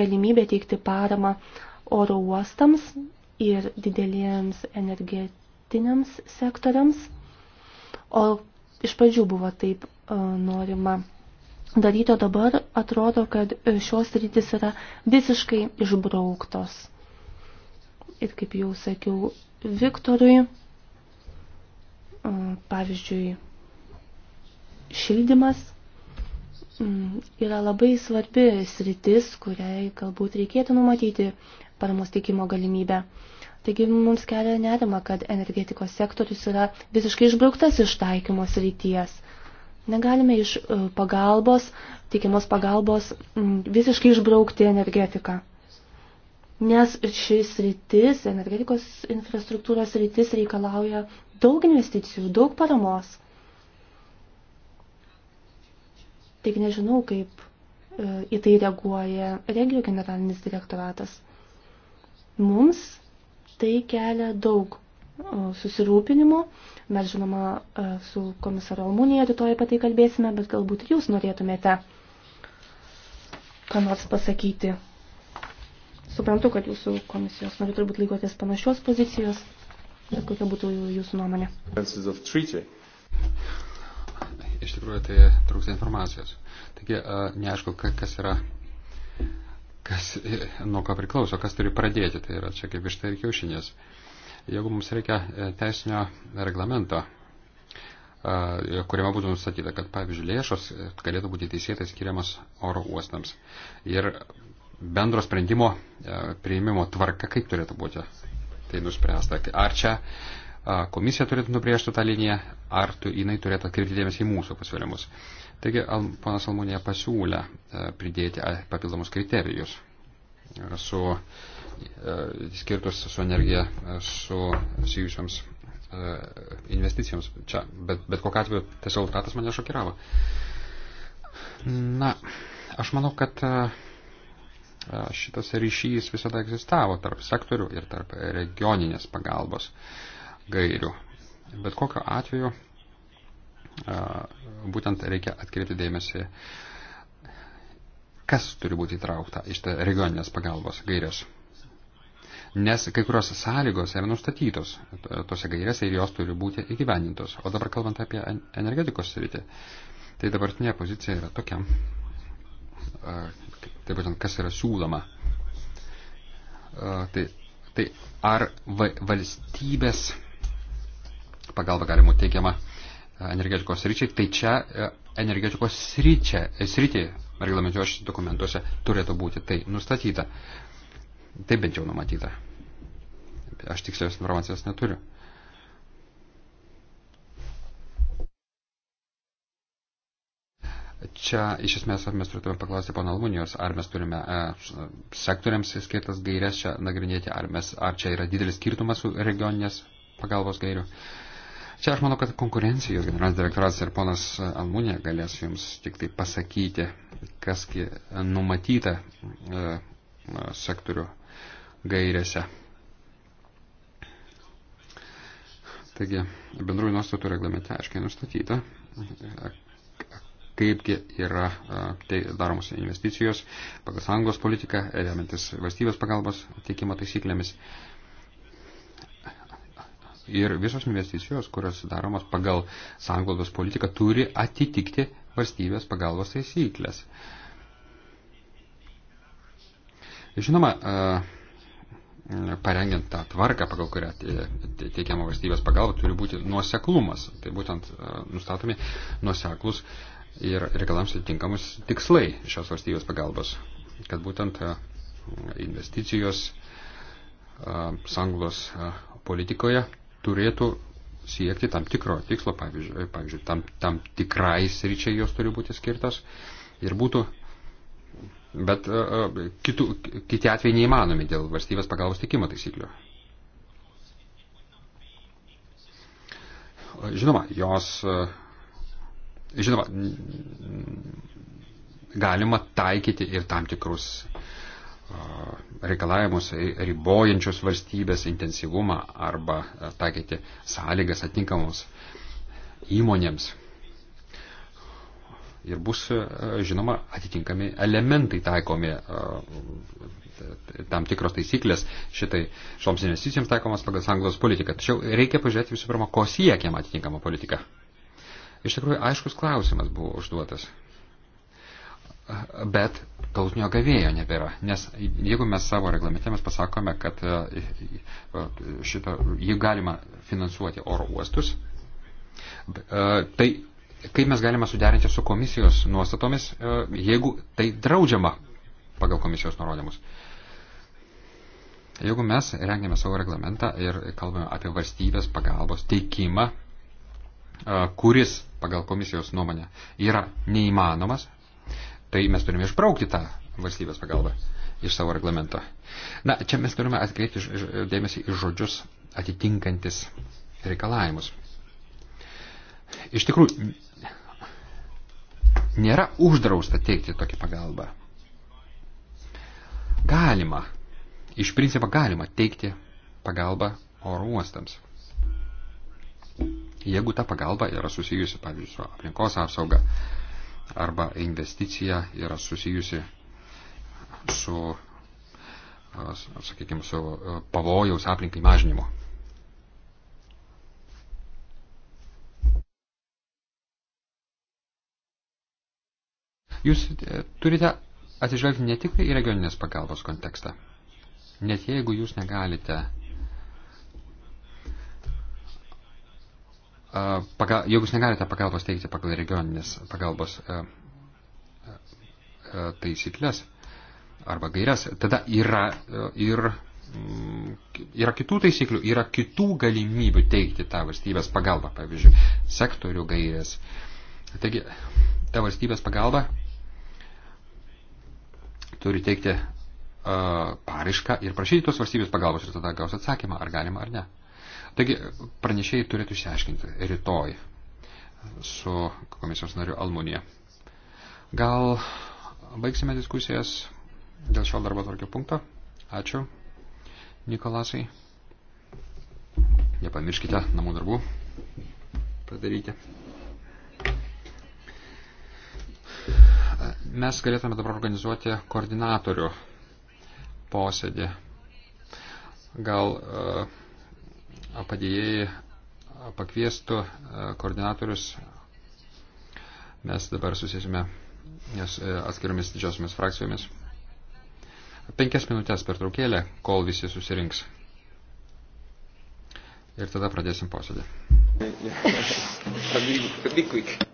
Speaker 2: galimybę teikti paramą oro uostams ir dideliems energetiniams sektoriams, o iš pradžių buvo taip e, norima daryti, o dabar atrodo, kad šios rytis yra visiškai išbrauktos ir kaip jau sakiau Viktorui, pavyzdžiui, šildymas yra labai svarbi sritis, kuriai galbūt reikėtų numatyti paramos teikimo galimybę. Taigi mums kelia nerima, kad energetikos sektorius yra visiškai išbrauktas iš taikymos ryties. Negalime iš e, pagalbos, teikiamos pagalbos visiškai išbraukti energetiką nes šis rytis, energetikos infrastruktūros rytis reikalauja daug investicijų, daug paramos. Tik nežinau, kaip e, į tai reaguoja regijų generalinis direktoratas. Mums tai kelia daug e, susirūpinimo. Mes, žinoma, e, su komisaro Almūnėje rytoj apie tai kalbėsime, bet galbūt jūs norėtumėte ką nors pasakyti Suprantu, kad jūsų komisijos narių turbūt laikotės panašios pozicijos. Kokia būtų jūsų nuomonė?
Speaker 3: Iš tikrųjų, tai trūksta informacijos. Taigi, neaišku, kas yra, kas, [LAUGHS] nuo ko priklauso, kas turi pradėti. Tai yra čia kaip višta ir kiaušinės. Jeigu mums reikia e, teisinio reglamento, kuriame būtų nustatyta, kad, pavyzdžiui, lėšos e, galėtų būti teisėtai skiriamas oro uostams. Ir bendro sprendimo e, prieimimo tvarka kaip turėtų būti. Tai nuspręsta. Ar čia e, komisija turėtų nubrėžti tą liniją, ar tu, jinai turėtų atkreipti dėmesį į mūsų pasiūlymus. Taigi, al, panas Almonė pasiūlė e, pridėti papildomus kriterijus su skirtus su energija, su susijusiams investicijoms čia, bet, bet kokia atveju tas rezultatas mane šokiravo. Na, aš manau, kad uh, šitas ryšys visada egzistavo tarp sektorių ir tarp regioninės pagalbos gairių. Bet kokiu atveju būtent reikia atkreipti dėmesį, kas turi būti įtraukta iš tą regioninės pagalbos gairios. Nes kai kurios sąlygos yra nustatytos tose gairėse ir jos turi būti įgyvenintos. O dabar kalbant apie energetikos sritį, tai dabartinė pozicija yra tokia, tai būtent kas yra siūloma. Tai, tai ar va, valstybės pagalba galima teikiama energetikos ryčiai, tai čia e, energetikos sričia, e, sritį reglamentuojančios dokumentuose turėtų būti tai nustatyta. Taip bent jau numatyta. Aš tikslios informacijos neturiu. Čia iš esmės mes turėtume paklausti pono Almunijos, ar mes turime e, e, sektoriams skirtas gairias čia nagrinėti, ar, mes, ar čia yra didelis skirtumas su regioninės pagalbos gairių. Čia aš manau, kad konkurencijos generalinis direktoras ir ponas Almunija galės jums tik tai pasakyti, kas numatyta e, e sektorių gairėse. Taigi, bendrųjų nuostatų reglamente aiškiai nustatyta, kaipgi yra tai daromos investicijos pagal sąjungos politiką, remiantis valstybės pagalbos teikimo taisyklėmis. Ir visos investicijos, kurios daromos pagal sąjungos politiką, turi atitikti valstybės pagalbos taisyklės. Žinoma, parengiant tą tvarką, pagal kurią teikiama valstybės pagalba, turi būti nuoseklumas. Tai būtent nustatomi nuoseklus ir reikalams atitinkamus tikslai šios valstybės pagalbos, kad būtent e, investicijos e, sanglos e, politikoje turėtų siekti tam tikro tikslo, pavyzdžiui, pavyzdžiui tam, tam tikrai sričiai jos turi būti skirtos ir būtų, bet kitų, kiti atvejai neįmanomi dėl valstybės pagalbos tikimo taisyklių. Žinoma, jos uh, Žinoma, galima taikyti ir tam tikrus reikalavimus e, ribojančius valstybės intensyvumą arba e, taikyti sąlygas atinkamos įmonėms. Ir bus, e, žinoma, atitinkami elementai taikomi, tam tikros taisyklės šitai šioms investicijoms taikomas pagal sanglos politiką. Tačiau reikia pažiūrėti visų pirma, ko siekiama atitinkama politika. Iš tikrųjų, aiškus klausimas buvo užduotas. Bet galutinio gavėjo nebėra, nes jeigu mes savo reglamente mes pasakome, kad e, šitą, jį galima finansuoti oro uostus, e, tai kaip mes galime suderinti su komisijos nuostatomis, e, jeigu tai draudžiama pagal komisijos nurodymus. Jeigu mes rengėme savo reglamentą ir kalbame apie valstybės pagalbos teikimą, kuris pagal komisijos nuomonę yra neįmanomas, tai mes turime išbraukti tą valstybės pagalbą iš savo reglamento. Na, čia mes turime atkreipti dėmesį į žodžius atitinkantis reikalavimus. Iš tikrųjų, nėra uždrausta teikti tokį pagalbą. Galima, iš principo galima teikti pagalbą oro uostams. Jeigu ta pagalba yra susijusi, pavyzdžiui, su aplinkos apsauga arba investicija yra susijusi su, sakykime, su pavojaus aplinkai mažinimu. Jūs e, turite atsižvelgti ne tik tai į regioninės pagalbos kontekstą. Net jeigu jūs negalite pagal, jeigu jūs negalite pagalbos teikti pagal regioninės pagalbos taisyklės arba gairias, tada yra ir mm, yra kitų taisyklių, yra kitų galimybių teikti tą valstybės pagalbą, pavyzdžiui, sektorių gairės. Taigi, ta valstybės pagalba turi teikti uh, paraišką ir prašyti tos valstybės pagalbos ir tada gaus atsakymą, ar galima ar ne. Uh, Taigi pranešėjai turėtų išsiaiškinti rytoj su komisijos nariu Almunija. Gal baigsime diskusijas dėl šio darbo tvarkio punkto. Ačiū, Nikolasai. Nepamirškite namų darbų padaryti. Mes galėtume dabar organizuoti koordinatorių posėdį. Gal uh, padėjėjai pakviestų e, koordinatorius. Mes dabar susėsime e, atskiromis didžiosiomis frakcijomis. Penkias minutės per traukėlę, kol visi susirinks. Ir tada pradėsim posėdį. Yeah, [LAUGHS] yeah.